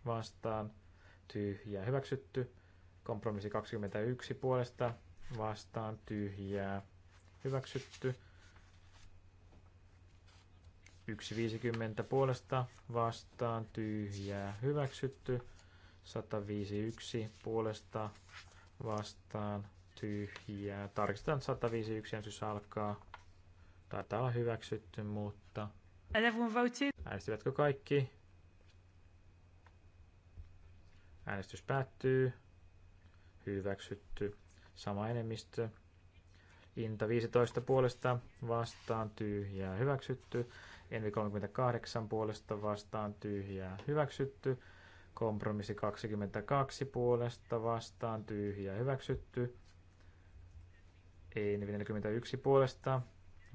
vastaan tyhjää hyväksytty. Kompromissi 21 puolesta vastaan tyhjää hyväksytty. 150 puolesta vastaan tyhjää hyväksytty. 151 puolesta vastaan tyhjää. Tarkistetaan 151 ensys alkaa. Taitaa olla hyväksytty, mutta... Äänestivätkö kaikki? Äänestys päättyy. Hyväksytty. Sama enemmistö. Inta 15 puolesta vastaan tyhjää hyväksytty. Envi 38 puolesta vastaan tyhjää hyväksytty. Kompromissi 22 puolesta vastaan tyhjää hyväksytty. Envi 41 puolesta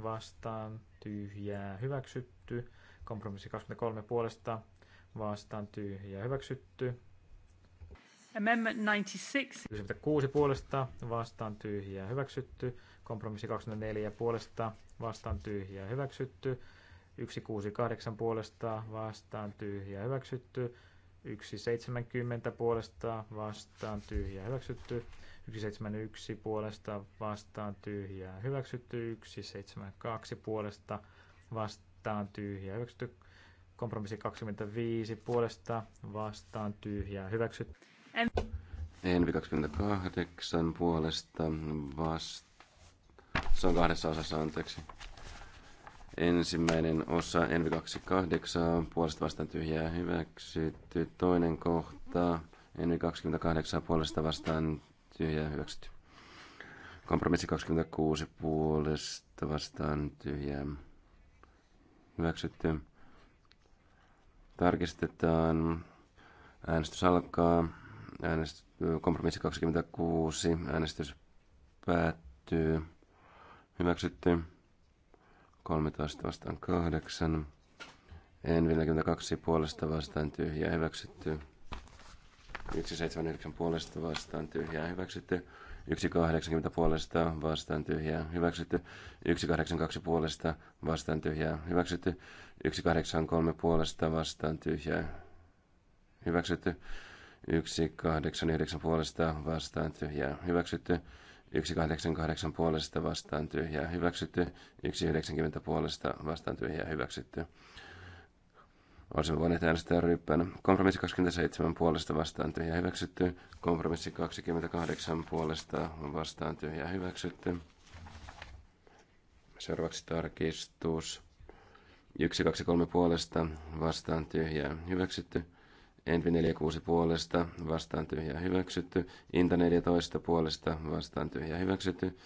vastaan tyhjää hyväksytty. Kompromissi 23 puolesta vastaan tyhjää hyväksytty. Amendment 96. 96 puolesta vastaan tyhjää hyväksytty. Kompromissi 24 puolesta vastaan tyhjää hyväksytty. 168 puolesta vastaan tyhjää hyväksytty. 170 puolesta vastaan tyhjää hyväksytty. 171 puolesta vastaan tyhjää hyväksytty, 172 puolesta vastaan tyhjää hyväksytty, kompromissi 25 puolesta vastaan tyhjää hyväksytty. en Envi 28 puolesta vastaan. Se on kahdessa osassa, anteeksi. Ensimmäinen osa Envi 28 puolesta vastaan tyhjää hyväksytty. Toinen kohta Envi 28 puolesta vastaan tyhjä hyväksytty. Kompromissi 26 puolesta vastaan tyhjää hyväksytty. Tarkistetaan. Äänestys alkaa. Äänest... Kompromissi 26. Äänestys päättyy. Hyväksytty. 13 vastaan 8. En 42 puolesta vastaan tyhjä hyväksytty. 179 puolesta vastaan tyhjää hyväksytty. 180 puolesta vastaan tyhjää hyväksytty. 182 puolesta vastaan tyhjää hyväksytty. 183 puolesta vastaan tyhjää hyväksytty. 189 puolesta vastaan tyhjää hyväksytty. 188 puolesta vastaan tyhjää hyväksytty. 190 puolesta vastaan tyhjää hyväksytty olisimme voinut äänestää ryppään. Kompromissi 27 puolesta vastaan tyhjä hyväksytty. Kompromissi 28 puolesta vastaan tyhjä hyväksytty. Seuraavaksi tarkistus. 1, 2, 3 puolesta vastaan tyhjää hyväksytty. Envi 46 puolesta vastaan tyhjää hyväksytty. Inta 14 puolesta vastaan tyhjää hyväksytty.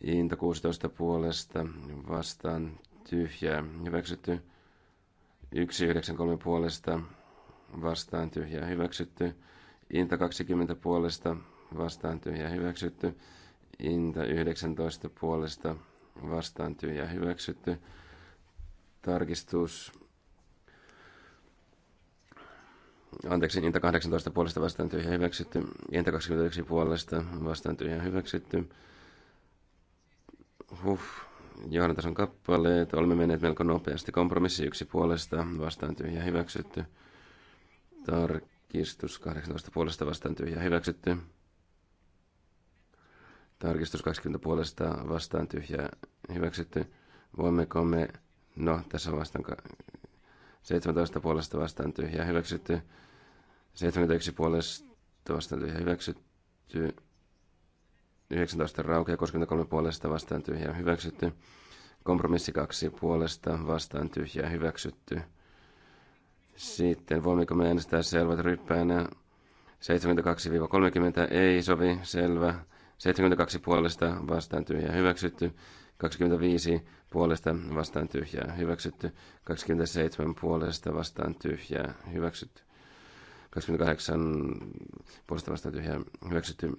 Inta 16 puolesta vastaan tyhjää hyväksytty. 193 puolesta vastaan tyhjä hyväksytty. Inta 20 puolesta vastaan tyhjä hyväksytty. Inta 19 puolesta vastaan tyhjä hyväksytty. Tarkistus. Anteeksi, Inta 18 puolesta vastaan tyhjä hyväksytty. Inta 21 puolesta vastaan tyhjä hyväksytty. Huh. Johanatason kappaleet. Olemme menneet melko nopeasti. Kompromissi yksi puolesta vastaan tyhjä hyväksytty. Tarkistus 18 puolesta vastaan tyhjä hyväksytty. Tarkistus 20 puolesta vastaan tyhjä hyväksytty. Voimmeko me... No, tässä on vastaan 17 puolesta vastaan tyhjä hyväksytty. 71 puolesta vastaan tyhjä hyväksytty. 19 raukea, 33 puolesta vastaan tyhjää hyväksytty. Kompromissi 2 puolesta vastaan tyhjää hyväksytty. Sitten voimmeko me äänestää selvät ryppäänä? 72-30 ei sovi, selvä. 72 puolesta vastaan tyhjää hyväksytty. 25 puolesta vastaan tyhjää hyväksytty. 27 puolesta vastaan tyhjää hyväksytty. 28 puolesta vastaan tyhjää hyväksytty.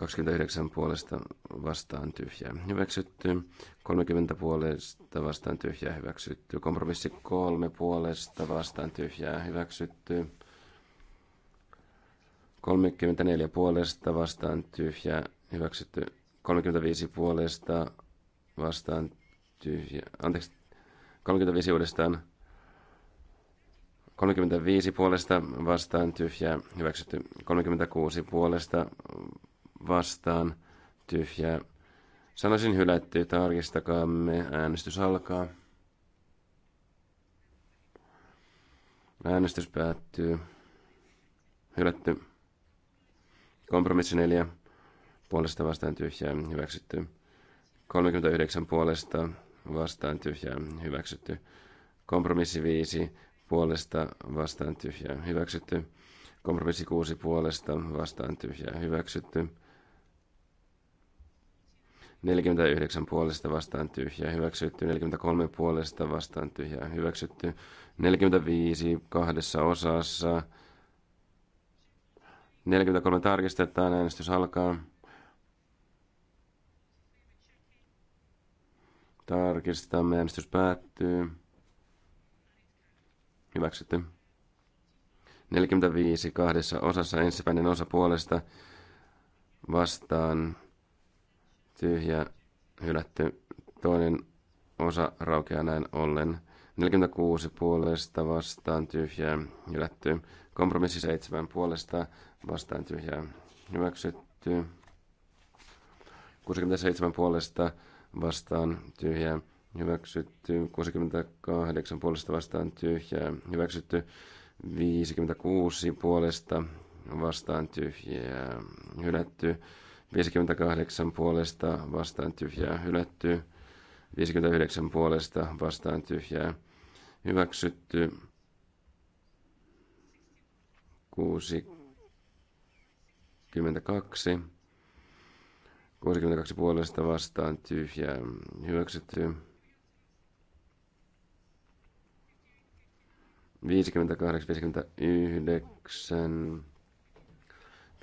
29 puolesta vastaan tyhjää hyväksytty, 30 puolesta vastaan tyhjää hyväksytty, kompromissi 3 puolesta vastaan tyhjää hyväksytty, 34 puolesta vastaan tyhjää hyväksytty, 35 puolesta vastaan tyhjää, anteeksi, 35 uudestaan 35 puolesta vastaan tyhjää, hyväksytty 36 puolesta vastaan tyhjää. Sanoisin hylätty, tarkistakaamme, äänestys alkaa. Äänestys päättyy. Hylätty. Kompromissi 4. Puolesta vastaan tyhjää. Hyväksytty. 39 puolesta vastaan tyhjää. Hyväksytty. Kompromissi 5. Puolesta vastaan tyhjää. Hyväksytty. Kompromissi 6. Puolesta vastaan tyhjää. Hyväksytty. 49 puolesta vastaan tyhjää hyväksytty, 43 puolesta vastaan tyhjää hyväksytty, 45 kahdessa osassa. 43 tarkistetaan, äänestys alkaa. Tarkistamme, äänestys päättyy. Hyväksytty. 45 kahdessa osassa, ensimmäinen osa puolesta vastaan tyhjä, hylätty. Toinen osa raukeaa näin ollen. 46 puolesta vastaan tyhjää hylätty. Kompromissi 7 puolesta vastaan tyhjää hyväksytty. 67 puolesta vastaan tyhjää hyväksytty. 68 puolesta vastaan tyhjää hyväksytty. 56 puolesta vastaan tyhjää hylätty. 58 puolesta vastaan tyhjää hylätty. 59 puolesta vastaan tyhjää hyväksytty. 62. 62 puolesta vastaan tyhjää hyväksytty. 58, 59,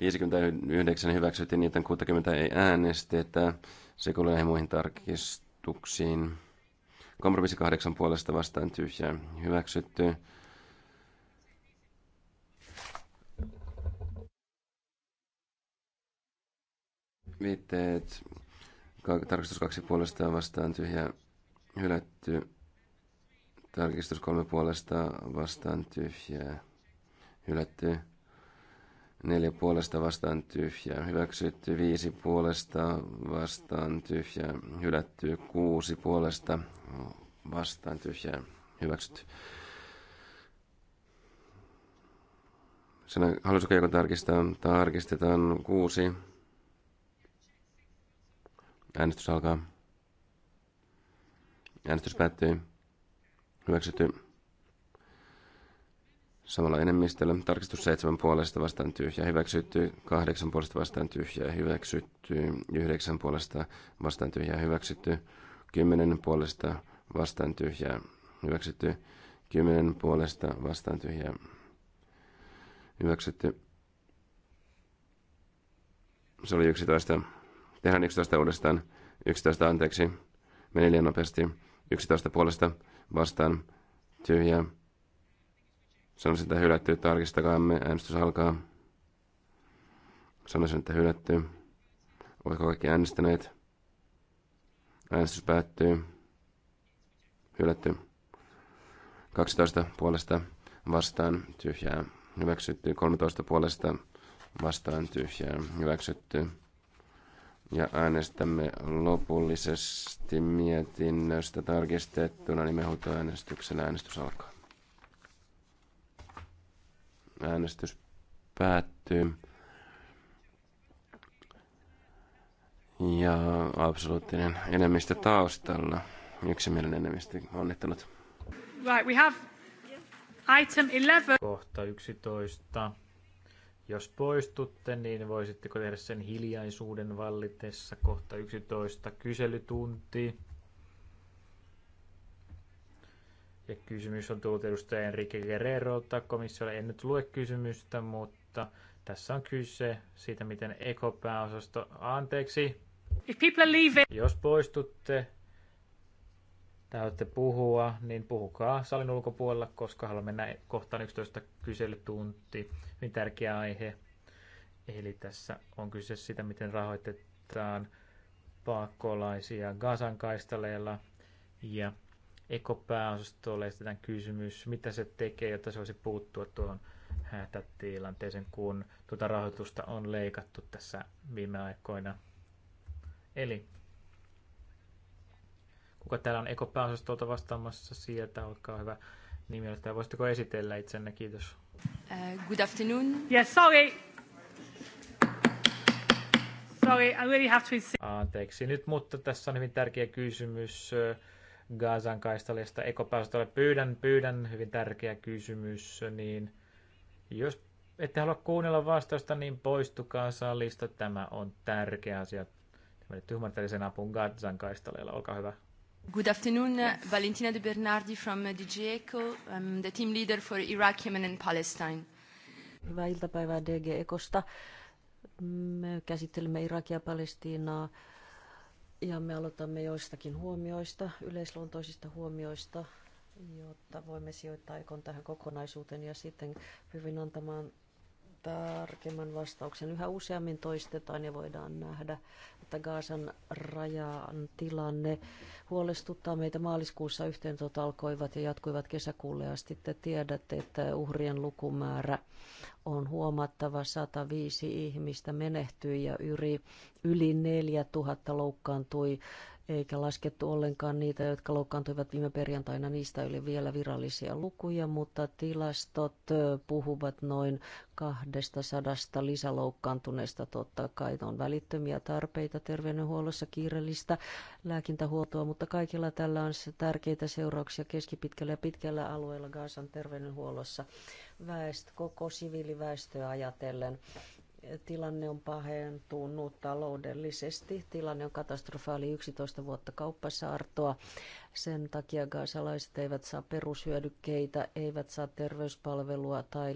59 hyväksyttiin, niitä 60 ei äänestetä. Se kuulee näihin muihin tarkistuksiin. Kompromissi kahdeksan puolesta vastaan tyhjää hyväksytty. Viitteet. Tarkistus kaksi puolesta vastaan tyhjää hylätty. Tarkistus kolme puolesta vastaan tyhjää hylätty. Neljä puolesta vastaan tyhjää. Hyväksytty viisi puolesta vastaan tyhjää. Hylätty kuusi puolesta vastaan tyhjää. Hyväksytty. Haluaisitko joku tarkistaa? Tarkistetaan kuusi. Äänestys alkaa. Äänestys päättyy. Hyväksytty. Samalla enemmistöllä tarkistus 7 puolesta vastaan tyhjä hyväksytty, 8 puolesta vastaan tyhjä hyväksytty, 9 puolesta vastaan tyhjä hyväksytty, 10 puolesta vastaan tyhjä hyväksytty, 10 puolesta vastaan tyhjä hyväksytty. Se oli 11. Tehdään 11 uudestaan. 11 anteeksi. Meni liian nopeasti. 11 puolesta vastaan tyhjää Sanoisin, että tarkistakaa, me Äänestys alkaa. Sanoisin, että hylätty. Oletko kaikki äänestäneet? Äänestys päättyy. Hylätty. 12 puolesta vastaan tyhjää hyväksytty. 13 puolesta vastaan tyhjää hyväksytty. Ja äänestämme lopullisesti mietinnöstä tarkistettuna nimenhuutoäänestyksellä. Niin äänestys alkaa. Äänestys päättyy. Ja absoluuttinen enemmistö taustalla. Yksimielinen enemmistö. Onnittelut. Right, we have item 11. Kohta 11. Jos poistutte, niin voisitteko tehdä sen hiljaisuuden vallitessa kohta 11 kyselytunti. Ja kysymys on tullut edustaja Enrique Guerrerolta komissiolle. En nyt lue kysymystä, mutta tässä on kyse siitä, miten ekopääosasto... Anteeksi. If people are leaving. Jos poistutte, täytte puhua, niin puhukaa salin ulkopuolella, koska haluamme mennä kohtaan 11 kyselytunti. Hyvin tärkeä aihe. Eli tässä on kyse sitä, miten rahoitetaan pakolaisia Gazan kaistaleilla. Ja ekopääosastolle esitetään kysymys, mitä se tekee, jotta se voisi puuttua tuohon hätätilanteeseen, kun tuota rahoitusta on leikattu tässä viime aikoina. Eli kuka täällä on ekopääosastolta vastaamassa sieltä, olkaa hyvä nimeltä. Voisitteko esitellä itsenne? Kiitos. Uh, good afternoon. Yes, sorry. Sorry, I really have to... Anteeksi nyt, mutta tässä on hyvin tärkeä kysymys. Uh, Gaasan kaistalista ekopäästölle. Pyydän, pyydän, hyvin tärkeä kysymys, niin jos ette halua kuunnella vastausta, niin poistukaa salista. Tämä on tärkeä asia. Menette humanitaarisen apuun Gazan kaistaleilla, Olkaa hyvä. Good afternoon, Valentina De Bernardi from DG ECO, I'm the team leader for Iraq, Yemen and Palestine. Hyvää iltapäivää DG ECOsta. Me käsittelemme Irakia ja Palestiinaa ja me aloitamme joistakin huomioista, yleisluontoisista huomioista, jotta voimme sijoittaa Ekon tähän kokonaisuuteen ja sitten hyvin antamaan tarkemman vastauksen. Yhä useammin toistetaan ja voidaan nähdä, että Gaasan rajan tilanne huolestuttaa meitä maaliskuussa yhteentot alkoivat ja jatkuivat kesäkuulle asti. Te tiedätte, että uhrien lukumäärä on huomattava. 105 ihmistä menehtyi ja yli, yli 4000 loukkaantui eikä laskettu ollenkaan niitä, jotka loukkaantuivat viime perjantaina. Niistä oli vielä virallisia lukuja, mutta tilastot puhuvat noin 200 lisäloukkaantuneesta. Totta kai on välittömiä tarpeita terveydenhuollossa, kiireellistä lääkintähuoltoa, mutta kaikilla tällä on tärkeitä seurauksia keskipitkällä ja pitkällä alueella Gaasan terveydenhuollossa väestö, koko siviiliväestöä ajatellen. Tilanne on pahentunut taloudellisesti. Tilanne on katastrofaali 11 vuotta kauppasaartoa. Sen takia gaasalaiset eivät saa perushyödykkeitä, eivät saa terveyspalvelua tai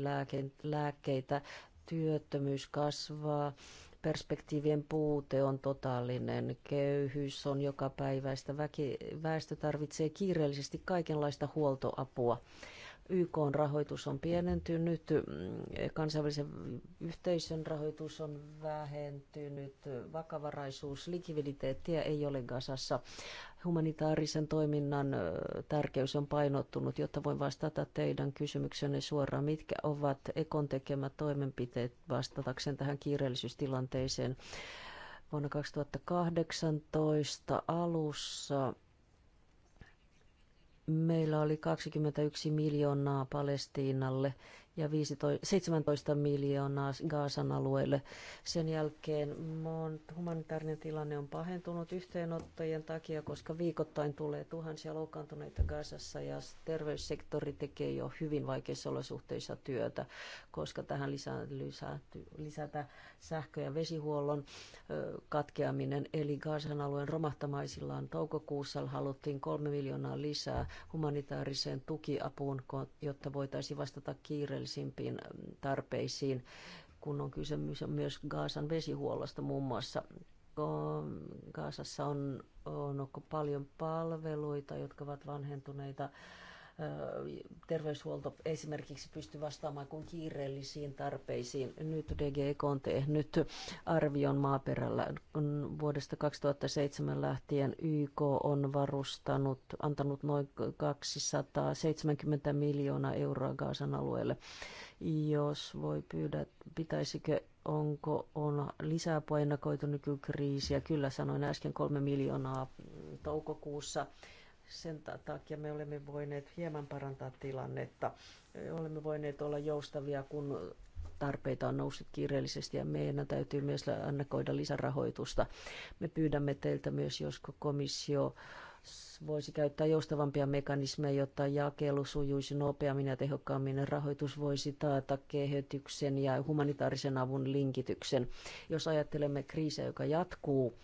lääkkeitä. Työttömyys kasvaa perspektiivien puute on totaalinen, köyhyys on joka päiväistä, väki, väestö tarvitsee kiireellisesti kaikenlaista huoltoapua. YK on rahoitus on pienentynyt, mm, kansainvälisen yhteisön rahoitus on vähentynyt, vakavaraisuus, likviditeettiä ei ole Gasassa. Humanitaarisen toiminnan tärkeys on painottunut, jotta voin vastata teidän kysymyksenne suoraan. Mitkä ovat Ekon tekemät toimenpiteet vastatakseen tähän kiireellisyystilanteeseen? Vuonna 2018 alussa Meillä oli 21 miljoonaa Palestiinalle ja 15, 17 miljoonaa Gaasan alueelle. Sen jälkeen humanitaarinen tilanne on pahentunut yhteenottojen takia, koska viikoittain tulee tuhansia loukkaantuneita Gaasassa ja terveyssektori tekee jo hyvin vaikeissa olosuhteissa työtä, koska tähän lisää, lisää, lisätä sähkö- ja vesihuollon katkeaminen. Eli Gaasan alueen romahtamaisillaan toukokuussa haluttiin kolme miljoonaa lisää humanitaariseen tukiapuun, jotta voitaisiin vastata kiireelliseen oleellisimpiin tarpeisiin, kun on kyse myös Gaasan vesihuollosta muun muassa. Gaasassa on, on paljon palveluita, jotka ovat vanhentuneita terveyshuolto esimerkiksi pystyy vastaamaan kuin kiireellisiin tarpeisiin. Nyt DGEK on tehnyt arvion maaperällä. Vuodesta 2007 lähtien YK on varustanut, antanut noin 270 miljoonaa euroa Gaasan alueelle. Jos voi pyydä, pitäisikö onko on lisää painakoitu nykykriisiä. Kyllä sanoin äsken kolme miljoonaa toukokuussa. Sen takia me olemme voineet hieman parantaa tilannetta. Olemme voineet olla joustavia, kun tarpeita on noussut kiireellisesti ja meidän täytyy myös annakoida lisärahoitusta. Me pyydämme teiltä myös, josko komissio voisi käyttää joustavampia mekanismeja, jotta jakelu sujuisi nopeammin ja tehokkaammin. Rahoitus voisi taata kehityksen ja humanitaarisen avun linkityksen. Jos ajattelemme kriisiä, joka jatkuu,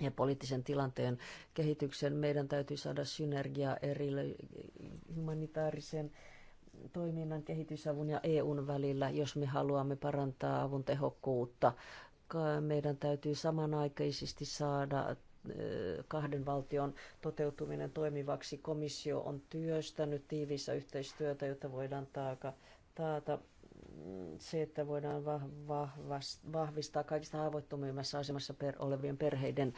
ja poliittisen tilanteen kehityksen. Meidän täytyy saada synergiaa eri humanitaarisen toiminnan, kehitysavun ja EUn välillä, jos me haluamme parantaa avun tehokkuutta. Meidän täytyy samanaikaisesti saada kahden valtion toteutuminen toimivaksi. Komissio on työstänyt tiiviissä yhteistyötä, jotta voidaan taaka, taata se, että voidaan vahvistaa kaikista haavoittuvimmassa asemassa olevien perheiden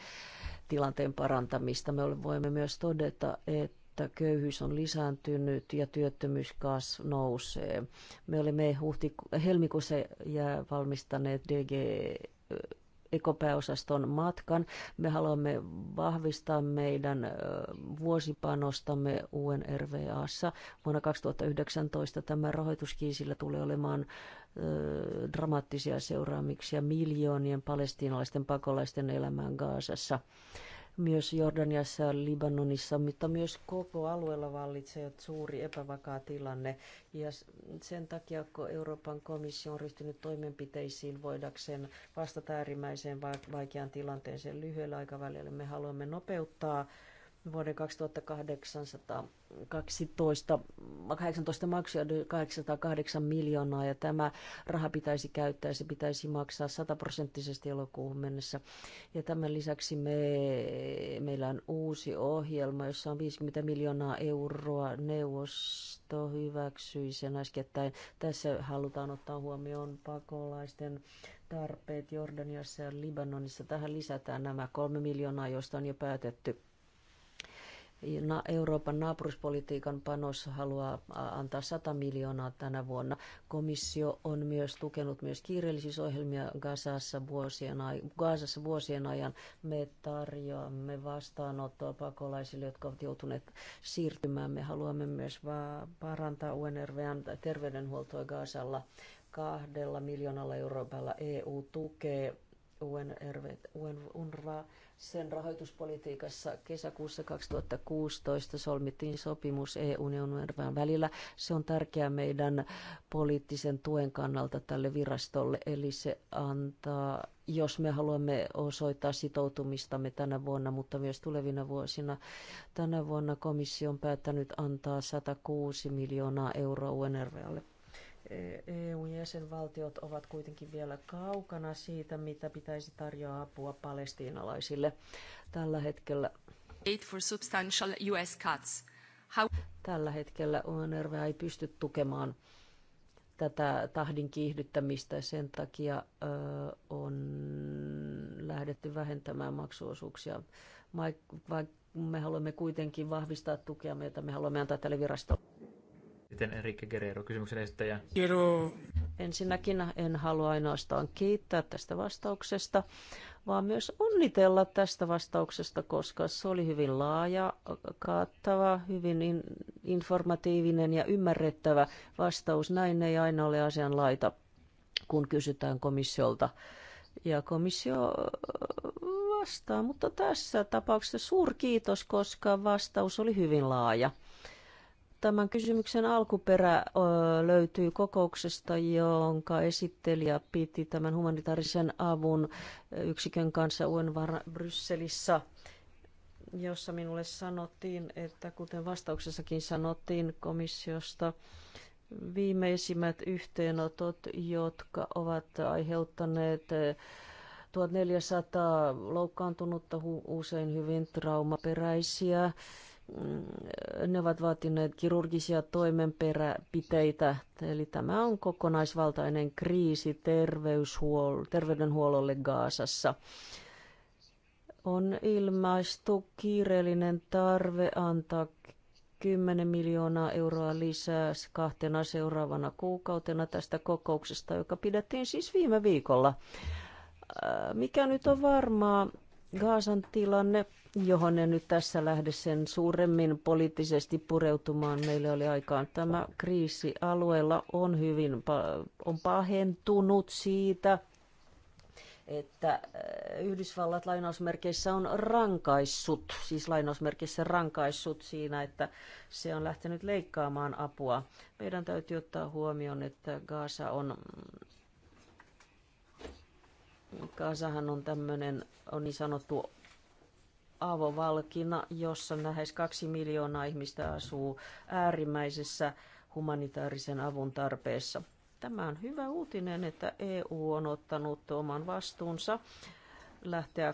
tilanteen parantamista. Me voimme myös todeta, että köyhyys on lisääntynyt ja työttömyys kas nousee. Me olemme huhtiku- helmikuussa valmistaneet DG ekopääosaston matkan. Me haluamme vahvistaa meidän vuosipanostamme UNRWAssa. Vuonna 2019 tämä rahoituskiisillä tulee olemaan dramaattisia seuraamuksia miljoonien palestiinalaisten pakolaisten elämään Gaasassa myös Jordaniassa ja Libanonissa, mutta myös koko alueella vallitsee suuri epävakaa tilanne. Ja sen takia, kun Euroopan komissio on ryhtynyt toimenpiteisiin voidakseen vastata äärimmäiseen vaikeaan tilanteeseen lyhyellä aikavälillä, me haluamme nopeuttaa vuoden 2018 18 maksuja 808 miljoonaa ja tämä raha pitäisi käyttää, se pitäisi maksaa sataprosenttisesti elokuuhun mennessä. Ja tämän lisäksi me, meillä on uusi ohjelma, jossa on 50 miljoonaa euroa neuvosto hyväksyi sen äskettäin. Tässä halutaan ottaa huomioon pakolaisten tarpeet Jordaniassa ja Libanonissa. Tähän lisätään nämä kolme miljoonaa, joista on jo päätetty Euroopan naapuruspolitiikan panos haluaa antaa 100 miljoonaa tänä vuonna. Komissio on myös tukenut myös kiireellisyysohjelmia Gazassa vuosien, Gazassa vuosien ajan. Me tarjoamme vastaanottoa pakolaisille, jotka ovat joutuneet siirtymään. Me haluamme myös parantaa UNRVn terveydenhuoltoa Gazalla kahdella miljoonalla Euroopalla EU tukee UNRWA sen rahoituspolitiikassa kesäkuussa 2016 solmittiin sopimus EUn ja UNRWAn välillä. Se on tärkeää meidän poliittisen tuen kannalta tälle virastolle, eli se antaa jos me haluamme osoittaa sitoutumistamme tänä vuonna, mutta myös tulevina vuosina. Tänä vuonna komissio on päättänyt antaa 106 miljoonaa euroa UNRWAlle EU-jäsenvaltiot e ovat kuitenkin vielä kaukana siitä, mitä pitäisi tarjoa apua palestiinalaisille tällä hetkellä. For substantial US cuts. How... Tällä hetkellä UNRV ei pysty tukemaan tätä tahdin kiihdyttämistä. Sen takia ö, on lähdetty vähentämään maksuosuuksia. Mike, me haluamme kuitenkin vahvistaa tukea meitä, me haluamme antaa tälle virastolle. Sitten Enrique Guerrero, kysymyksen esittäjä. Kiro. Ensinnäkin en halua ainoastaan kiittää tästä vastauksesta, vaan myös onnitella tästä vastauksesta, koska se oli hyvin laaja, kattava, hyvin in, informatiivinen ja ymmärrettävä vastaus. Näin ei aina ole asian laita, kun kysytään komissiolta. Ja komissio äh, vastaa, mutta tässä tapauksessa suurkiitos, koska vastaus oli hyvin laaja. Tämän kysymyksen alkuperä löytyy kokouksesta, jonka esittelijä piti tämän humanitaarisen avun yksikön kanssa UNVAR Brysselissä jossa minulle sanottiin, että kuten vastauksessakin sanottiin komissiosta, viimeisimmät yhteenotot, jotka ovat aiheuttaneet 1400 loukkaantunutta, usein hyvin traumaperäisiä Mm, ne ovat vaatineet kirurgisia toimenpiteitä, eli tämä on kokonaisvaltainen kriisi terveydenhuollolle Gaasassa. On ilmaistu kiireellinen tarve antaa 10 miljoonaa euroa lisää kahtena seuraavana kuukautena tästä kokouksesta, joka pidettiin siis viime viikolla. Äh, mikä nyt on varmaa, Gaasan tilanne, johon en nyt tässä lähde sen suuremmin poliittisesti pureutumaan. Meillä oli aikaan tämä kriisi alueella on hyvin on pahentunut siitä, että äh, Yhdysvallat lainausmerkeissä on rankaissut, siis lainausmerkeissä rankaissut siinä, että se on lähtenyt leikkaamaan apua. Meidän täytyy ottaa huomioon, että Gaasa on Kasahan on tämmöinen on niin sanottu avovalkina, jossa lähes kaksi miljoonaa ihmistä asuu äärimmäisessä humanitaarisen avun tarpeessa. Tämä on hyvä uutinen, että EU on ottanut oman vastuunsa lähteä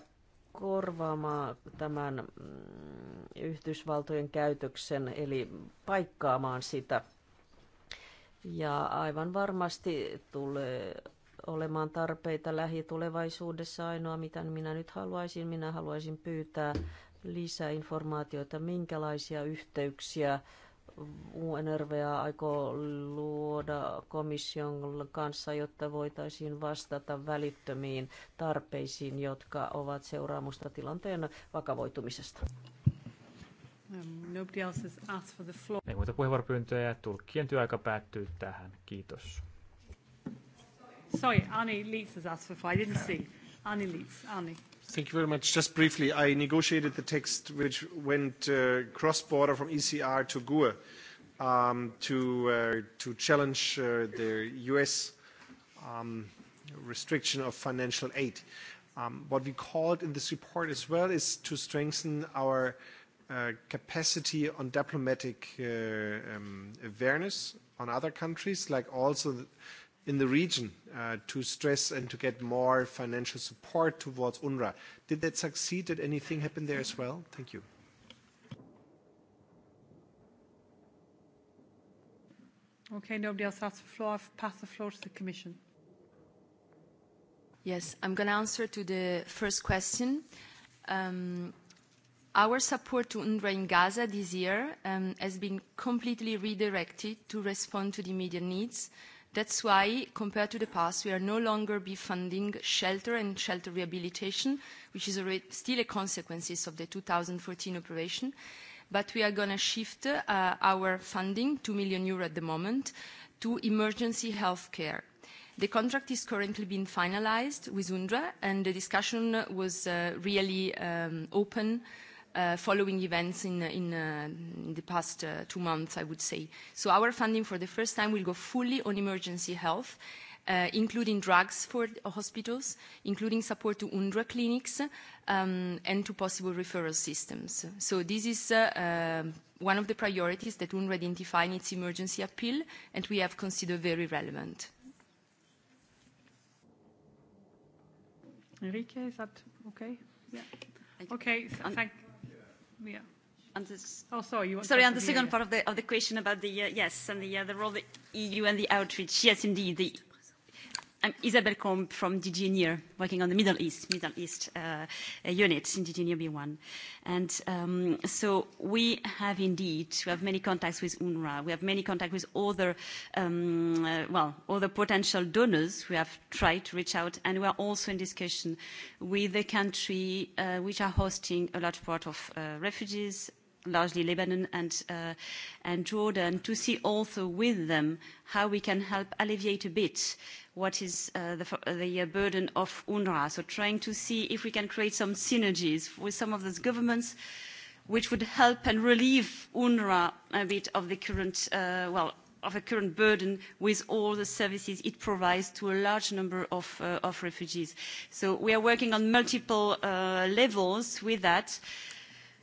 korvaamaan tämän mm, Yhdysvaltojen käytöksen, eli paikkaamaan sitä. Ja aivan varmasti tulee olemaan tarpeita lähitulevaisuudessa. Ainoa, mitä minä nyt haluaisin, minä haluaisin pyytää lisää informaatiota, minkälaisia yhteyksiä UNRWA aikoo luoda komission kanssa, jotta voitaisiin vastata välittömiin tarpeisiin, jotka ovat seuraamusta tilanteen vakavoitumisesta. Um, Ei muita puheenvuoropyyntöjä. Tulkkien työaika päättyy tähän. Kiitos. Sorry, Annie Leitz has asked for five. I didn't see. Annie Leitz, Annie. Thank you very much. Just briefly, I negotiated the text which went uh, cross-border from ECR to GUE um, to, uh, to challenge uh, the U.S. Um, restriction of financial aid. Um, what we called in this report as well is to strengthen our uh, capacity on diplomatic uh, um, awareness on other countries, like also the, in the region uh, to stress and to get more financial support towards UNRWA. Did that succeed? Did anything happen there as well? Thank you. Okay, nobody else has the floor. I've passed the floor to the Commission. Yes, I'm going to answer to the first question. Um, our support to UNRWA in Gaza this year um, has been completely redirected to respond to the immediate needs That's why, compared to the past, we are no longer be funding shelter and shelter rehabilitation, which is already still a consequences of the 2014 operation, but we are going to shift uh, our funding, 2 million euro at the moment, to emergency health care. The contract is currently being finalized with UNDRA, and the discussion was uh, really um, open uh, Uh, following events in, uh, in, uh, in the past uh, two months, I would say. So our funding for the first time will go fully on emergency health, uh, including drugs for hospitals, including support to UNDRA clinics, um, and to possible referral systems. So this is uh, uh, one of the priorities that UNRWA identified in its emergency appeal, and we have considered very relevant. Enrique, is that okay? Yeah. Okay. Thank And this, oh, sorry. You want sorry, on the second part of the, of the question about the, uh, yes, and the, uh, the role of the EU and the outreach. Yes, indeed. The I'm Isabel Combe from DG NEAR, working on the Middle East, Middle East uh, uh, unit in DG NEAR B1. And um, so we have indeed, we have many contacts with UNRWA. We have many contacts with other, um, uh, well, other potential donors. We have tried to reach out, and we are also in discussion with the country which are hosting a large part of refugees largely Lebanon and, uh, and Jordan, to see also with them how we can help alleviate a bit what is uh, the, the uh, burden of UNRWA. So trying to see if we can create some synergies with some of those governments which would help and relieve UNRWA a bit of the current, uh, well, of the current burden with all the services it provides to a large number of, uh, of refugees. So we are working on multiple uh, levels with that. Uh,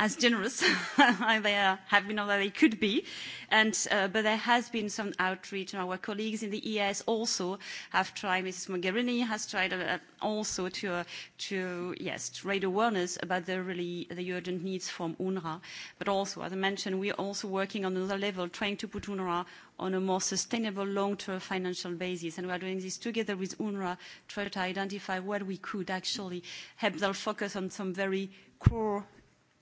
as generous as they uh, have been or they could be. And, uh, but there has been some outreach, and our colleagues in the ES also have tried, Mrs. Mogherini has tried uh, uh, also to, uh, to, yes, to raise awareness about the really the urgent needs from UNRWA. But also, as I mentioned, we are also working on another level, trying to put UNRWA on a more sustainable long-term financial basis. And we are doing this together with UNRWA, trying to identify what we could actually help them focus on some very core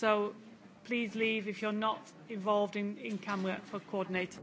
So please leave if you're not involved in, in camera for coordinator.